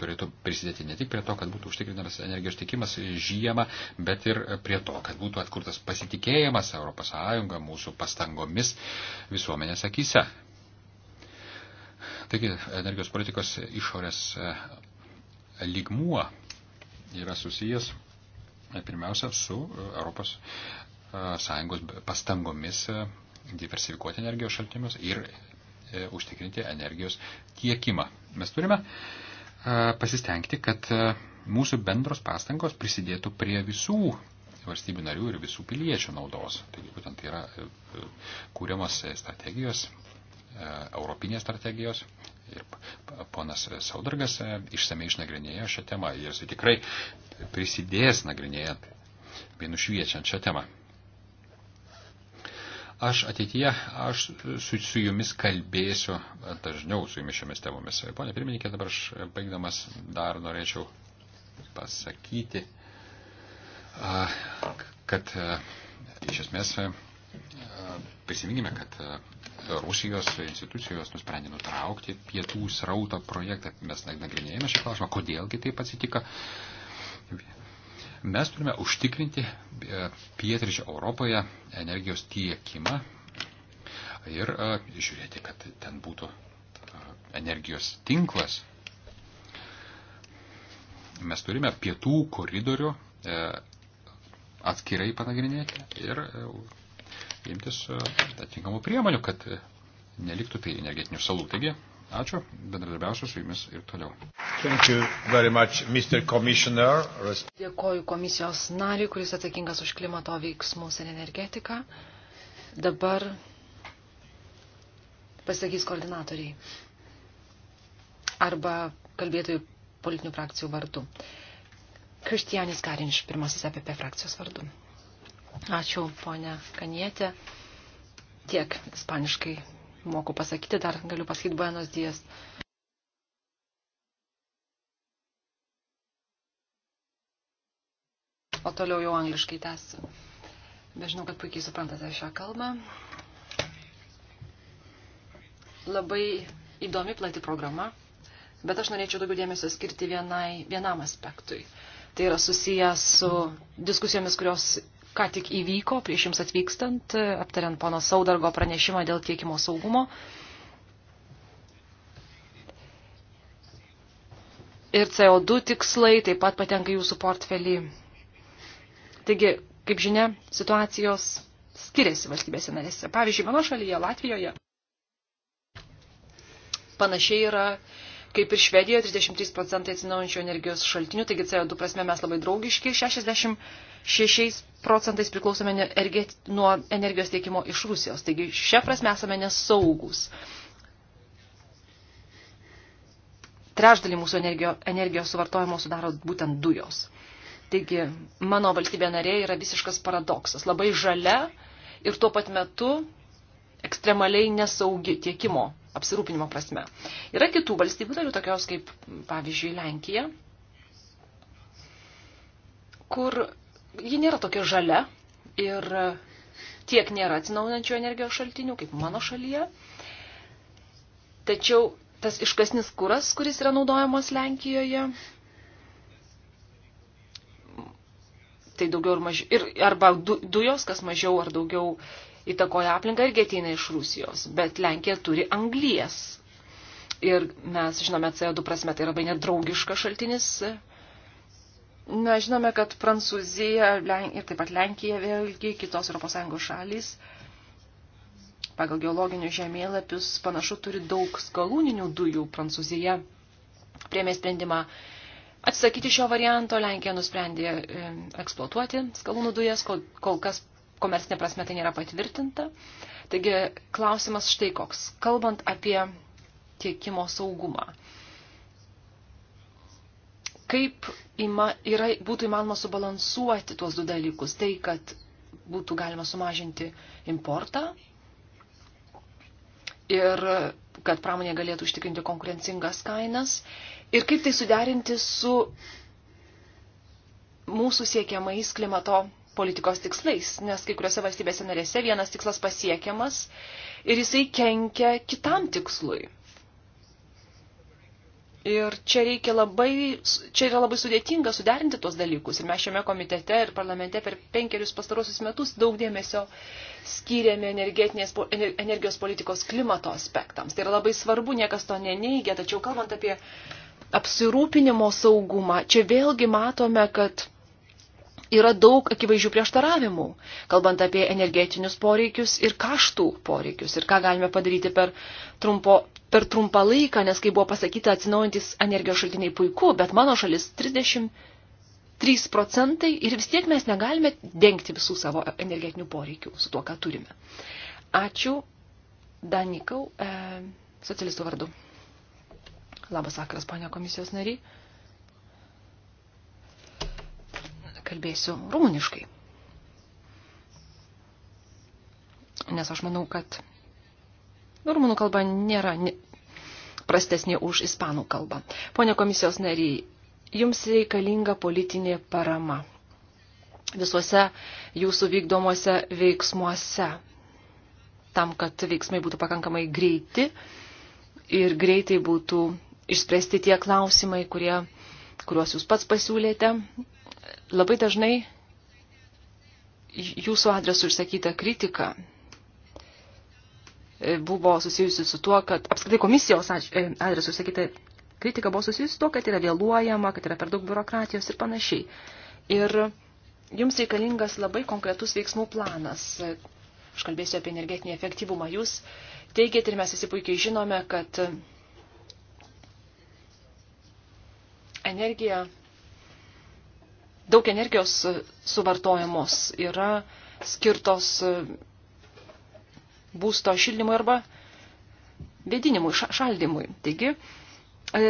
turėtų prisidėti ne tik prie to, kad būtų užtikrinamas energijos tikimas žiemą, bet ir prie to, kad būtų atkurtas pasitikėjimas ES mūsų pastangomis visuomenės akise. Taigi, energijos politikos išorės lygmuo yra susijęs pirmiausia su e, Europos e, Sąjungos pastangomis e, diversifikuoti energijos šaltinius ir užtikrinti energijos tiekimą. Mes turime pasistengti, kad mūsų bendros pastangos prisidėtų prie visų valstybių narių ir visų piliečių naudos. Taigi būtent tai yra kūriamas strategijos, europinės strategijos ir ponas Saudargas e, išsamei išnagrinėjo šią temą ir jis tikrai prisidės nagrinėjant bei nušviečiant šią temą. Aš ateityje, aš su, su jumis kalbėsiu dažniau su jumis šiomis temomis. Pone pirmininkė, dabar aš baigdamas dar norėčiau pasakyti, kad e, iš esmės e, prisiminkime, kad Rusijos institucijos nusprendė nutraukti pietų srauto projektą. Mes nagrinėjame šį klausimą, kodėlgi taip atsitiko. Mes turime užtikrinti e, pietričio Europoje energijos tiekimą ir e, žiūrėti, kad ten būtų e, energijos tinklas. Mes turime pietų koridorių atskirai panagrinėti ir imtis e, atitinkamų priemonių, kad e, neliktų tai energetinių salų. Taigi, ačiū, bendradarbiausiu su jumis ir toliau. Much, Dėkoju komisijos nariui, kuris atsakingas už klimato veiksmus ir energetiką. Dabar pasakys koordinatoriai arba kalbėtojų politinių frakcijų vardu. Kristianis Karinš, pirmasis APP e frakcijos vardu. Ačiū, ponia Kanietė. Tiek ispaniškai moku pasakyti, dar galiu pasakyti Buenos Dijas. O toliau jau angliškai tęsiu. Bežinau, kad puikiai suprantate šią kalbą. Labai įdomi plati programa, bet aš norėčiau daugiau dėmesio skirti vienai, vienam aspektui. Tai yra susijęs su diskusijomis, kurios ką tik įvyko prieš jums atvykstant, e, aptariant pono Saudargo pranešimą dėl tiekimo saugumo. Ir CO2 tikslai taip pat patenka jūsų portfelį. Taigi, kaip žinia, situacijos skiriasi valstybėse narėse. Pavyzdžiui, mano šalyje, Latvijoje, panašiai yra kaip ir Švedijoje, 33 procentai atsinaujančių energijos šaltinių, taigi CO2 prasme mes labai draugiški, 66 procentais priklausome nuo energijos tiekimo iš Rusijos, taigi šia prasme esame nesaugus. Trešdalį mūsų energijo, energijos suvartojimo sudaro būtent dujos. Taigi mano valstybė narė yra visiškas paradoksas, labai žalia ir tuo pat metu ekstremaliai nesaugi tiekimo apsirūpinimo prasme. Yra kitų valstybių dalių, tokios kaip, pavyzdžiui, Lenkija, kur ji nėra tokia žalia ir tiek nėra atsinaujančių energijos šaltinių, kaip mano šalyje. Tačiau tas iškasnis kuras, kuris yra naudojamas Lenkijoje, tai daugiau ir mažiau, ir, arba du, dujos, kas mažiau ar daugiau įtakoja aplinką irgi ateina iš Rusijos, bet Lenkija turi anglijas. Ir mes žinome, CO2 prasme tai labai nedraugiškas šaltinis. Na, žinome, kad Prancūzija ir taip pat Lenkija vėlgi kitos ES šalys pagal geologinius žemėlapius panašu turi daug skalūninių dujų. Prancūzija priemė sprendimą atsisakyti šio varianto, Lenkija nusprendė e, eksploatuoti skalūnų dujas, kol, kol kas komercinė prasme tai nėra patvirtinta. Taigi klausimas štai koks. Kalbant apie tiekimo saugumą. Kaip ima, yra, būtų įmanoma subalansuoti tuos du dalykus? Tai, kad būtų galima sumažinti importą ir kad pramonė galėtų užtikrinti konkurencingas kainas. Ir kaip tai suderinti su mūsų siekiamais klimato politikos tikslais, nes kai kuriuose valstybėse narėse vienas tikslas pasiekiamas ir jisai kenkia kitam tikslui. Ir čia, reikia labai, čia yra labai sudėtinga suderinti tuos dalykus. Ir mes šiame komitete ir parlamente per penkerius pastarosius metus daug dėmesio skyrėme energijos politikos klimato aspektams. Tai yra labai svarbu, niekas to neneigia. Tačiau kalbant apie apsirūpinimo saugumą, čia vėlgi matome, kad yra daug akivaizdžių prieštaravimų, kalbant apie energetinius poreikius ir kaštų poreikius ir ką galime padaryti per, trumpo, per trumpą laiką, nes kai buvo pasakyta atsinaujantis energijos šaltiniai puiku, bet mano šalis 33 procentai ir vis tiek mes negalime dengti visų savo energetinių poreikių su tuo, ką turime. Ačiū, Danikau, e, socialistų vardu. Labas vakaras, ponia komisijos nariai. kalbėsiu rumuniškai. Nes aš manau, kad rumunų kalba nėra prastesnė už ispanų kalbą. Pone komisijos nariai, jums reikalinga politinė parama visuose jūsų vykdomuose veiksmuose, tam, kad veiksmai būtų pakankamai greiti ir greitai būtų išspręsti tie klausimai, kurie, kuriuos jūs pats pasiūlėte Labai dažnai jūsų adresu išsakyta kritika e, buvo susijusi su tuo, kad apskritai komisijos e, adresu išsakyta kritika buvo susijusi su tuo, kad yra vėluojama, kad yra per daug biurokratijos ir panašiai. Ir jums reikalingas labai konkretus veiksmų planas. Aš kalbėsiu apie energetinį efektyvumą. Jūs teigėte ir mes visi puikiai žinome, kad energija daug energijos suvartojamos yra skirtos būsto šildymui arba vėdinimui, šaldymui. Taigi, e,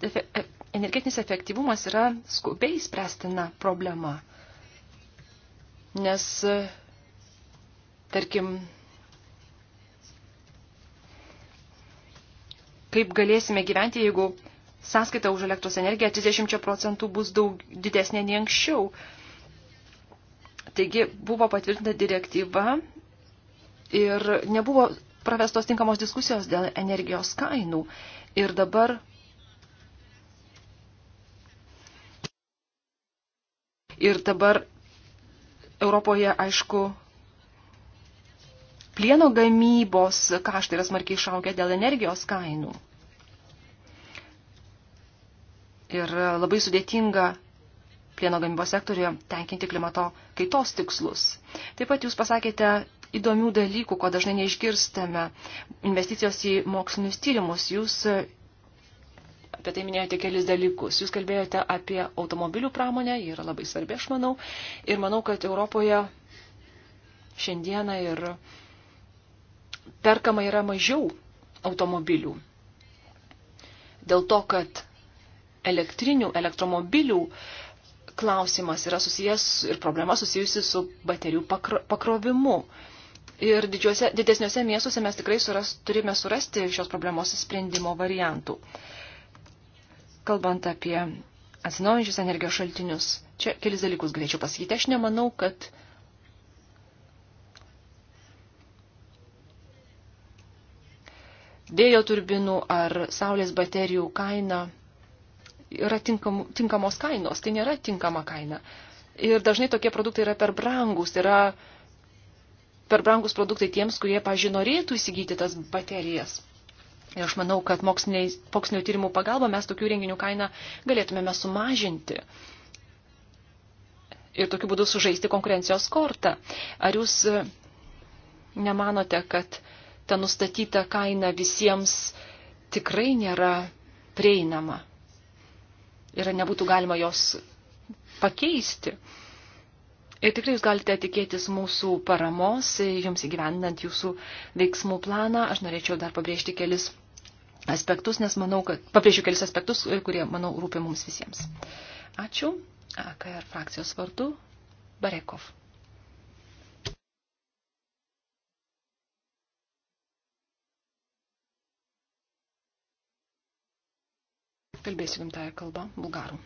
e, energetinis efektyvumas yra skubiai spręstina problema. Nes, e, tarkim, kaip galėsime gyventi, jeigu sąskaita už elektros energiją 30 procentų bus daug didesnė nei anksčiau. Taigi buvo patvirtinta direktyva ir nebuvo pravestos tinkamos diskusijos dėl energijos kainų. Ir dabar Ir dabar Europoje, aišku, plieno gamybos kaštai yra smarkiai išaugę dėl energijos kainų ir labai sudėtinga plieno gamybos sektoriuje tenkinti klimato kaitos tikslus. Taip pat jūs pasakėte įdomių dalykų, ko dažnai neišgirstame. Investicijos į mokslinius tyrimus. Jūs e, apie tai minėjote kelis dalykus. Jūs kalbėjote apie automobilių pramonę, ji yra labai svarbi, aš manau. Ir manau, kad Europoje šiandieną ir perkama yra mažiau automobilių. Dėl to, kad elektrinių, elektromobilių klausimas yra susijęs ir problema susijusi su baterijų pakro, pakrovimu. Ir didžiuose, didesniuose miestuose mes tikrai suras, turime surasti šios problemos sprendimo variantų. Kalbant apie atsinaujančius energijos šaltinius, čia kelis dalykus galėčiau pasakyti. Aš nemanau, kad vėjo turbinų ar saulės baterijų kaina yra tinkam, tinkamos kainos, tai nėra tinkama kaina. Ir dažnai tokie produktai yra per brangus, yra per brangus produktai tiems, kurie, pažiūrėjau, norėtų įsigyti tas baterijas. Ir aš manau, kad mokslinio tyrimų pagalba mes tokių renginių kainą galėtumėme sumažinti. Ir tokiu būdu sužaisti konkurencijos kortą. Ar jūs e, nemanote, kad ta nustatyta kaina visiems tikrai nėra prieinama? ir nebūtų galima jos pakeisti. Ir tikrai jūs galite tikėtis mūsų paramos, jums įgyvendinant jūsų veiksmų planą. Aš norėčiau dar pabrėžti kelis aspektus, nes manau, kad pabrėžiu kelis aspektus, kurie, manau, rūpi mums visiems. Ačiū. AKR frakcijos vardu Barekov. Kalbėsiu gimtają kalbą, bulgarų.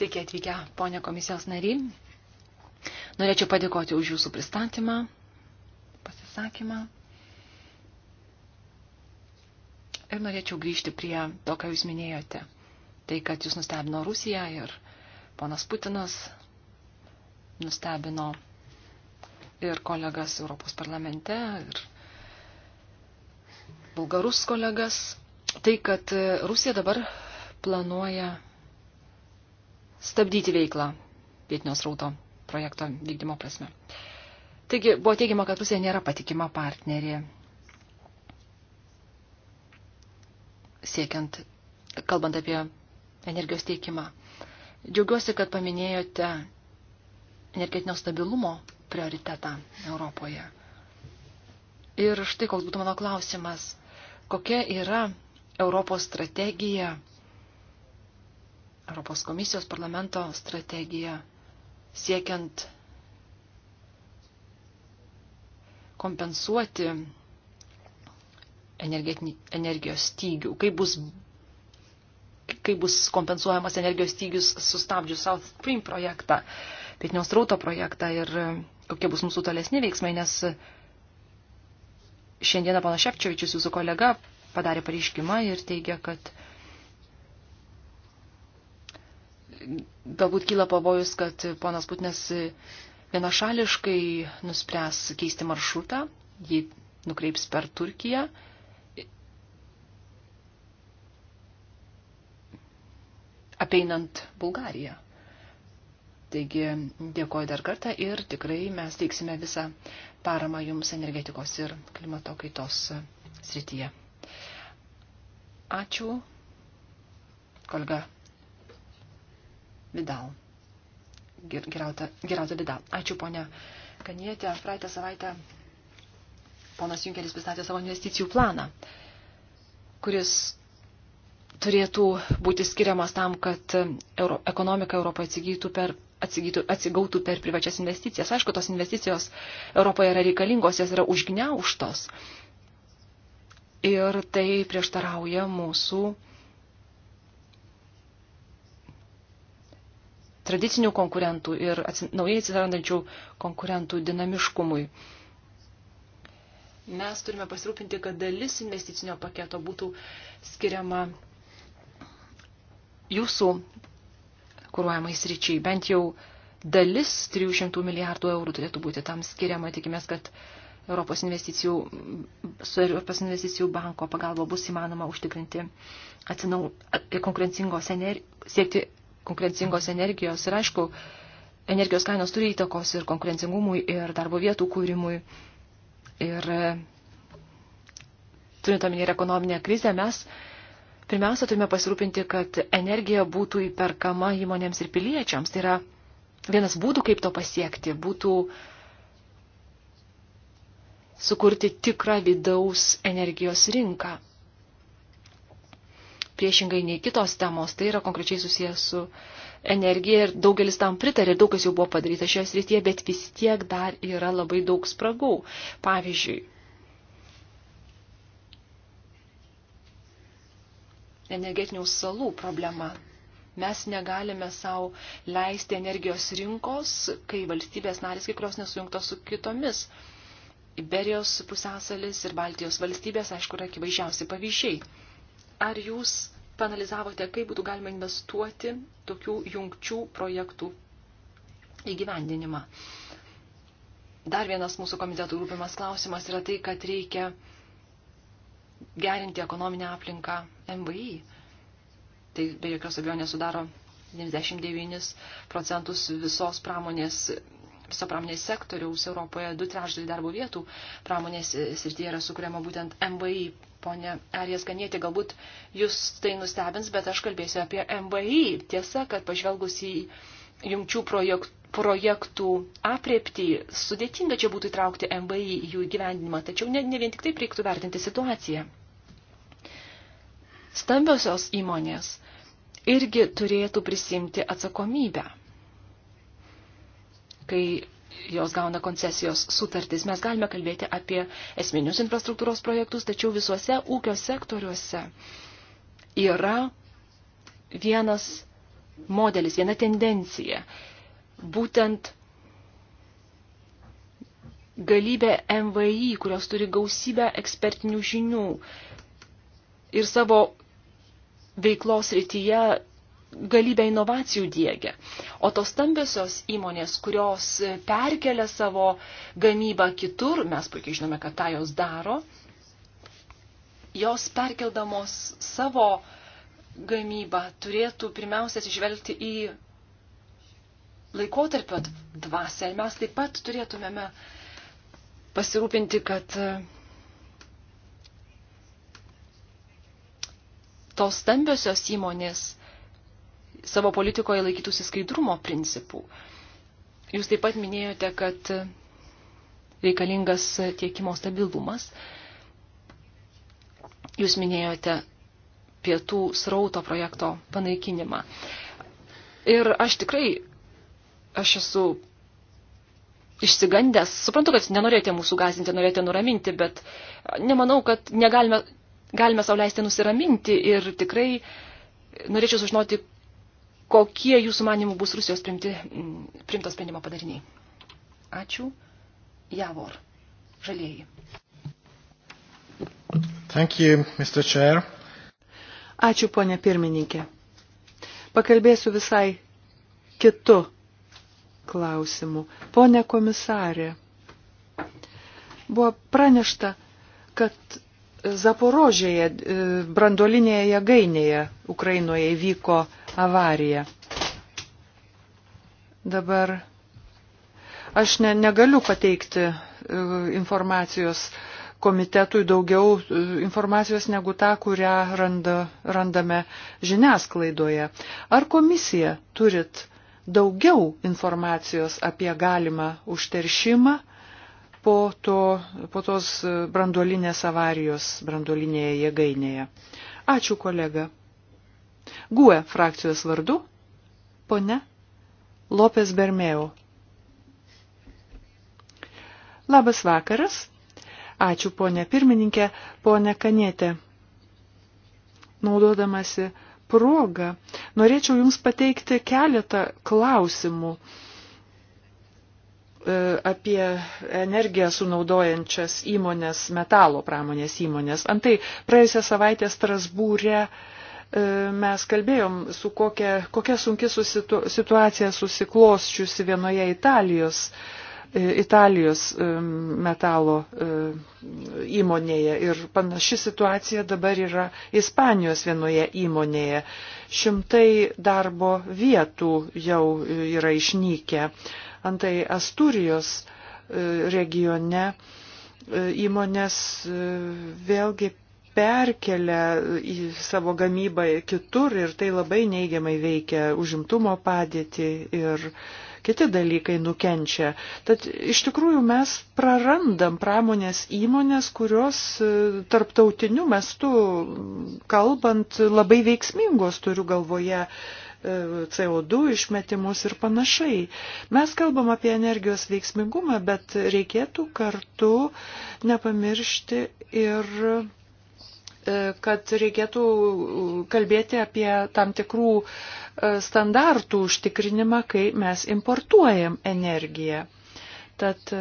Sveiki atvykę, ponė komisijos nariai. Norėčiau padėkoti už jūsų pristatymą, pasisakymą. Ir norėčiau grįžti prie to, ką jūs minėjote. Tai, kad jūs nustebino Rusiją ir ponas Putinas nustebino ir kolegas Europos parlamente, ir bulgarus kolegas. Tai, kad Rusija dabar planuoja stabdyti veiklą vietinio srauto projekto vykdymo prasme. Taigi buvo teigiama, kad Rusija nėra patikima partnerė siekiant, kalbant apie energijos teikimą. Džiaugiuosi, kad paminėjote energetinio stabilumo prioritetą Europoje. Ir štai koks būtų mano klausimas. Kokia yra Europos strategija, Europos komisijos parlamento strategija siekiant kompensuoti energijos stygių, kaip bus, kaip bus kompensuojamas energijos stygius sustabdžius South Stream projektą. Uh, pietinio strauto projektą ir e, kokie bus mūsų tolesni veiksmai, nes šiandieną pana Šepčiovičius, jūsų kolega, padarė pareiškimą ir teigia, kad galbūt kyla pavojus, kad ponas Putinas vienašališkai nuspręs keisti maršrutą, jį nukreips per Turkiją. apeinant Bulgariją. Taigi dėkoju dar kartą ir tikrai mes teiksime visą paramą jums energetikos ir klimato kaitos srityje. Ačiū, kolega Vidal. Gerauta, gerauta Vidal. Ačiū, ponia Kanietė. Praeitą savaitę ponas Junkeris pristatė savo investicijų planą, kuris turėtų būti skiriamas tam, kad euro, ekonomika Europoje atsigytų per atsigytų, atsigautų per privačias investicijas. Aišku, tos investicijos Europoje yra reikalingos, jas yra užgneuštos. Ir tai prieštarauja mūsų tradicinių konkurentų ir naujai atsirandančių konkurentų dinamiškumui. Mes turime pasirūpinti, kad dalis investicinio paketo būtų skiriama jūsų kūruojamai sričiai. Bent jau dalis 300 milijardų eurų turėtų būti tam skiriama. Tikimės, kad Europos investicijų, su Europos investicijų banko pagalba bus įmanoma užtikrinti atsinau, konkurencingos ener, siekti konkurencingos energijos. Ir aišku, energijos kainos turi įtakos ir konkurencingumui, ir darbo vietų kūrimui. Ir turint omenyje ekonominę krizę, mes Pirmiausia, turime pasirūpinti, kad energija būtų įperkama įmonėms ir piliečiams. Tai yra vienas būdų, kaip to pasiekti, būtų sukurti tikrą vidaus energijos rinką. Priešingai nei kitos temos, tai yra konkrečiai susijęs su energija ir daugelis tam pritarė, daug kas jau buvo padaryta šioje srityje, bet vis tiek dar yra labai daug spragų. Pavyzdžiui, energetinių salų problema. Mes negalime savo leisti energijos rinkos, kai valstybės narės kai kurios nesujungtos su kitomis. Iberijos pusęsalis ir Baltijos valstybės, aišku, yra akivaizdžiausi pavyzdžiai. Ar jūs panalizavote, kaip būtų galima investuoti tokių jungčių projektų įgyvendinimą? Dar vienas mūsų komitetų rūpimas klausimas yra tai, kad reikia gerinti ekonominę aplinką MVI. Tai be jokios abejonės sudaro 99 procentus visos pramonės viso pramonės sektoriaus Europoje du trešdaliai darbo vietų pramonės srityje yra sukuriama būtent MVI. Pone Arijas Ganėti, galbūt jūs tai nustebins, bet aš kalbėsiu apie MVI. Tiesa, kad pažvelgus į jungčių projektų, projektų apriepti, sudėtinga čia būtų įtraukti MVI į jų gyvendinimą, tačiau ne, ne vien tik taip reiktų vertinti situaciją stambiosios įmonės irgi turėtų prisimti atsakomybę. Kai jos gauna koncesijos sutartis, mes galime kalbėti apie esminius infrastruktūros projektus, tačiau visuose ūkio sektoriuose yra vienas modelis, viena tendencija. Būtent galybė MVI, kurios turi gausybę ekspertinių žinių ir savo veiklos rytyje galybę inovacijų dėgia. O tos stambiosios įmonės, kurios perkelia savo gamybą kitur, mes puikiai žinome, kad tą jos daro, jos perkeldamos savo gamybą turėtų pirmiausia atsižvelgti į laikotarpio dvasę. Ir mes taip pat turėtumėme pasirūpinti, kad tos stambiosios įmonės savo politikoje laikytųsi skaidrumo principų. Jūs taip pat minėjote, kad reikalingas tiekimo stabilumas. Jūs minėjote pietų srauto projekto panaikinimą. Ir aš tikrai, aš esu išsigandęs, suprantu, kad nenorėjote mūsų gazinti, norėjote nuraminti, bet nemanau, kad negalime galime sauliaisti nusiraminti ir tikrai norėčiau sužinoti, kokie jūsų manimų bus Rusijos primti, primto sprendimo padariniai. Ačiū. Javor. Žalieji. Thank you, Mr. Chair. Ačiū, ponė pirmininkė. Pakalbėsiu visai kitu klausimu. Pone komisarė, buvo pranešta, kad Zaporožėje, e, brandolinėje jėgainėje Ukrainoje įvyko avarija. Dabar aš ne, negaliu pateikti e, informacijos komitetui daugiau e, informacijos negu tą, kurią randa, randame žiniasklaidoje. Ar komisija turit daugiau informacijos apie galimą užteršimą po, to, po tos branduolinės avarijos branduolinėje jėgainėje. Ačiū, kolega. GUE frakcijos vardu, pone Lopes Bermėjau. Labas vakaras. Ačiū, ponė pirmininkė, ponė Kanėtė. Naudodamasi progą, norėčiau Jums pateikti keletą klausimų E, apie energiją sunaudojančias įmonės, metalo pramonės įmonės. Antai praėjusią savaitę Strasbūrė e, mes kalbėjom, su kokia, kokia sunki susitu, situacija susiklosčiusi vienoje Italijos, e, Italijos metalo įmonėje. Ir panaši situacija dabar yra Ispanijos vienoje įmonėje. Šimtai darbo vietų jau yra išnykę Antai Asturijos e, regione e, įmonės e, vėlgi perkelia į savo gamybą kitur ir tai labai neigiamai veikia užimtumo padėtį ir kiti dalykai nukenčia. Tad iš tikrųjų mes prarandam pramonės įmonės, kurios tarptautiniu mestu kalbant labai veiksmingos, turiu galvoje E, CO2 išmetimus ir panašiai. Mes kalbam apie energijos veiksmingumą, bet reikėtų kartu nepamiršti ir e, kad reikėtų kalbėti apie tam tikrų e, standartų užtikrinimą, kai mes importuojam energiją. Tad uh,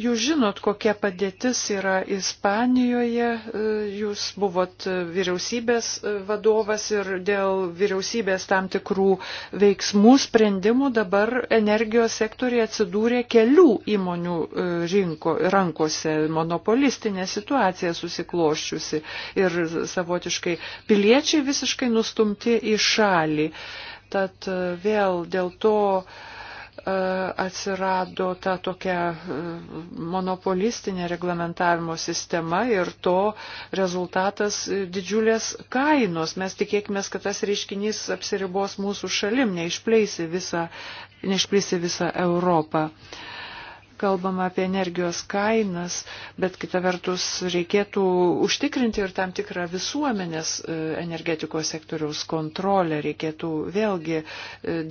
Jūs žinot, kokia padėtis yra Ispanijoje, e, jūs buvot vyriausybės e, vadovas ir dėl vyriausybės tam tikrų veiksmų, sprendimų dabar energijos sektoriai atsidūrė kelių įmonių e, rinko, rankose, monopolistinė situacija susikloščiusi ir savotiškai piliečiai visiškai nustumti į šalį. Tad vėl dėl to E, atsirado ta tokia e, monopolistinė reglamentavimo sistema ir to rezultatas didžiulės kainos. Mes tikėkime, kad tas reiškinys apsiribos mūsų šalim, neišplėsi visą, neišplėsi visą Europą. Uh, kalbama apie energijos kainas, bet kita vertus reikėtų užtikrinti ir tam tikrą visuomenės e, energetikos sektoriaus kontrolę, reikėtų vėlgi e,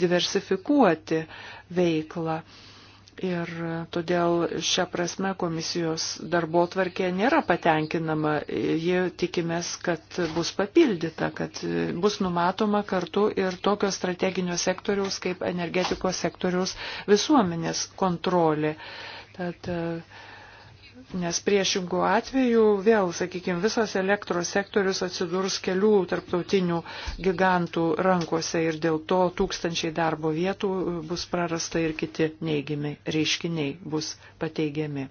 diversifikuoti veiklą. Ir todėl šią prasme komisijos darbo tvarkė nėra patenkinama. Ji tikimės, kad bus papildyta, kad bus numatoma kartu ir tokio strateginio sektoriaus kaip energetikos sektoriaus visuomenės kontrolė. Tad, uh, Nes priešingų atvejų vėl, sakykime, visas elektros sektorius atsidurs kelių tarptautinių gigantų rankose ir dėl to tūkstančiai darbo vietų bus prarasta ir kiti neigiami reiškiniai bus pateigiami.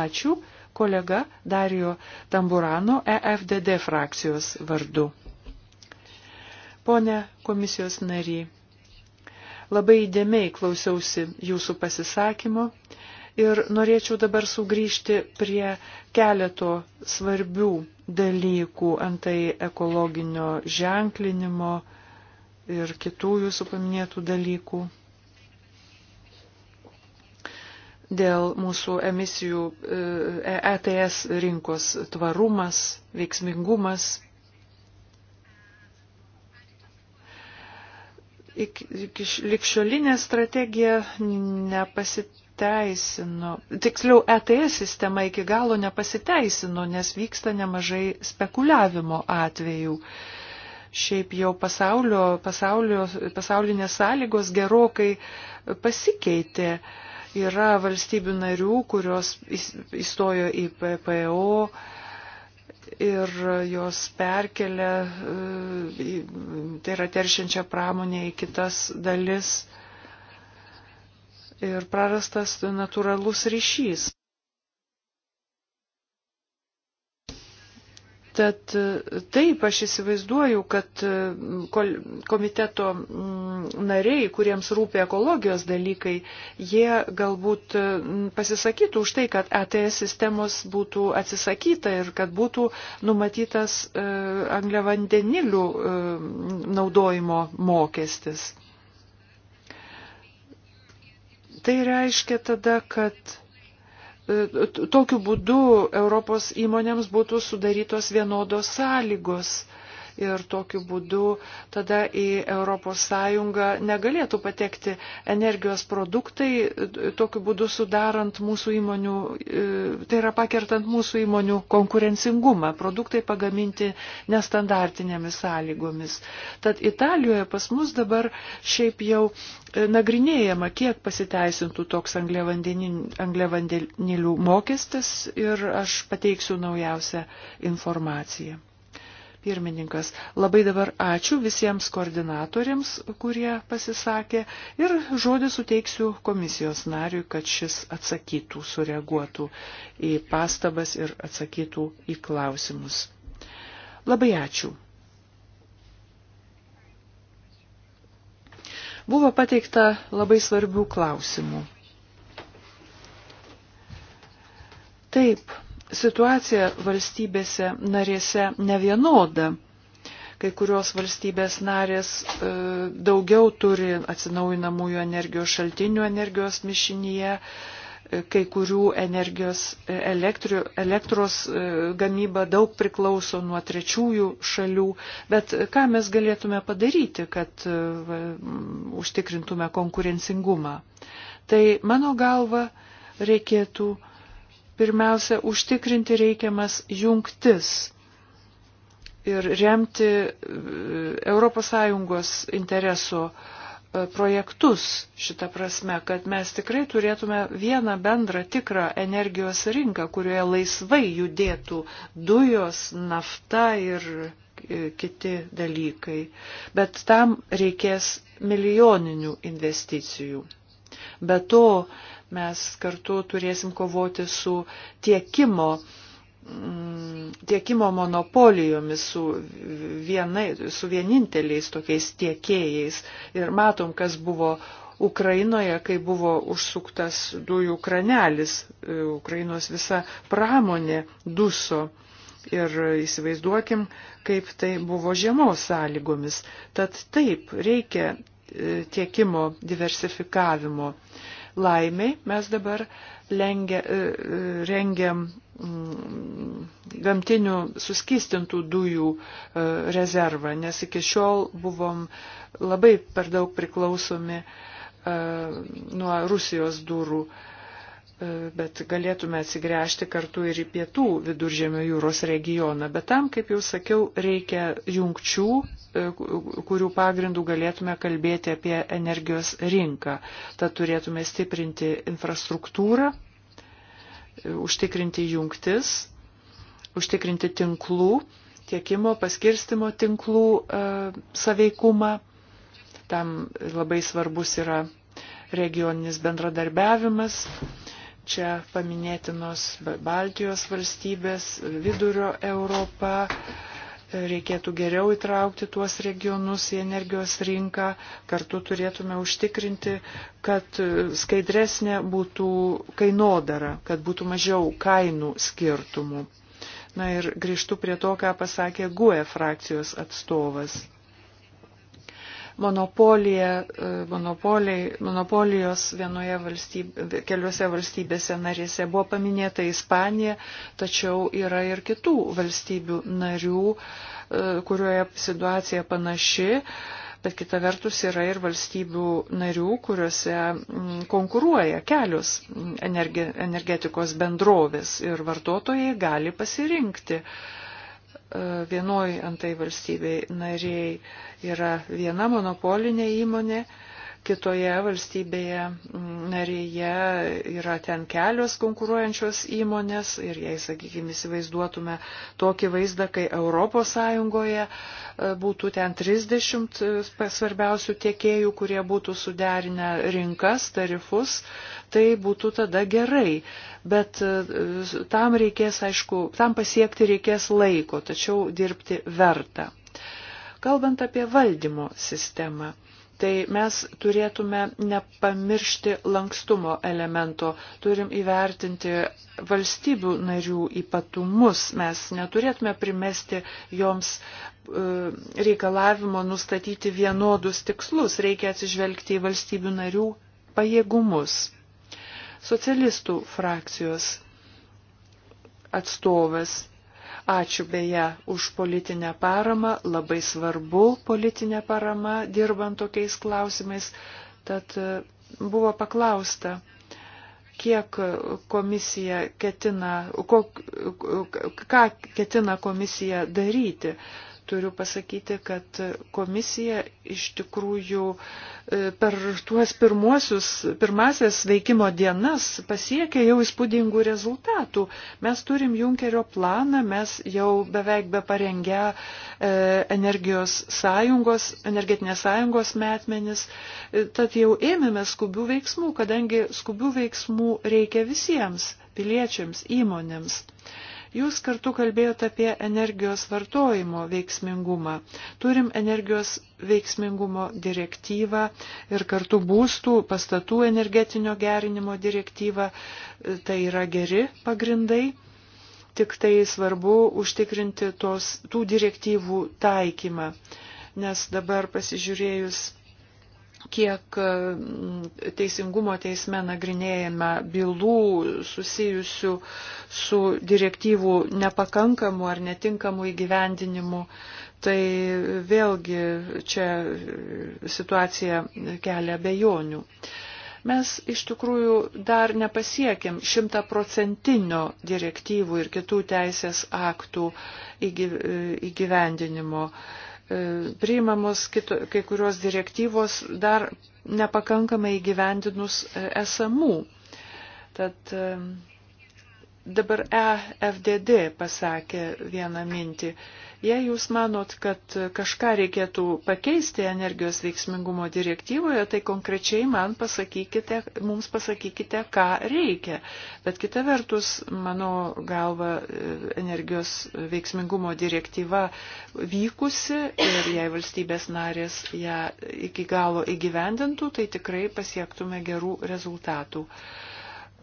Ačiū kolega Dario Tamburano EFDD frakcijos vardu. Pone komisijos nary, labai įdėmiai klausiausi jūsų pasisakymo Ir norėčiau dabar sugrįžti prie keleto svarbių dalykų antai ekologinio ženklinimo ir kitų jūsų paminėtų dalykų. Dėl mūsų emisijų ETS e rinkos tvarumas, veiksmingumas, likščiolinė strategija nepasitikė pasiteisino, tiksliau ETS sistema iki galo nepasiteisino, nes vyksta nemažai spekuliavimo atvejų. Šiaip jau pasaulio, pasaulio, pasaulinės sąlygos gerokai pasikeitė. Yra valstybių narių, kurios įstojo į PPO ir jos perkelia, e, tai yra teršiančią pramonę į kitas dalis ir prarastas natūralus ryšys. Tad e, taip, aš įsivaizduoju, kad e, komiteto mm, nariai, kuriems rūpia ekologijos dalykai, jie galbūt e, pasisakytų už tai, kad ATS sistemos būtų atsisakyta ir kad būtų numatytas angliavandenilių naudojimo mokestis. Tai reiškia tada, kad e, tokiu būdu Europos įmonėms būtų sudarytos vienodos sąlygos ir tokiu būdu tada į ES negalėtų patekti energijos produktai, tokiu būdu sudarant mūsų įmonių, e, tai yra pakertant mūsų įmonių konkurencingumą, produktai pagaminti nestandartinėmis sąlygomis. Tad Italijoje pas mus dabar šiaip jau e, nagrinėjama, kiek pasiteisintų toks angliavandenilių mokestis ir aš pateiksiu naujausią informaciją. Pirmininkas, labai dabar ačiū visiems koordinatoriams, kurie pasisakė ir žodį suteiksiu komisijos nariui, kad šis atsakytų, sureaguotų į pastabas ir atsakytų į klausimus. Labai ačiū. Buvo pateikta labai svarbių klausimų. Taip, situacija valstybėse narėse nevienoda. Kai kurios valstybės narės e, daugiau turi atsinaujinamųjų energijos šaltinių energijos mišinyje, e, kai kurių energijos e, elektri, elektros e, gamyba daug priklauso nuo trečiųjų šalių. Bet ką mes galėtume padaryti, kad e, užtikrintume konkurencingumą? Tai mano galva reikėtų pirmiausia, užtikrinti reikiamas jungtis ir remti ES interesų e, projektus šitą prasme, kad mes tikrai turėtume vieną bendrą tikrą energijos rinką, kurioje laisvai judėtų dujos, nafta ir e, kiti dalykai. Bet tam reikės milijoninių investicijų. Be to, Mes kartu turėsim kovoti su tiekimo mm, tiekimo monopolijomis su, vienai, su vieninteliais tokiais tiekėjais. Ir matom, kas buvo Ukrainoje, kai buvo užsuktas dujų kranelis, e, Ukrainos visa pramonė duso. Ir įsivaizduokim, kaip tai buvo žiemos sąlygomis. Tad taip, reikia e, tiekimo diversifikavimo. Laimiai mes dabar lengia, e, e, rengiam mm, gamtinių suskystintų dujų e, rezervą, nes iki šiol buvom labai per daug priklausomi nuo Rusijos durų E, bet galėtume atsigręžti kartu ir į pietų viduržėmio jūros regioną. Bet tam, kaip jau sakiau, reikia jungčių, e, kurių pagrindų galėtume kalbėti apie energijos rinką. Tad turėtume stiprinti infrastruktūrą, e, užtikrinti jungtis, užtikrinti tinklų, tiekimo paskirstimo tinklų saveikumą. Tam labai svarbus yra regioninis bendradarbiavimas Čia paminėtinos Baltijos valstybės, vidurio Europa. Reikėtų geriau įtraukti tuos regionus į energijos rinką. Kartu turėtume užtikrinti, kad skaidresnė būtų kainodara, kad būtų mažiau kainų skirtumų. Na ir grįžtu prie to, ką pasakė GUE frakcijos atstovas E, monopolijos vienoje valstybė, keliuose valstybėse narėse. Buvo paminėta Ispanija, tačiau yra ir kitų valstybių narių, e, kurioje situacija panaši. Bet kita vertus yra ir valstybių narių, kuriuose mm, konkuruoja kelios mm, energetikos bendrovės ir vartotojai gali pasirinkti, uh, E, vienoj antai valstybei nariai yra viena monopolinė įmonė, kitoje valstybėje narėje yra ten kelios konkuruojančios įmonės ir jei, sakykime, įsivaizduotume tokį vaizdą, kai ES e, būtų ten 30 e, svarbiausių tiekėjų, kurie būtų suderinę rinkas, tarifus, tai būtų tada gerai. Bet e, tam reikės, aišku, tam pasiekti reikės laiko, tačiau dirbti verta. Kalbant apie valdymo sistemą, Tai mes turėtume nepamiršti lankstumo elemento, turim įvertinti valstybių narių ypatumus, mes neturėtume primesti joms e, reikalavimo nustatyti vienodus tikslus, reikia atsižvelgti į valstybių narių pajėgumus. Socialistų frakcijos atstovas Ačiū beje už politinę paramą, labai svarbu politinė parama dirbant tokiais klausimais. Tad e, buvo paklausta, kiek komisija ketina, kok, ką ketina komisija daryti turiu pasakyti, kad komisija iš tikrųjų e, per tuos pirmuosius, pirmasias veikimo dienas pasiekė jau įspūdingų rezultatų. Mes turim Junkerio planą, mes jau beveik be parengę e, energijos sąjungos, energetinės sąjungos metmenis, e, tad jau ėmėme skubių veiksmų, kadangi skubių veiksmų reikia visiems piliečiams, įmonėms. Jūs kartu kalbėjote apie energijos vartojimo veiksmingumą. Turim energijos veiksmingumo direktyvą ir kartu būstų pastatų energetinio gerinimo direktyvą. Tai yra geri pagrindai tik tai svarbu užtikrinti tos, tų direktyvų taikymą. Nes dabar pasižiūrėjus kiek mm, teisingumo teisme nagrinėjame bylų susijusių su direktyvų nepakankamu ar netinkamu įgyvendinimu, tai vėlgi čia situacija kelia bejonių. Mes iš tikrųjų dar nepasiekėm šimtaprocentinio direktyvų ir kitų teisės aktų įgyvendinimo. Įgy E, priimamos kito, kai kurios direktyvos dar nepakankamai įgyvendinus e, esamų. Tad e, dabar EFDD pasakė vieną mintį. Jei jūs manot, kad kažką reikėtų pakeisti energijos veiksmingumo direktyvoje, tai konkrečiai man pasakykite, mums pasakykite, ką reikia. Bet kita vertus, mano galva, energijos veiksmingumo direktyva vykusi ir jei valstybės narės ją iki galo įgyvendintų, tai tikrai pasiektume gerų rezultatų.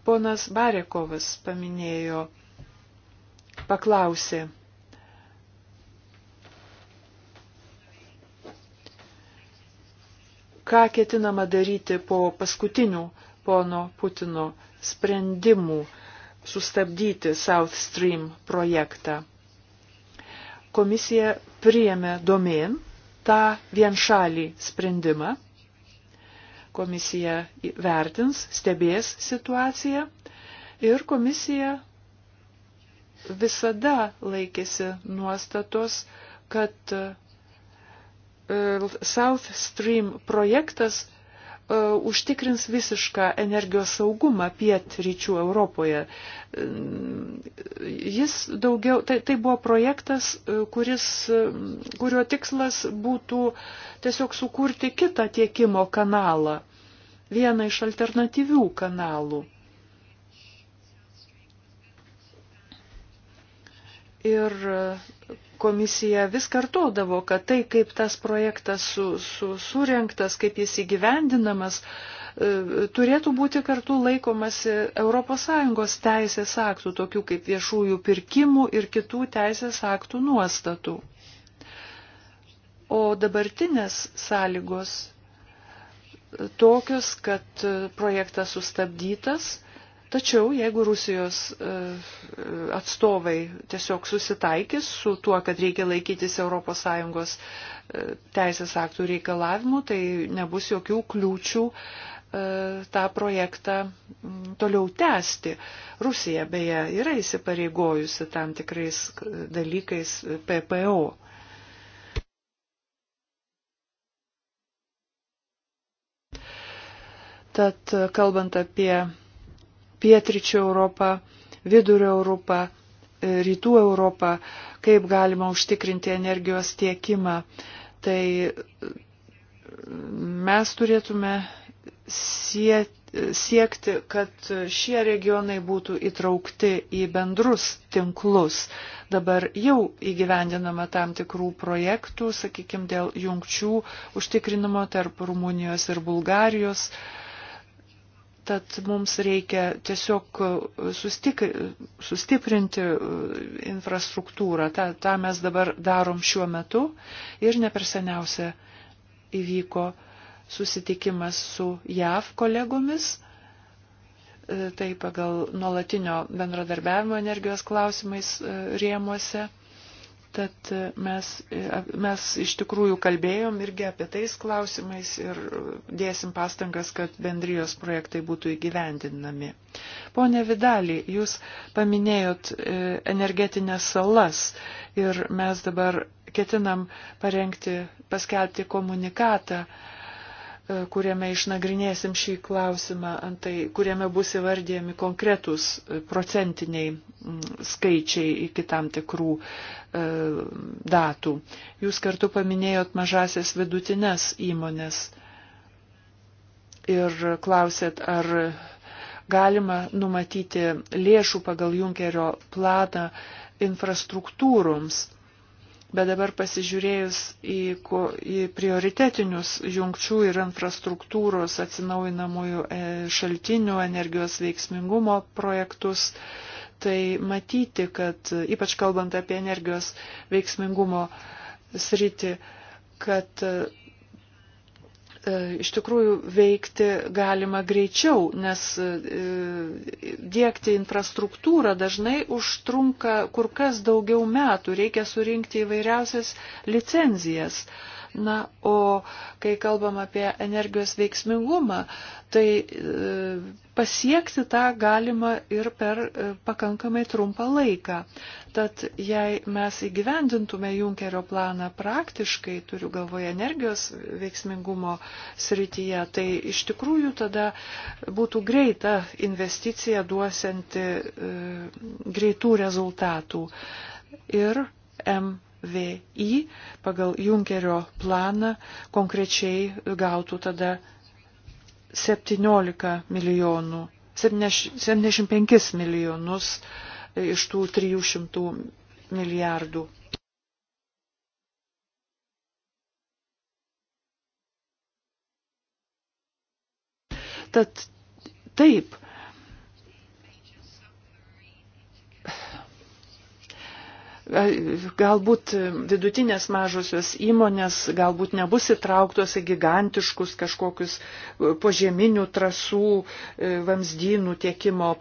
Ponas Barekovas paminėjo, paklausė, ką ketinama daryti po paskutinių pono Putino sprendimų sustabdyti South Stream projektą. Komisija priėmė domėn tą vienšalį sprendimą. Komisija vertins, stebės situaciją ir komisija visada laikėsi nuostatos, kad E, South Stream projektas e, užtikrins visišką energijos saugumą pietryčių Europoje. E, jis daugiau, tai, tai buvo projektas, kuris, kurio tikslas būtų tiesiog sukurti kitą tiekimo kanalą, vieną iš alternatyvių kanalų. Ir komisija vis kartodavo, kad tai, kaip tas projektas su, su, surinktas, kaip jis įgyvendinamas, e, turėtų būti kartu laikomasi ES teisės aktų, tokių kaip viešųjų pirkimų ir kitų teisės aktų nuostatų. O dabartinės sąlygos tokios, kad projektas sustabdytas, Tačiau jeigu Rusijos e, atstovai tiesiog susitaikys su tuo, kad reikia laikytis ES e, teisės aktų reikalavimų, tai nebus jokių kliūčių e, tą projektą toliau tęsti. Rusija beje yra įsipareigojusi tam tikrais dalykais PPO. Tad kalbant apie pietričių Europą, vidurio Europą, e, rytų Europą, kaip galima užtikrinti energijos tiekimą. Tai e, mes turėtume siekti, kad šie regionai būtų įtraukti į bendrus tinklus. Dabar jau įgyvendinama tam tikrų projektų, sakykime, dėl jungčių užtikrinimo tarp Rumunijos ir Bulgarijos. Uh, Tad mums reikia tiesiog e, sustik, sustiprinti e, infrastruktūrą. Ta, tą mes dabar darom šiuo metu ir ne per seniausia įvyko susitikimas su JAV kolegomis. E, tai pagal nuolatinio bendradarbiavimo energijos klausimais rėmuose. Tad mes, mes iš tikrųjų kalbėjom irgi apie tais klausimais ir dėsim pastangas, kad bendrijos projektai būtų įgyvendinami. Pone Vidalį, jūs paminėjot e, energetinės salas ir mes dabar ketinam parengti, paskelbti komunikatą E, kuriame išnagrinėsim šį klausimą, antai, kuriame bus įvardyjami konkretus e, procentiniai skaičiai iki tam tikrų e, datų. Jūs kartu paminėjot mažasias vidutinės įmonės ir klausėt, ar galima numatyti lėšų pagal Junkerio planą infrastruktūroms Bet dabar pasižiūrėjus į, į prioritetinius jungčių ir infrastruktūros atsinaujinamųjų e, šaltinių energijos veiksmingumo projektus, tai matyti, kad ypač kalbant apie energijos veiksmingumo sritį, kad E, iš tikrųjų veikti galima greičiau, nes e, dėkti infrastruktūrą dažnai užtrunka kur kas daugiau metų, reikia surinkti įvairiausias licenzijas. Na, o kai kalbam apie energijos veiksmingumą, tai e, pasiekti tą galima ir per pakankamai trumpą laiką. Tad jei mes įgyvendintume Junkerio planą praktiškai, turiu galvoje energijos veiksmingumo srityje, tai iš tikrųjų tada būtų greita investicija duosianti e, greitų rezultatų. Ir MVI pagal Junkerio planą konkrečiai gautų tada 17 milijonų, 75 milijonus e, iš tų 300 milijardų. Tad taip, galbūt vidutinės mažosios įmonės galbūt nebus įtrauktos į gigantiškus kažkokius požeminių trasų, e, vamzdynų tiekimo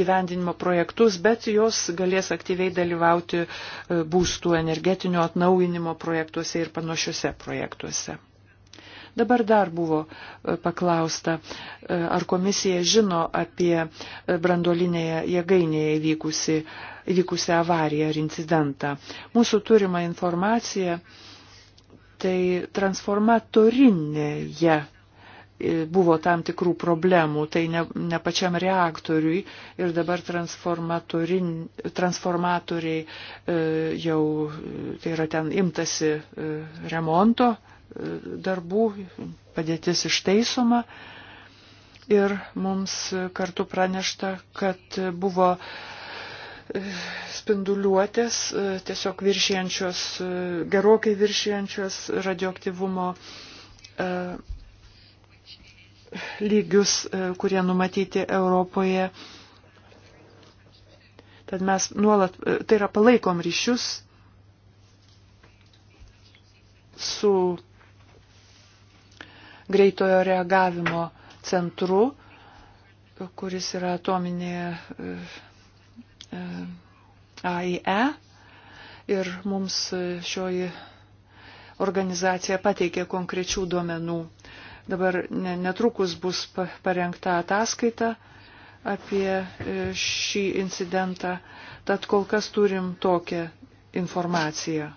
gyvendinimo projektus, bet jos galės aktyviai dalyvauti e, būstų energetinio atnaujinimo projektuose ir panašiuose projektuose. Dabar dar buvo e, paklausta, ar komisija žino apie brandolinėje jėgainėje įvykusi įvykusią avariją ar incidentą. Mūsų turima informacija tai transformatorinėje e, buvo tam tikrų problemų, tai ne, ne pačiam reaktoriui ir dabar transformatoriai e, jau, e, tai yra ten imtasi remonto darbų, padėtis išteisoma. Ir mums kartu pranešta, kad buvo spinduliuotės, e, tiesiog viršijančios, e, gerokai viršijančios radioaktyvumo e, lygius, kurie numatyti Europoje. Tad mes nuolat, tai yra palaikom ryšius su greitojo reagavimo centru, kuris yra atominėje AIE e ir mums šioji organizacija pateikė konkrečių duomenų. Dabar netrukus bus parengta ataskaita apie e, šį incidentą, tad kol kas turim tokią informaciją.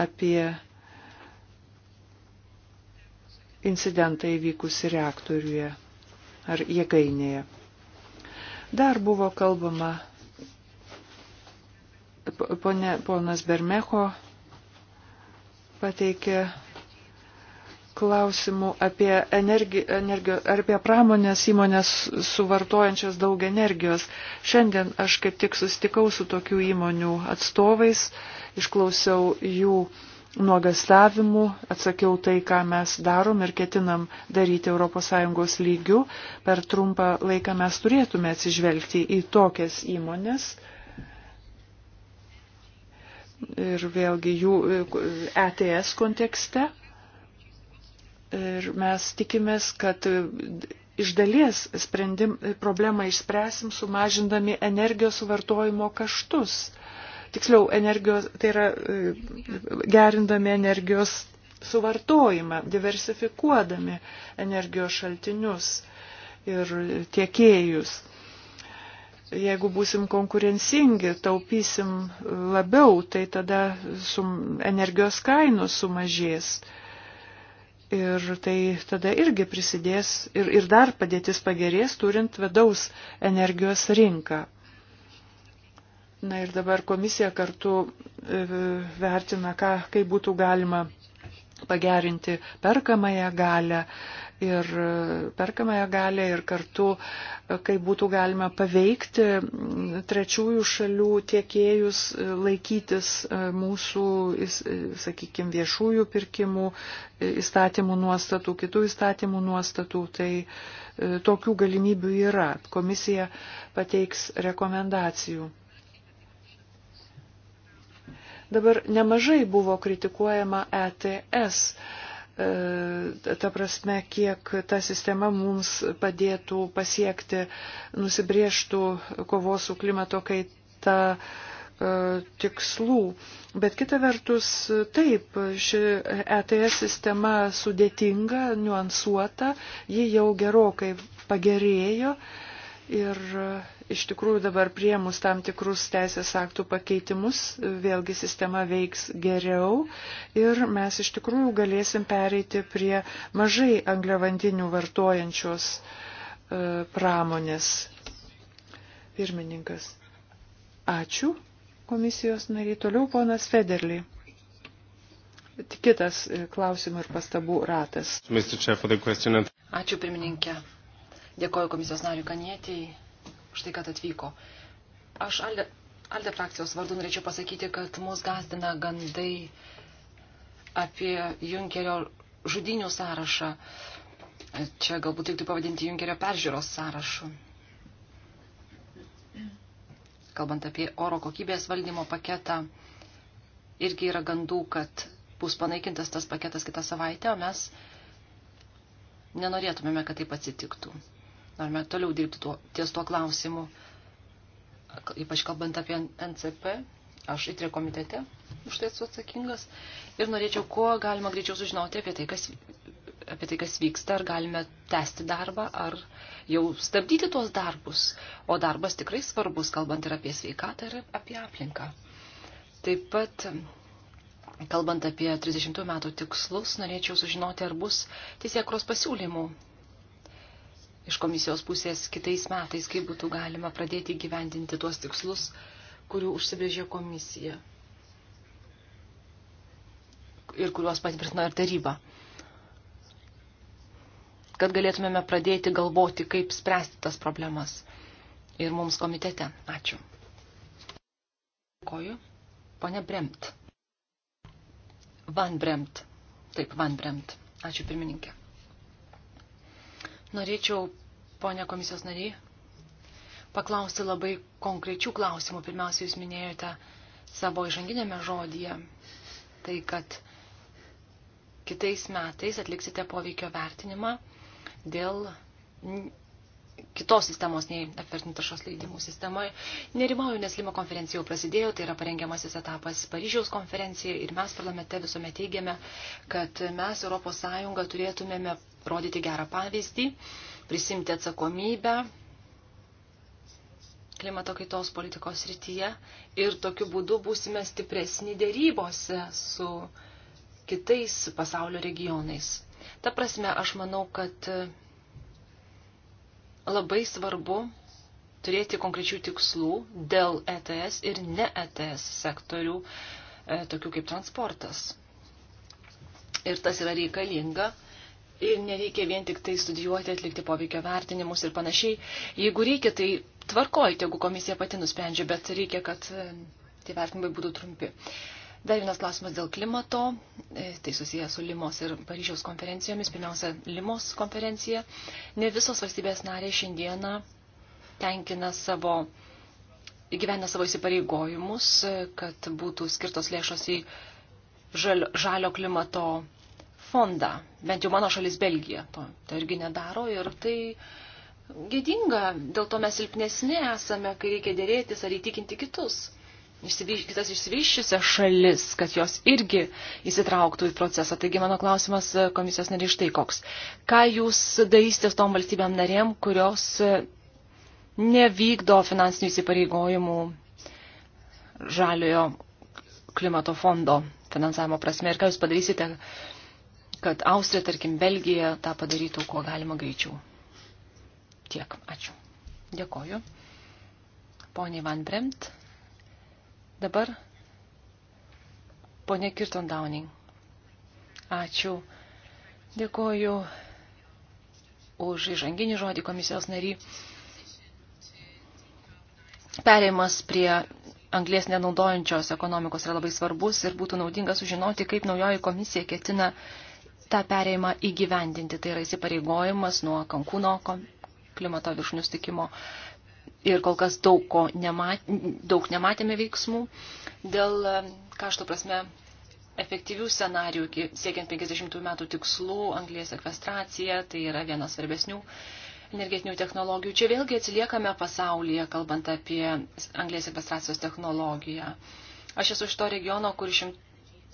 apie incidentą įvykusi reaktoriuje ar jėgainėje. Dar buvo kalbama, ponė, ponas Bermecho pateikė klausimų apie, energi, energio, apie pramonės įmonės suvartojančias daug energijos. Šiandien aš kaip tik susitikau su tokių įmonių atstovais, išklausiau jų uh, nuogastavimų, atsakiau tai, ką mes darom ir ketinam daryti ES lygių. Per trumpą laiką mes turėtume atsižvelgti į tokias įmonės. Ir vėlgi jų ETS e kontekste. Ir mes tikimės, kad iš dalies sprendim, problemą išspręsim sumažindami energijos suvartojimo kaštus. Uh, tiksliau, energijos, tai yra e, gerindami energijos suvartojimą, diversifikuodami energijos šaltinius ir tiekėjus jeigu būsim konkurencingi, taupysim labiau, tai tada sum, energijos kainos sumažės. Ir tai tada irgi prisidės ir, ir dar padėtis pagerės, turint vidaus energijos rinką. Na ir dabar komisija kartu e, vertina, ką, kaip būtų galima pagerinti perkamąją galę ir e, perkamąją galę ir kartu, e, kaip būtų galima paveikti trečiųjų šalių tiekėjus laikytis mūsų, sakykime, viešųjų pirkimų įstatymų nuostatų, kitų įstatymų nuostatų. Tai tokių galimybių yra. Komisija pateiks rekomendacijų Dabar nemažai buvo kritikuojama ETS e, ta prasme, kiek ta sistema mums padėtų pasiekti nusibrieštų kovos su klimato kaita e, tikslų. Bet kita vertus, taip, ši ETS sistema sudėtinga, niuansuota, ji jau gerokai pagerėjo, Ir e, iš tikrųjų dabar priemus tam tikrus teisės aktų pakeitimus, e, vėlgi sistema veiks geriau ir mes iš tikrųjų galėsim pereiti prie mažai angliavandinių vartojančios e, pramonės. Pirmininkas. Ačiū komisijos nariai. Toliau ponas Federli. Kitas klausimų ir pastabų ratas. Ačiū pirmininkė Dėkoju komisijos nariu Kanietijai už tai, kad atvyko. Aš Alde, Alde frakcijos vardu norėčiau pasakyti, kad mus gazdina gandai apie Junkerio žudinių sąrašą. Čia galbūt reiktų pavadinti Junkerio peržiūros sąrašu. Kalbant apie oro kokybės valdymo paketą, irgi yra gandų, kad bus panaikintas tas paketas kitą savaitę, o mes nenorėtumėme, kad taip atsitiktų. Norime toliau dirbti tuo, ties tuo klausimu, ypač kalbant apie NCP, aš įtrė komitete už tai esu atsakingas ir norėčiau kuo galima greičiau sužinoti apie tai, kas, apie tai, kas vyksta, ar galime tęsti darbą, ar jau stabdyti tuos darbus, o darbas tikrai svarbus, kalbant ir apie sveikatą, ir apie aplinką. Taip pat Kalbant apie 30 metų tikslus, norėčiau sužinoti, ar bus teisėkros pasiūlymų iš komisijos pusės kitais metais, kaip būtų galima pradėti gyvendinti tuos tikslus, kurių užsibrėžė komisija ir kuriuos patvirtino ir taryba. Kad galėtumėme pradėti galvoti, kaip spręsti tas problemas. Ir mums komitete. Ačiū. Dėkoju. Pone Bremt. Van Bremt. Taip, Van Bremt. Ačiū pirmininkė. Norėčiau, ponia komisijos nariai, paklausti labai konkrečių klausimų. Pirmiausia, jūs minėjote savo įžanginėme žodyje, tai kad kitais metais atliksite poveikio vertinimą dėl kitos sistemos nei apvertinti taršos leidimų sistemoje. Nerimauju, nes Limo konferencija jau prasidėjo, tai yra parengiamasis etapas Paryžiaus konferencija ir mes parlamente visuomet teigiame, kad mes ES turėtumėme rodyti gerą pavyzdį, prisimti atsakomybę klimato kaitos politikos rytyje ir tokiu būdu būsime stipresni dėrybose su kitais pasaulio regionais. Ta prasme, aš manau, kad labai svarbu turėti konkrečių tikslų dėl ETS ir ne ETS sektorių, e, tokių kaip transportas. Ir tas yra reikalinga ir nereikia vien tik tai studijuoti, atlikti poveikio vertinimus ir panašiai. Jeigu reikia, tai tvarkoj, jeigu komisija pati nusprendžia, bet reikia, kad e, tie vertinimai būtų trumpi. Dar vienas klausimas dėl klimato, e, tai susijęs su Limos ir Paryžiaus konferencijomis, pirmiausia, Limos konferencija. Ne visos valstybės narės šiandieną tenkina savo įgyvena savo įsipareigojimus, e, kad būtų skirtos lėšos į žalio klimato fondą. Bent jau mano šalis Belgija to, to irgi nedaro ir tai gėdinga. Dėl to mes silpnesni esame, kai reikia dėrėtis ar įtikinti kitus. Išsivyš, kitas išsivyščiusią šalis, kad jos irgi įsitrauktų į procesą. Taigi mano klausimas komisijos nariai štai koks. Ką jūs darysite tom valstybėm narėm, kurios nevykdo finansinių įsipareigojimų žaliojo klimato fondo finansavimo prasme ir ką jūs padarysite, kad Austrija, tarkim, Belgija tą padarytų kuo galima greičiau. Tiek. Ačiū. Dėkoju. Pone Van Bremt. Dabar ponė Kirton Downing. Ačiū. Dėkoju už įžanginį žodį komisijos nary. Perėjimas prie anglės nenaudojančios ekonomikos yra labai svarbus ir būtų naudinga sužinoti, kaip naujoji komisija ketina tą perėjimą įgyvendinti. Tai yra įsipareigojimas nuo Kankūno klimato viršinių stikimo ir kol kas daug, ko nemat, daug nematėme veiksmų dėl e, kašto prasme efektyvių scenarių iki siekiant 50 metų tikslų, anglės sekvestracija, tai yra vienas svarbesnių energetinių technologijų. Čia vėlgi atsiliekame pasaulyje, kalbant apie anglės sekvestracijos technologiją. Aš esu iš to regiono, kur šimt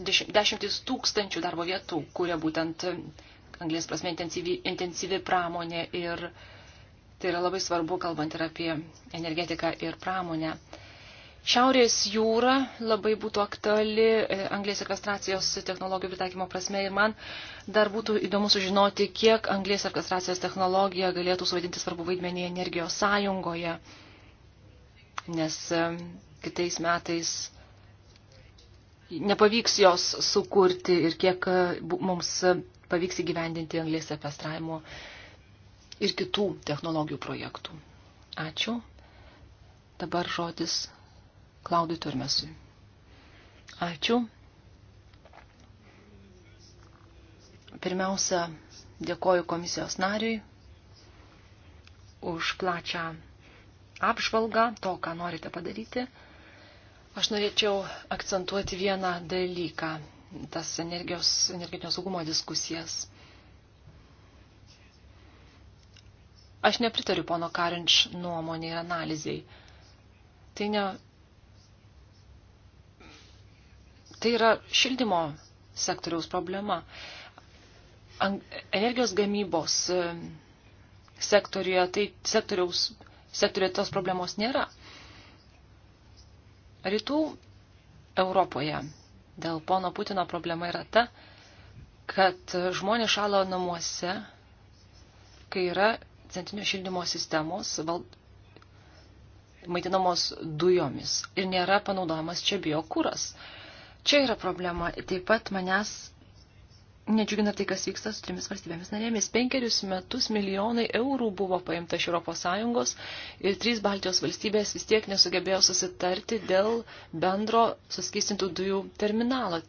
dešimtis tūkstančių darbo vietų, kuria būtent e, anglės prasme intensyvi, intensyvi pramonė ir tai yra labai svarbu, kalbant ir apie energetiką ir pramonę. Šiaurės jūra labai būtų aktuali e, anglės sekvestracijos technologijų pritaikymo prasme ir man dar būtų įdomu sužinoti, kiek anglės sekvestracijos technologija galėtų suvaidinti svarbu vaidmenį energijos sąjungoje, nes e, kitais metais nepavyks jos sukurti ir kiek e, mums pavyks įgyvendinti anglės sepestraimo ir kitų technologijų projektų. Ačiū. Dabar žodis Klaudui Turmesui. Ačiū. Pirmiausia, dėkoju komisijos nariui už plačią apžvalgą to, ką norite padaryti. Aš norėčiau akcentuoti vieną dalyką, tas energijos, energetinio saugumo diskusijas. Aš nepritariu pono Karinč nuomonė ir analizai. Tai, ne, tai yra šildymo sektoriaus problema. Energijos gamybos e, sektoriuje, tai sektoriaus, sektoriuje tos problemos nėra. Rytų Europoje dėl pono Putino problema yra ta, kad žmonės šalo namuose, kai yra centrinio šildymo sistemos val... maitinamos dujomis ir nėra panaudojamas čia biokūras. Čia yra problema. Taip pat manęs nedžiugina tai, kas vyksta su trimis valstybėmis narėmis. Penkerius metus milijonai eurų buvo paimta iš ES ir trys Baltijos valstybės vis tiek nesugebėjo susitarti dėl bendro suskistintų dujų terminalo.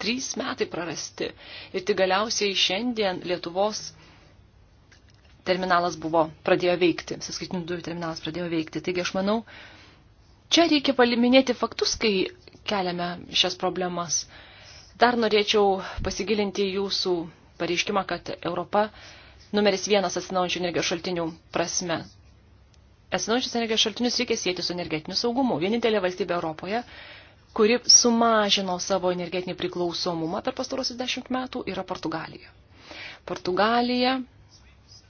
Trys metai prarasti. Ir tik galiausiai šiandien Lietuvos terminalas buvo, pradėjo veikti, suskistintų dujų terminalas pradėjo veikti. Taigi aš manau, čia reikia paliminėti faktus, kai keliame šias problemas. Dar norėčiau pasigilinti jūsų pareiškimą, kad Europa numeris vienas atsinaujančių energijos šaltinių prasme. Atsinaujančius energijos šaltinius reikia sieti su energetiniu saugumu. Vienintelė valstybė Europoje, kuri sumažino savo energetinį priklausomumą per pastarosius dešimt metų, yra Portugalija. Portugalija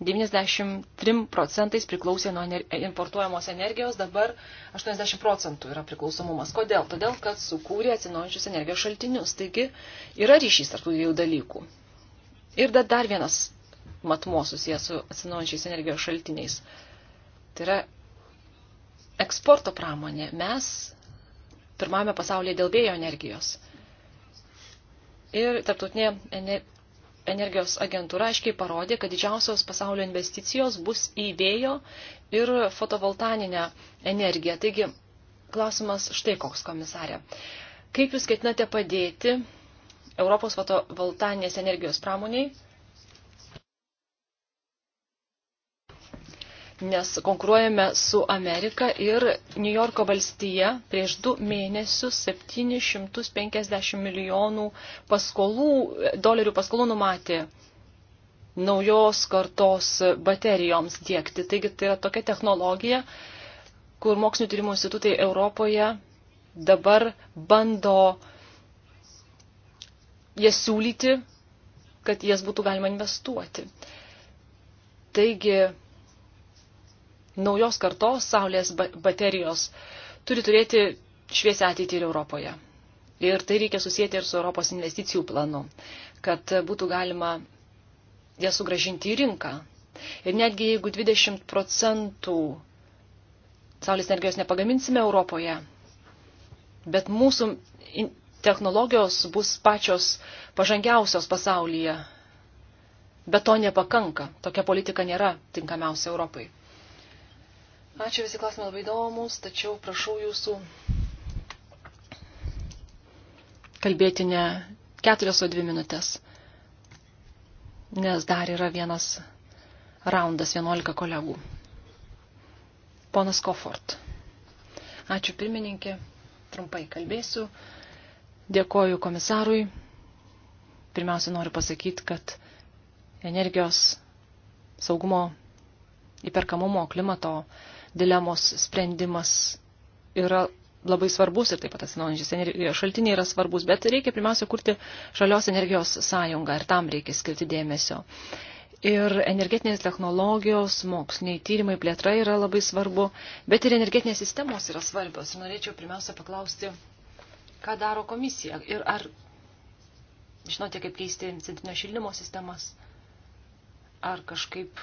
93 procentais priklausė nuo importuojamos energijos, dabar 80 procentų yra priklausomumas. Kodėl? Todėl, kad sukūrė atsinaujančius energijos šaltinius. Taigi yra ryšys tarp tų dviejų dalykų. Ir dar, dar vienas matmuo susijęs su atsinaujančiais energijos šaltiniais. Tai yra eksporto pramonė. Mes pirmame pasaulyje dėl vėjo energijos. Ir tarptautinė energijos agentūra aiškiai parodė, kad didžiausios pasaulio investicijos bus į vėjo ir fotovoltaninę energiją. Taigi, klausimas štai koks, komisarė. Kaip Jūs ketinate padėti Europos fotovoltaninės energijos pramoniai? nes konkuruojame su Amerika ir New Yorko valstija prieš du mėnesius 750 milijonų paskolų, dolerių paskolų numatė naujos kartos baterijoms dėkti. Taigi tai yra tokia technologija, kur mokslinio tyrimų institutai Europoje dabar bando jas siūlyti, kad jas būtų galima investuoti. Taigi naujos kartos saulės baterijos turi turėti šviesę ateitį ir Europoje. Ir tai reikia susijęti ir su Europos investicijų planu, kad būtų galima jas sugražinti į rinką. Ir netgi jeigu 20 procentų saulės energijos nepagaminsime Europoje, bet mūsų technologijos bus pačios pažangiausios pasaulyje, bet to nepakanka. Tokia politika nėra tinkamiausia Europai. Ačiū visi klausimai labai įdomus, tačiau prašau jūsų kalbėti ne keturias, o dvi minutės, nes dar yra vienas raundas, 11 kolegų. Ponas Kofort. Ačiū pirmininkė, trumpai kalbėsiu. Dėkoju komisarui. Pirmiausia, noriu pasakyti, kad energijos saugumo įperkamumo klimato dilemos sprendimas yra labai svarbus ir taip pat atsinaujančios energijos šaltiniai yra svarbus, bet reikia pirmiausia kurti žalios energijos sąjungą ir tam reikia skirti dėmesio. Ir energetinės technologijos, moksliniai tyrimai, plėtra yra labai svarbu, bet ir energetinės sistemos yra svarbios. Norėčiau pirmiausia paklausti, ką daro komisija ir ar žinote, kaip keisti centrinio šildymo sistemas, ar kažkaip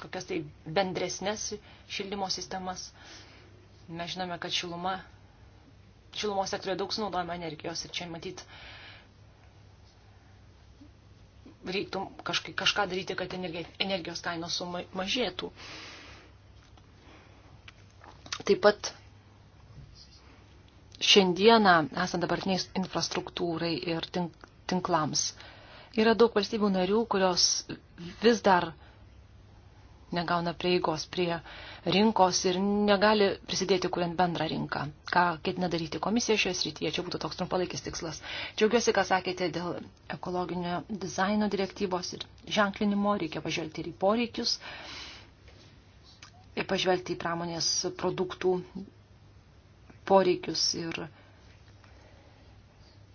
kokias tai bendresnės šildymo sistemas. Mes žinome, kad šiluma, šilumos sektorioje daug sunaudojama energijos ir čia matyt reiktų kažkai, kažką daryti, kad energijos kainos sumažėtų. Taip pat šiandieną, esant dabartiniai infrastruktūrai ir tinklams, yra daug valstybių narių, kurios vis dar negauna prieigos prie rinkos ir negali prisidėti kuriant bendrą rinką. Ką ketina daryti komisija šioje srityje, čia būtų toks trumpalaikis tikslas. Džiaugiuosi, ką sakėte dėl ekologinio dizaino direktyvos ir ženklinimo, reikia pažvelgti ir į poreikius, ir pažvelgti į pramonės produktų poreikius ir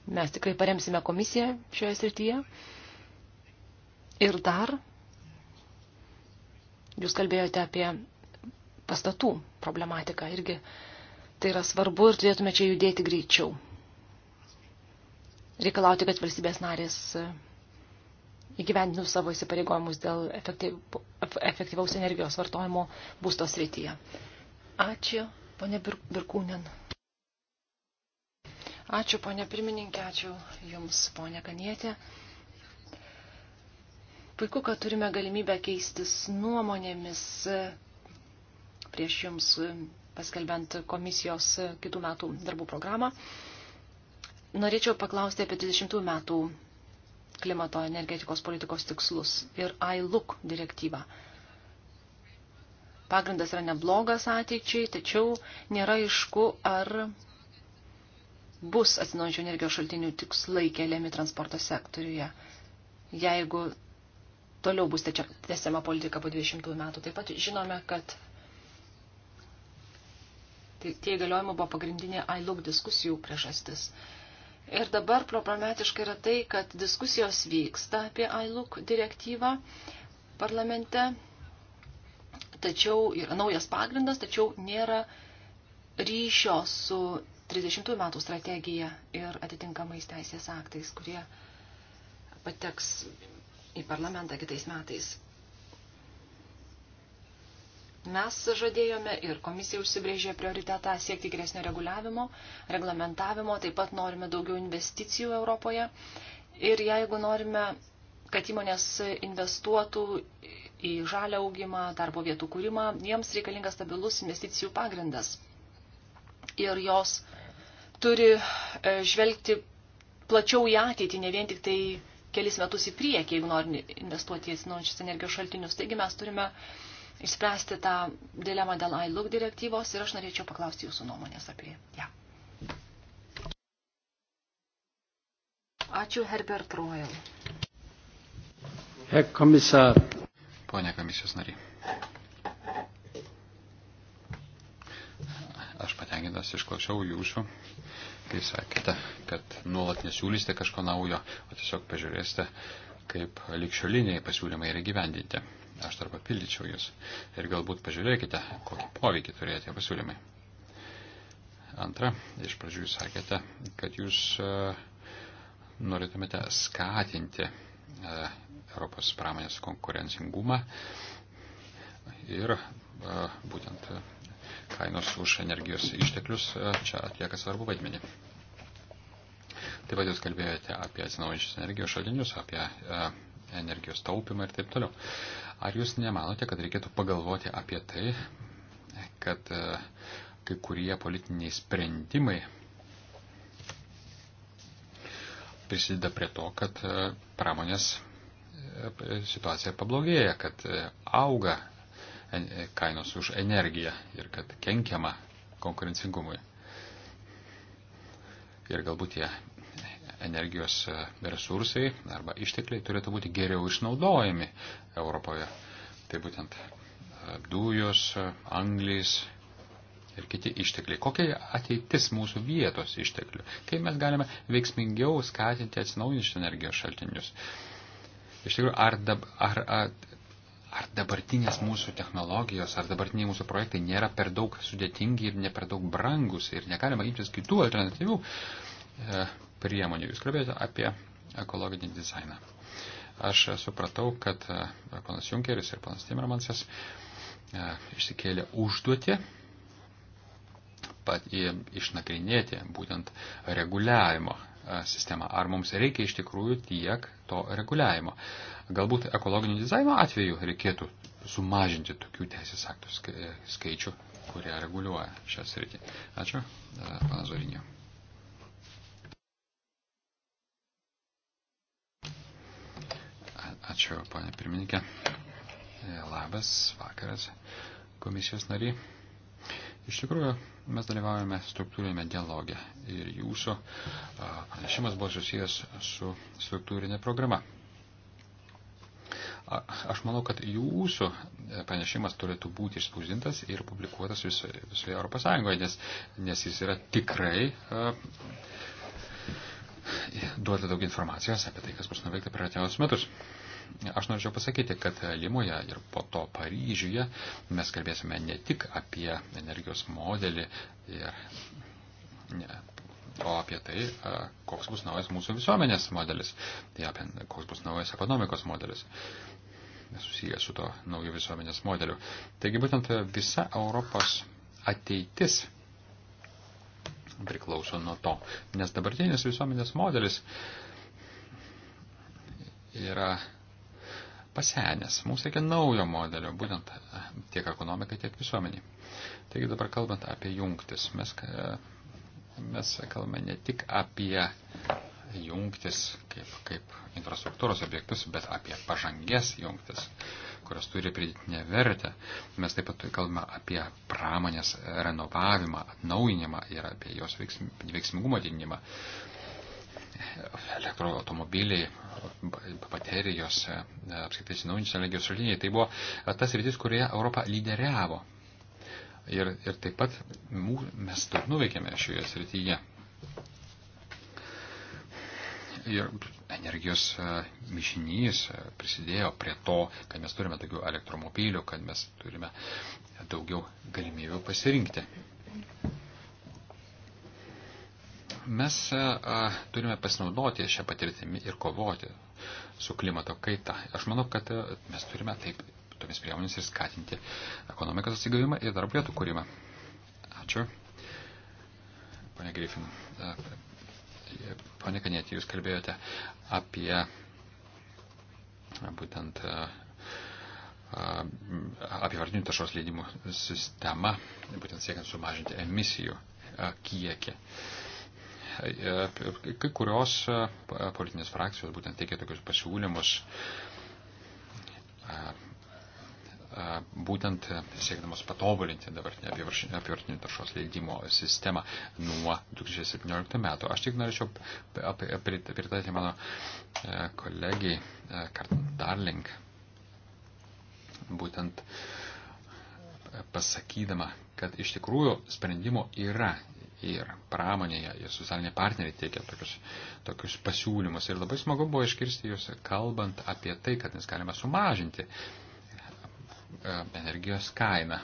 mes tikrai paremsime komisiją šioje srityje. Ir dar Jūs kalbėjote apie pastatų problematiką irgi. Tai yra svarbu ir turėtume čia judėti greičiau. Reikalauti, kad valstybės narės e, įgyvendintų savo įsipareigojimus dėl efektyvaus energijos vartojimo būsto srityje. Ačiū, ponė Birkūnen. Ačiū, ponė pirmininkė, ačiū Jums, ponė Kanietė. Puiku, kad turime galimybę keistis nuomonėmis e, prieš jums e, paskelbent komisijos e, kitų metų darbų programą. Norėčiau paklausti apie 20 metų klimato energetikos politikos tikslus ir ILUK direktyvą. Pagrindas yra neblogas ateičiai, tačiau nėra aišku, ar bus atsinaujančių energijos šaltinių tikslai keliami transporto sektoriuje. Jeigu toliau bus tęsiama politika po 20 metų. Taip pat žinome, kad tai, tie įgaliojimai buvo pagrindinė ILUK diskusijų priežastis. Ir dabar problematiška yra tai, kad diskusijos vyksta apie ILUK direktyvą parlamente, tačiau yra naujas pagrindas, tačiau nėra ryšio su 30 metų strategija ir atitinkamais teisės aktais, kurie pateks į parlamentą kitais metais. Mes žadėjome ir komisija užsibrėžė prioritetą siekti geresnio reguliavimo, reglamentavimo, taip pat norime daugiau investicijų Europoje. Ir jeigu norime, kad įmonės investuotų į žalę augimą, darbo vietų kūrimą, jiems reikalingas stabilus investicijų pagrindas. Ir jos turi e, žvelgti plačiau į ateitį, ne vien tik tai kelis metus į priekį, jeigu norime investuoti į atsinaujančius energijos šaltinius. Taigi mes turime išspręsti tą dilemą dėl ILUK direktyvos ir aš norėčiau paklausti jūsų nuomonės apie ją. Ja. Ačiū Herbert Royal. Herr Kommissar. Pone komisijos nariai. Aš patenkintas išklausiau jūsų kai sakėte, kad nuolat nesiūlysite kažko naujo, o tiesiog pažiūrėsite, kaip likščioliniai pasiūlymai yra gyvendinti. Aš dar papildyčiau jūs ir galbūt pažiūrėkite, kokį poveikį turėjo tie pasiūlymai. Antra, iš pradžių jūs sakėte, kad jūs e, norėtumėte skatinti e, Europos pramonės konkurencingumą ir e, būtent kainos už energijos išteklius e, čia atlieka svarbu vaidmenį. Taip pat jūs kalbėjote apie atsinaujančius energijos šaltinius, apie e, energijos taupimą ir taip toliau. Ar jūs nemanote, kad reikėtų pagalvoti apie tai, kad e, kai kurie politiniai sprendimai prisideda prie to, kad pramonės situacija pablogėja, kad auga E, kainos už energiją ir kad kenkiama konkurencingumui. Ir galbūt tie energijos e, resursai arba ištekliai turėtų būti geriau išnaudojami Europoje. Tai būtent e, dujos, anglys ir kiti ištekliai. Kokia ateitis mūsų vietos išteklių? Kaip mes galime veiksmingiau skatinti atsinaujinčius energijos šaltinius? Iš tikrųjų, ar, dab, ar, ar ar dabartinės mūsų technologijos, ar dabartiniai mūsų projektai nėra per daug sudėtingi ir ne per daug brangus ir negalima imtis kitų alternatyvių e, priemonių. Jūs kalbėjote apie ekologinį dizainą. Aš supratau, kad e, panas Junkeris ir panas Timmermansas e, išsikėlė užduotį pat, e, išnagrinėti būtent reguliavimo E, sistemą. Ar mums reikia iš tikrųjų tiek to reguliavimo. Galbūt ekologinio dizaino atveju reikėtų sumažinti tokių teisės aktų skaičių, kurie reguliuoja šią sritį. Ačiū, e, pana Zorinė. Ačiū, ponė pirmininkė. Labas vakaras, komisijos nariai. Iš tikrųjų, mes dalyvaujame struktūrinėme dialoge ir jūsų pranešimas buvo susijęs su struktūrinė programa. A, aš manau, kad jūsų e, pranešimas turėtų būti išspausdintas ir publikuotas vis, visoje Europos Sąjungoje, nes, nes jis yra tikrai a, duoda daug informacijos apie tai, kas bus nuveikta per atėjus metus. Aš norėčiau pasakyti, kad Limoje ir po to Paryžiuje mes kalbėsime ne tik apie energijos modelį, ir, ne, o apie tai, koks bus naujas mūsų visuomenės modelis, tai apie koks bus naujas ekonomikos modelis susijęs su to naujo visuomenės modeliu. Taigi būtent visa Europos ateitis priklauso nuo to, nes dabartinis visuomenės modelis yra pasenęs. Mums reikia naujo modelio, būtent e, tiek ekonomikai, tiek visuomeniai. Taigi dabar kalbant apie jungtis, mes, e, mes kalbame ne tik apie jungtis kaip, kaip infrastruktūros objektus, bet apie pažangės jungtis, kurios turi pridėtinę vertę. Mes taip pat kalbame apie pramonės renovavimą, atnaujinimą ir apie jos veiksmingumo didinimą elektroautomobiliai, baterijos, e, apskaitai sinaujinčios energijos šaltiniai, tai buvo tas rytis, kurioje Europa lyderiavo. Ir, ir taip pat mū, mes daug nuveikėme šioje srityje. Ir energijos e, mišinys e, prisidėjo prie to, kad mes turime daugiau elektromobilių, kad mes turime daugiau galimybių pasirinkti. Mes e, turime pasinaudoti šią patirtimį ir kovoti su klimato kaita. Aš manau, kad e, mes turime taip tomis priemonės ir skatinti ekonomikos atsigavimą ir darbo vietų kūrimą. Ačiū. Pane Grifin, e, pane Kanėtė, jūs kalbėjote apie būtent apie vardinių taršos leidimų sistemą, būtent siekiant sumažinti emisijų kiekį. Uh, kai kurios e, politinės frakcijos būtent teikia tokius pasiūlymus, e, e, būtent siekdamas patobulinti dabartinę apivartinių taršos leidimo sistemą nuo 2017 metų. Aš tik norėčiau pritarti mano kolegijai Kartan Darling, būtent pasakydama, kad iš tikrųjų sprendimo yra ir pramonėje, ir socialiniai partneriai teikia tokius, tokius pasiūlymus. Ir labai smagu buvo iškirsti jūs kalbant apie tai, kad mes galime sumažinti e, energijos kainą.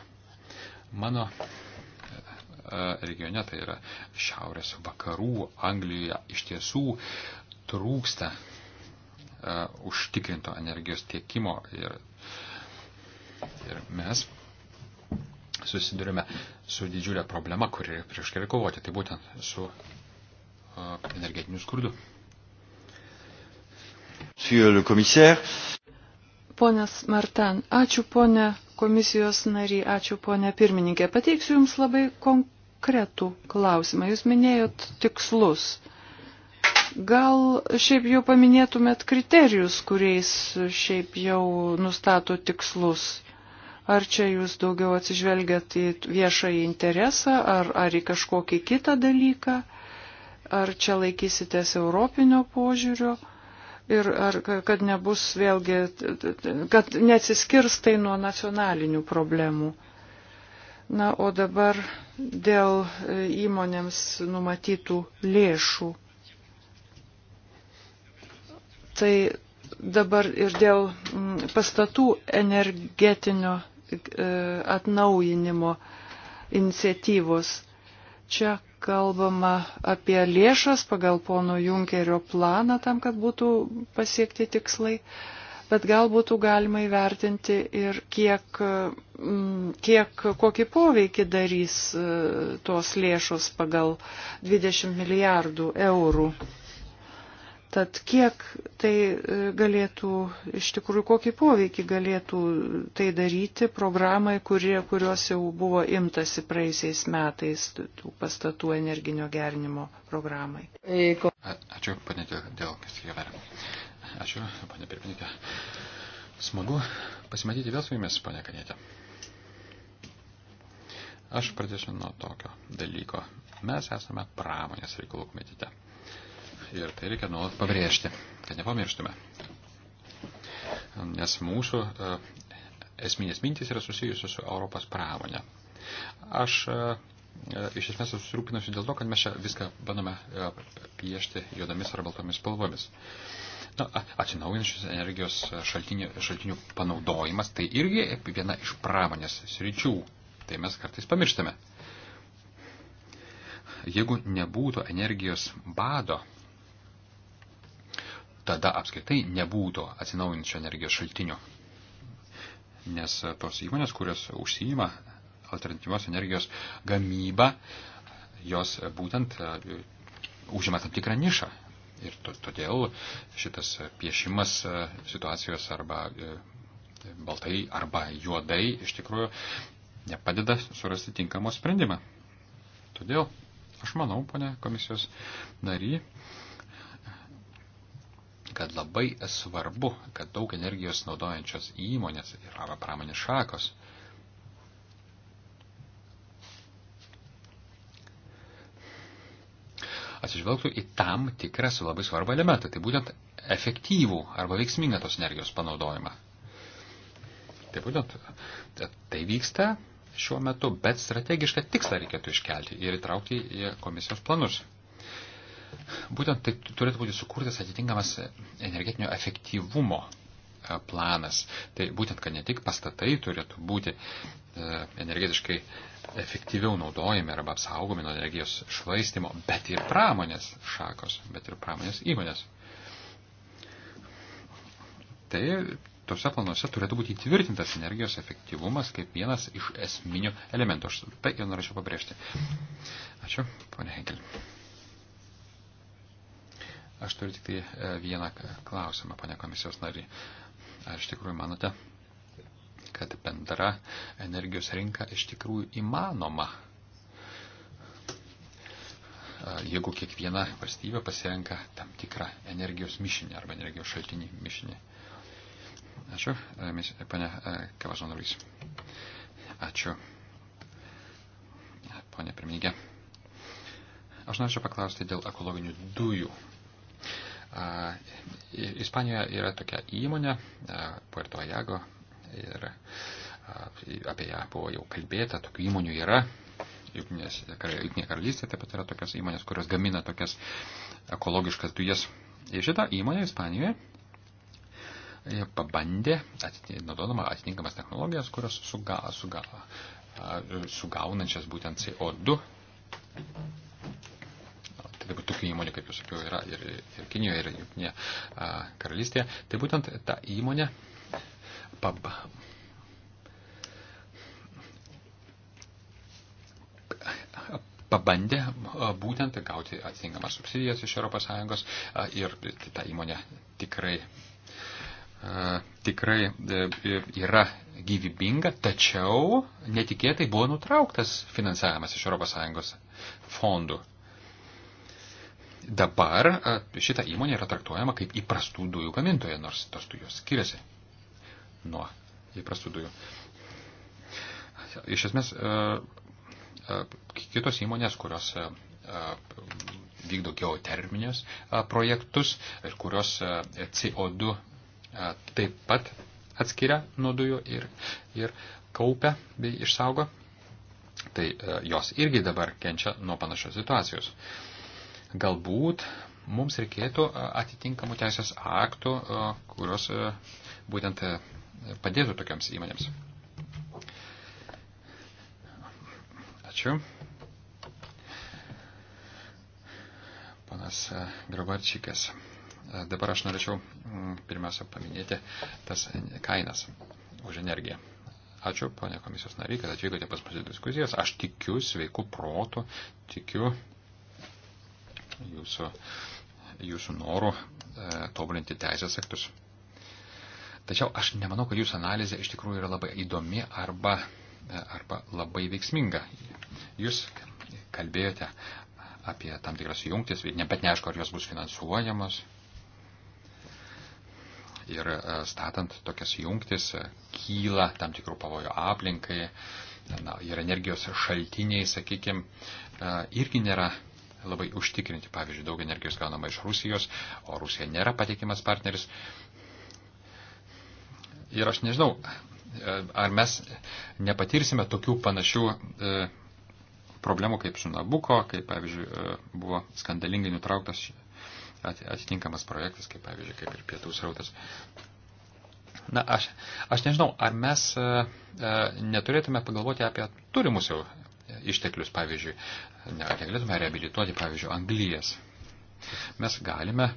Mano e, regione, tai yra šiaurės vakarų Anglijoje, iš tiesų trūksta uh, užtikrinto energijos tiekimo ir, ir mes susidurime su didžiulė problema, kuri prieš kelią tai kovoti, tai būtent su energetiniu skurdu. Ponas Martan, ačiū ponė komisijos nary, ačiū ponė pirmininkė. Pateiksiu Jums labai konkretų klausimą. Jūs minėjot tikslus. Gal šiaip jau paminėtumėt kriterijus, kuriais šiaip jau nustato tikslus Ar čia jūs daugiau atsižvelgiat į viešąjį interesą, ar, ar į kažkokį kitą dalyką, ar čia laikysitės europinio požiūrio ir ar, kad nebus vėlgi, kad neatsiskirs tai nuo nacionalinių problemų. Na, o dabar dėl e, įmonėms numatytų lėšų. Tai dabar ir dėl pastatų energetinio E, atnaujinimo iniciatyvos. Čia kalbama apie lėšas pagal pono Junkerio planą tam, kad būtų pasiekti tikslai, bet gal būtų galima įvertinti ir kiek, kiek kokį poveikį darys e, tos lėšos pagal 20 milijardų eurų. Tad kiek tai e, galėtų, iš tikrųjų, kokį poveikį galėtų tai daryti programai, kurie, kurios jau buvo imtasi praeisiais metais, tų pastatų energinio gerinimo programai. Ačiū, panė Dėl, kas jie verė. Ačiū, panė Pirmininkė. Smagu pasimatyti vėl su jumis, panė Kanėtė. Aš pradėsiu nuo tokio dalyko. Mes esame pramonės reikalų komitete. Ir tai reikia nuolat pabrėžti, kad nepamirštume. Nes mūsų e, esminės mintys yra susijusios su Europos pramonė. Aš e, e, iš esmės susirūpinusi dėl to, kad mes čia viską bandome piešti juodomis ar baltomis spalvomis. Na, atsinaujinančios energijos šaltinių, šaltinių panaudojimas tai irgi viena iš pramonės sričių. Tai mes kartais pamirštame. Jeigu nebūtų energijos bado, tada apskritai nebūtų atsinaujinčio energijos šaltinių. Nes tos įmonės, kurios užsijima alternatyvios energijos gamybą, jos būtent e, užima tam tikrą nišą. Ir todėl šitas piešimas e, situacijos arba e, baltai arba juodai iš tikrųjų nepadeda surasti tinkamo sprendimą. Todėl aš manau, ponė komisijos nary, kad labai svarbu, kad daug energijos naudojančios įmonės ir arba pramonės šakos atsižvelgtų į tam tikrą labai svarbą elementą, tai būtent efektyvų arba veiksmingą tos energijos panaudojimą. Tai būtent e, tai vyksta šiuo metu, bet strategišką tikslą reikėtų iškelti ir įtraukti į komisijos planus. Būtent tai turėtų būti sukurtas atitinkamas energetinio efektyvumo e, planas. Tai būtent, kad ne tik pastatai turėtų būti e, energetiškai efektyviau naudojami arba apsaugomi nuo energijos švaistimo, bet ir pramonės šakos, bet ir pramonės įmonės. Tai tuose planuose turėtų būti įtvirtintas energijos efektyvumas kaip vienas iš esminių elementų. Aš tai ir norėčiau pabrėžti. Ačiū, ponė Henkel. Aš turiu tik tai e, vieną klausimą, pane komisijos nariai. Ar iš tikrųjų manote, kad bendra energijos rinka iš tikrųjų įmanoma? Jeigu kiekviena valstybė pasirenka tam tikrą energijos mišinį arba energijos šaltinį mišinį. Ačiū, pane e, e, Kavazon Ruiz. Ačiū, ponė pirmininkė. Aš norėčiau paklausti dėl ekologinių dujų Ispanijoje yra tokia įmonė, Puerto Ayago, ir apie ją buvo jau kalbėta, tokių įmonių yra. Jungtinė karalystė taip pat yra tokios įmonės, kurios gamina tokias ekologiškas dujas. Ir šitą įmonę Ispanijoje e, pabandė, naudodama atitinkamas technologijas, kurios suga, suga, sugaunančias būtent CO2 taip pat tokių įmonių, kaip jau sakiau, yra ir, ir Kinijoje, ir Junktinėje karalystėje, tai būtent ta įmonė pab, pabandė būtent gauti atitinkamas subsidijas iš ES ir ta įmonė tikrai tikrai e, e, yra gyvybinga, tačiau netikėtai buvo nutrauktas finansavimas iš ES fondų. Dabar šita įmonė yra traktuojama kaip įprastų dujų gamintoja, nors tos dujos skiriasi nuo įprastų dujų. Iš esmės, kitos įmonės, kurios vykdo geoterminius projektus ir kurios CO2 taip pat atskiria nuo dujų ir, ir kaupia bei išsaugo, tai jos irgi dabar kenčia nuo panašios situacijos. Galbūt mums reikėtų atitinkamų teisės aktų, kurios būtent padėtų tokiams įmonėms. Ačiū. Panas Grabarčikas. Dabar aš norėčiau pirmiausia paminėti tas kainas už energiją. Ačiū, ponė komisijos nariai, kad atvykote pas mus į diskusijas. Aš tikiu sveiku protu, tikiu jūsų, jūsų norų e, tobulinti teisės aktus. Tačiau aš nemanau, kad jūsų analizė iš tikrųjų yra labai įdomi arba, e, arba labai veiksminga. Jūs kalbėjote apie tam tikras jungtis, bet neaišku, ar jos bus finansuojamos. Ir e, statant tokias jungtis kyla tam tikrų pavojo aplinkai na, ir energijos šaltiniai, sakykime, irgi nėra labai užtikrinti. Pavyzdžiui, daug energijos gaunama iš Rusijos, o Rusija nėra patikimas partneris. Ir aš nežinau, ar mes nepatirsime tokių panašių e, problemų kaip su Nabuko, kaip, pavyzdžiui, e, buvo skandalingai nutrauktas atitinkamas projektas, kaip, pavyzdžiui, kaip ir pietų srautas. Na, aš, aš nežinau, ar mes e, neturėtume pagalvoti apie turimus jau išteklius, pavyzdžiui, negalėtume reabilituoti, pavyzdžiui, anglijas. Mes galime,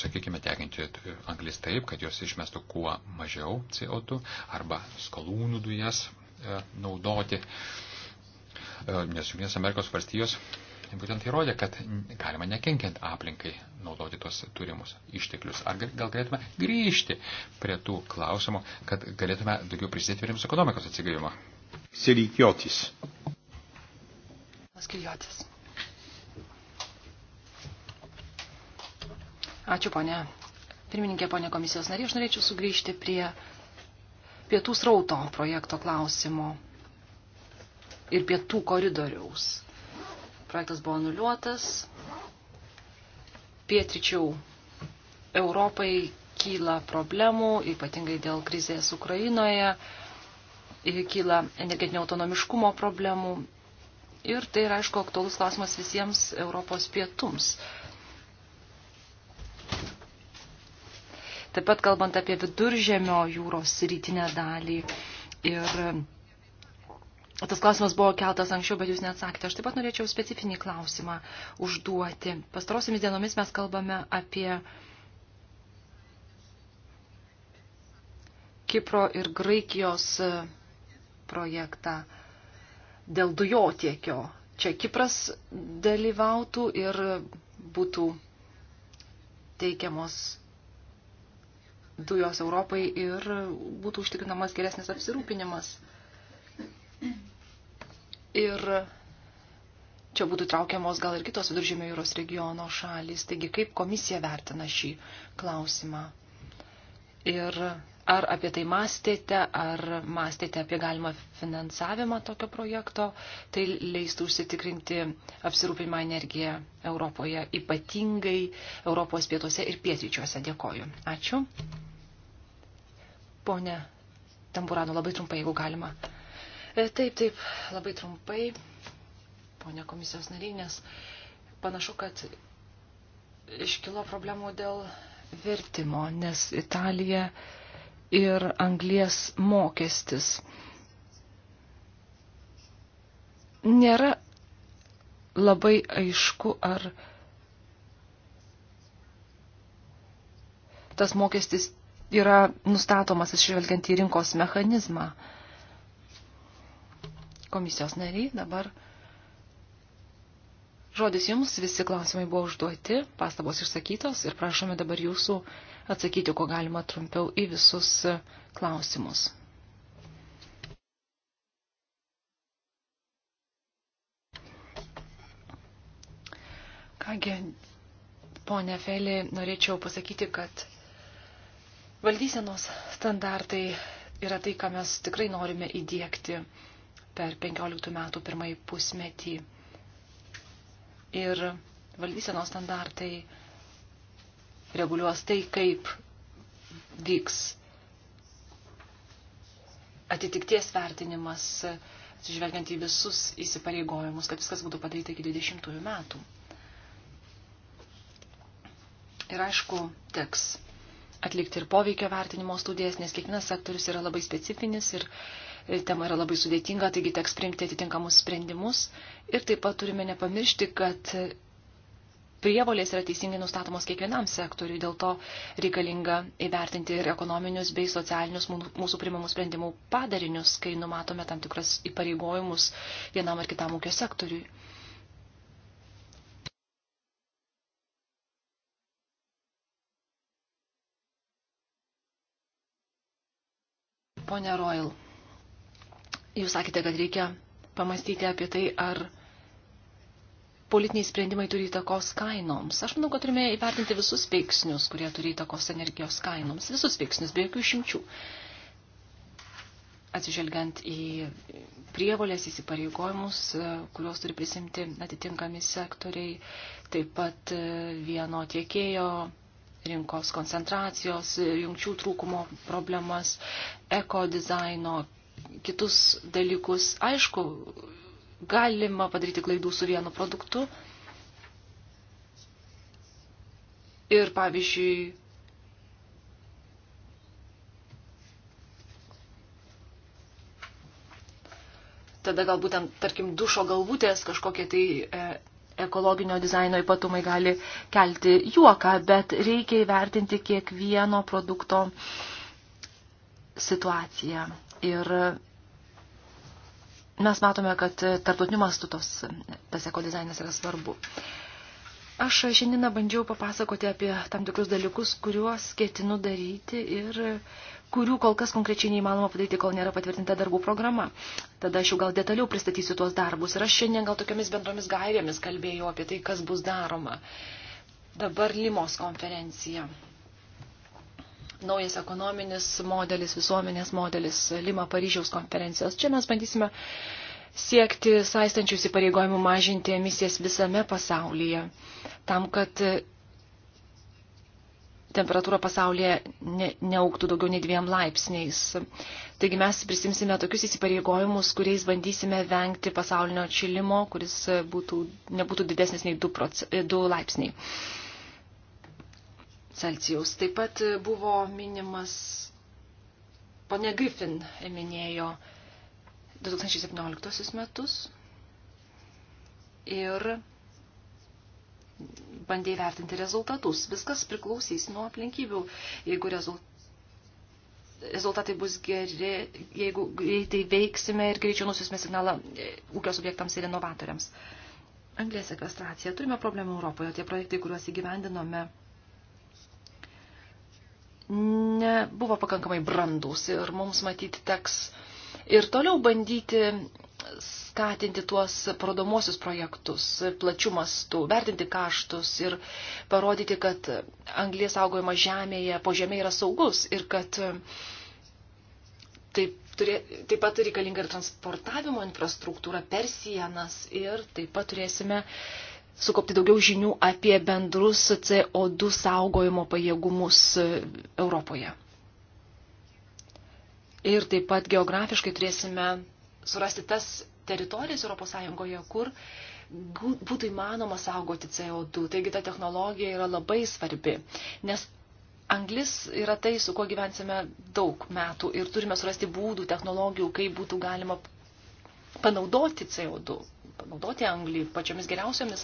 sakykime, deginti anglis taip, kad jos išmestų kuo mažiau CO2 arba skalūnų dujas naudoti, nes Junktinės Amerikos valstijos būtent įrodė, kad galima nekenkiant aplinkai naudoti tos turimus išteklius. Ar gal galėtume grįžti prie tų klausimų, kad galėtume daugiau prisidėti prie mūsų ekonomikos atsigavimo? Silikiotis. Paskiliotis. Ačiū, ponė. Pirmininkė, ponė komisijos narė, aš norėčiau sugrįžti prie pietų srauto projekto klausimo ir pietų koridoriaus. Projektas buvo nuliuotas, pietričiau Europai kyla problemų, ypatingai dėl krizės Ukrainoje kyla energetinio autonomiškumo problemų. Ir tai yra, aišku, aktuolus klausimas visiems Europos pietums. Taip pat kalbant apie viduržėmio jūros rytinę dalį. Ir tas klausimas buvo keltas anksčiau, bet jūs neatsakėte. Aš taip pat norėčiau specifinį klausimą užduoti. Pastarosiamis dienomis mes kalbame apie Kipro ir Graikijos projektą dėl dujotiekio. Čia Kipras dalyvautų ir būtų teikiamos dujos Europai ir būtų užtikrinamas geresnis apsirūpinimas. Ir čia būtų traukiamos gal ir kitos viduržėmio jūros regiono šalys. Taigi kaip komisija vertina šį klausimą? Ir Ar apie tai mąstėte, ar mąstėte apie galimą finansavimą tokio projekto, tai leistų užsitikrinti apsirūpinimą energiją Europoje, ypatingai Europos pietuose ir pietryčiuose. Dėkoju. Ačiū. Pone Tamburano, labai trumpai, jeigu galima. E, taip, taip, labai trumpai, ponia komisijos narinės. Panašu, kad iškilo problemų dėl vertimo, nes Italija ir anglies mokestis. Nėra labai aišku, ar tas mokestis yra nustatomas išvelgiant į rinkos mechanizmą. Komisijos nariai dabar. Žodis jums, visi klausimai buvo užduoti, pastabos išsakytos ir prašome dabar jūsų atsakyti, ko galima trumpiau į visus klausimus. Kągi, ponė Feli, norėčiau pasakyti, kad valdysenos standartai yra tai, ką mes tikrai norime įdėkti per 15 metų pirmąjį pusmetį. Ir valdysenos standartai reguliuos tai, kaip vyks atitikties vertinimas, atsižvelgiant į visus įsipareigojimus, kad viskas būtų padaryta iki 20 metų. Ir aišku, teks atlikti ir poveikio vertinimo studijas, nes kiekvienas sektorius yra labai specifinis ir tema yra labai sudėtinga, taigi teks priimti atitinkamus sprendimus. Ir taip pat turime nepamiršti, kad prievolės yra teisingai nustatomos kiekvienam sektoriui, dėl to reikalinga įvertinti ir ekonominius bei socialinius mūsų primamų sprendimų padarinius, kai numatome tam tikras įpareigojimus vienam ar kitam ūkio sektoriui. Pone Royal, jūs sakėte, kad reikia pamastyti apie tai, ar politiniai sprendimai turi įtakos kainoms. Aš manau, kad turime įvertinti visus veiksnius, kurie turi įtakos energijos kainoms. Visus veiksnius, be jokių išimčių. Atsižvelgiant į prievolės įsipareigojimus, e, kuriuos turi prisimti atitinkami sektoriai, taip pat e, vieno tiekėjo rinkos koncentracijos, e, jungčių trūkumo problemas, ekodizaino, kitus dalykus. Aišku, galima padaryti klaidų su vienu produktu. Ir pavyzdžiui, tada galbūt ten, tarkim, dušo galvutės kažkokie tai e, ekologinio dizaino ypatumai gali kelti juoką, bet reikia įvertinti kiekvieno produkto situaciją. Ir mes matome, kad tarptautiniu mastu tos, tas ekodizainas yra svarbu. Aš šiandieną bandžiau papasakoti apie tam tikrus dalykus, kuriuos ketinu daryti ir kurių kol kas konkrečiai neįmanoma padaryti, kol nėra patvirtinta darbų programa. Tada aš jau gal detaliau pristatysiu tuos darbus ir aš šiandien gal tokiamis bendromis gairėmis kalbėjau apie tai, kas bus daroma. Dabar Limos konferencija naujas ekonominis modelis, visuomenės modelis, Lima Paryžiaus konferencijos. Čia mes bandysime siekti saistančių įsipareigojimų mažinti emisijas visame pasaulyje, tam, kad temperatūra pasaulyje ne, neauktų daugiau nei dviem laipsniais. Taigi mes prisimsime tokius įsipareigojimus, kuriais bandysime vengti pasaulinio atšilimo, kuris būtų, nebūtų didesnis nei 2, proc, 2 laipsniai. Celsijaus. Taip pat buvo minimas, ponė Griffin minėjo 2017 metus ir bandė įvertinti rezultatus. Viskas priklausys nuo aplinkybių. Jeigu rezultatai bus geri, jeigu greitai veiksime ir greičiau nusisime signalą e, ūkio subjektams ir inovatoriams. Anglės sekvestracija. Turime problemų Europoje. Tie projektai, kuriuos įgyvendinome, nebuvo pakankamai brandus ir mums matyti teks ir toliau bandyti skatinti tuos parodomuosius projektus plačių mastų, vertinti kaštus ir parodyti, kad anglės saugojama žemėje, po žemė yra saugus ir kad taip, turė, taip pat reikalinga ir transportavimo infrastruktūra per sienas ir taip pat turėsime sukaupti daugiau žinių apie bendrus CO2 saugojimo pajėgumus e, Europoje. Ir taip pat geografiškai turėsime surasti tas teritorijas ES, kur būtų įmanoma saugoti CO2. Taigi ta technologija yra labai svarbi, nes anglis yra tai, su kuo gyvensime daug metų ir turime surasti būdų, technologijų, kaip būtų galima panaudoti CO2 panaudoti anglį pačiomis geriausiamis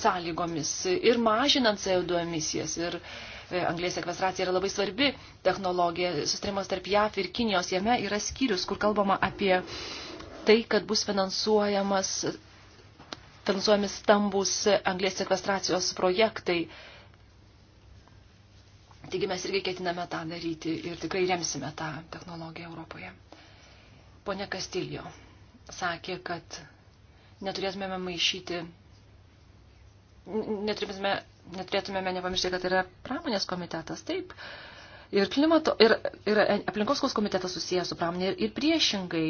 sąlygomis ir mažinant CO2 emisijas. Ir e, anglės sekvestracija yra labai svarbi technologija. Sustrimas tarp JAF ir Kinijos jame yra skyrius, kur kalbama apie tai, kad bus finansuojamas finansuojami stambus anglės sekvestracijos projektai. Taigi mes irgi ketiname tą daryti ir tikrai remsime tą technologiją Europoje. Pone Kastiljo sakė, kad neturėtumėme maišyti, neturėtumėme, neturėtumėme nepamiršti, kad yra pramonės komitetas, taip. Ir, klimato, ir, ir aplinkos komitetas susijęs su pramonė ir, ir priešingai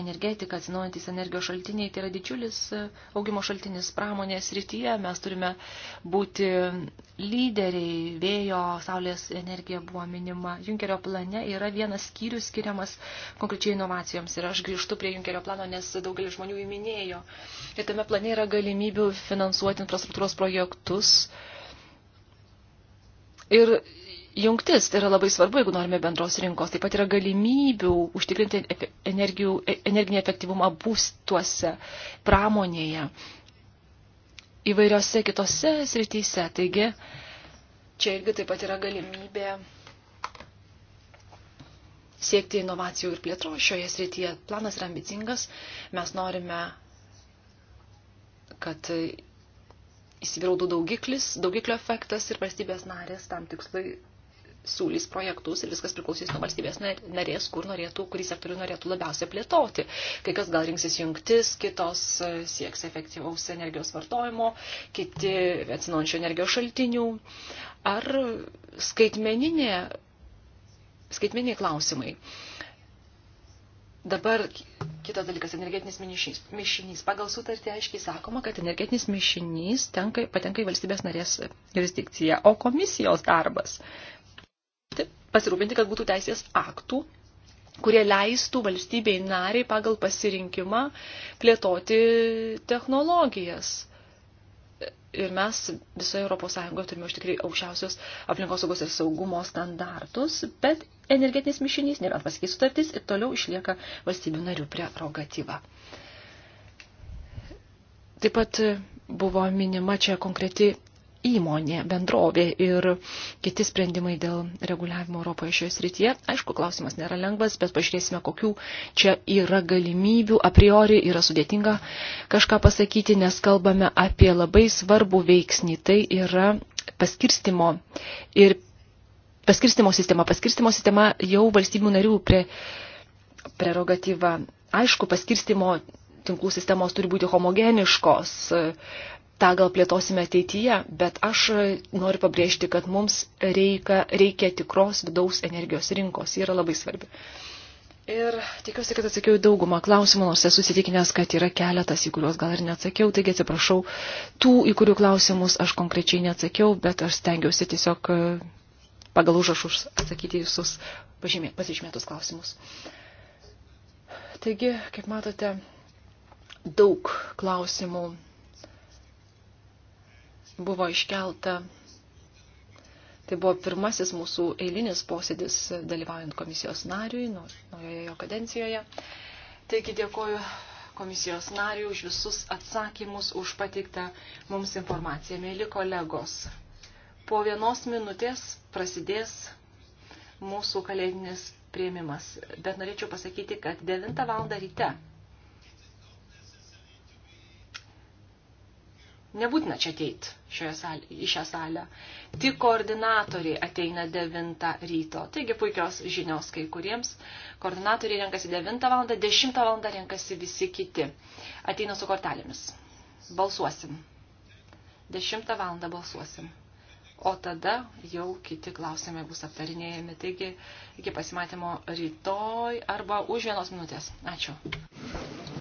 energetika, atsinaujantis energijos šaltiniai, tai yra didžiulis e, augimo šaltinis pramonės rytyje. Mes turime būti lyderiai, vėjo, saulės energija buvo minima. Junkerio plane yra vienas skyrius skiriamas konkrečiai inovacijoms. Ir aš grįžtu prie Junkerio plano, nes daugelis žmonių jį minėjo. Ir tame plane yra galimybių finansuoti infrastruktūros projektus. Ir jungtis. Tai yra labai svarbu, jeigu norime bendros rinkos. Taip pat yra galimybių užtikrinti energijų, e- energinį efektyvumą būstuose, pramonėje, įvairiose kitose srityse. Taigi, čia irgi taip pat yra galimybė siekti inovacijų ir plėtros šioje srityje. Planas yra ambicingas. Mes norime, kad įsivyrautų daugiklis, daugiklio efektas ir valstybės narės tam tikslui siūlys projektus ir viskas priklausys nuo valstybės narės, kur norėtų, kurį sektorių norėtų labiausiai plėtoti. Kai kas gal rinksis jungtis, kitos e, sieks efektyvaus energijos vartojimo, kiti atsinaujančių energijos šaltinių. Ar skaitmeninė, skaitmeniniai klausimai. Dabar kitas dalykas - energetinis mišinys. mišinys. Pagal sutartį aiškiai sakoma, kad energetinis mišinys tenka, patenka į valstybės narės jurisdikciją, o komisijos darbas pasirūpinti, kad būtų teisės aktų, kurie leistų valstybei nariai pagal pasirinkimą plėtoti technologijas. Ir mes visoje Europos Sąjungoje turime užtikrai aukščiausios aplinkosaugos ir saugumo standartus, bet energetinis mišinys, nebent pasikeis sutartis, ir toliau išlieka valstybių narių prerogatyva. Taip pat buvo minima čia konkreti įmonė, bendrovė ir kiti sprendimai dėl reguliavimo Europoje šioje srityje. Aišku, klausimas nėra lengvas, bet pažiūrėsime, kokių čia yra galimybių. A priori yra sudėtinga kažką pasakyti, nes kalbame apie labai svarbų veiksnį. Tai yra paskirstimo ir paskirstimo sistema. Paskirstimo sistema jau valstybių narių pre, prerogatyva. Aišku, paskirstimo tinklų sistemos turi būti homogeniškos, tą gal plėtosime ateityje, bet aš e, noriu pabrėžti, kad mums reikia, reikia tikros vidaus energijos rinkos, ji yra labai svarbi. Ir tikiuosi, kad atsakiau į daugumą klausimų, nors esu įsitikinęs, kad yra keletas, į kuriuos gal ir neatsakiau, taigi atsiprašau tų, į kurių klausimus aš konkrečiai neatsakiau, bet aš stengiausi tiesiog e, pagal užrašus atsakyti visus pažymė, pasižymėtus klausimus. Taigi, kaip matote, daug klausimų buvo iškelta. Tai buvo pirmasis mūsų eilinis posėdis dalyvaujant komisijos nariui, naujoje jo kadencijoje. Taigi dėkoju komisijos nariui už visus atsakymus, už pateiktą mums informaciją. Mėly kolegos, po vienos minutės prasidės mūsų kalėdinis prieimimas. Bet norėčiau pasakyti, kad 9 val. ryte Nebūtina čia ateit salė, į šią salę. Tik koordinatoriai ateina 9 ryto. Taigi puikios žinios kai kuriems. Koordinatoriai renkasi 9 val. 10 val. renkasi visi kiti. Ateina su kortelėmis. Balsuosim. 10 val. balsuosim. O tada jau kiti klausimai bus aptarinėjami. Taigi iki pasimatymo rytoj arba už vienos minutės. Ačiū.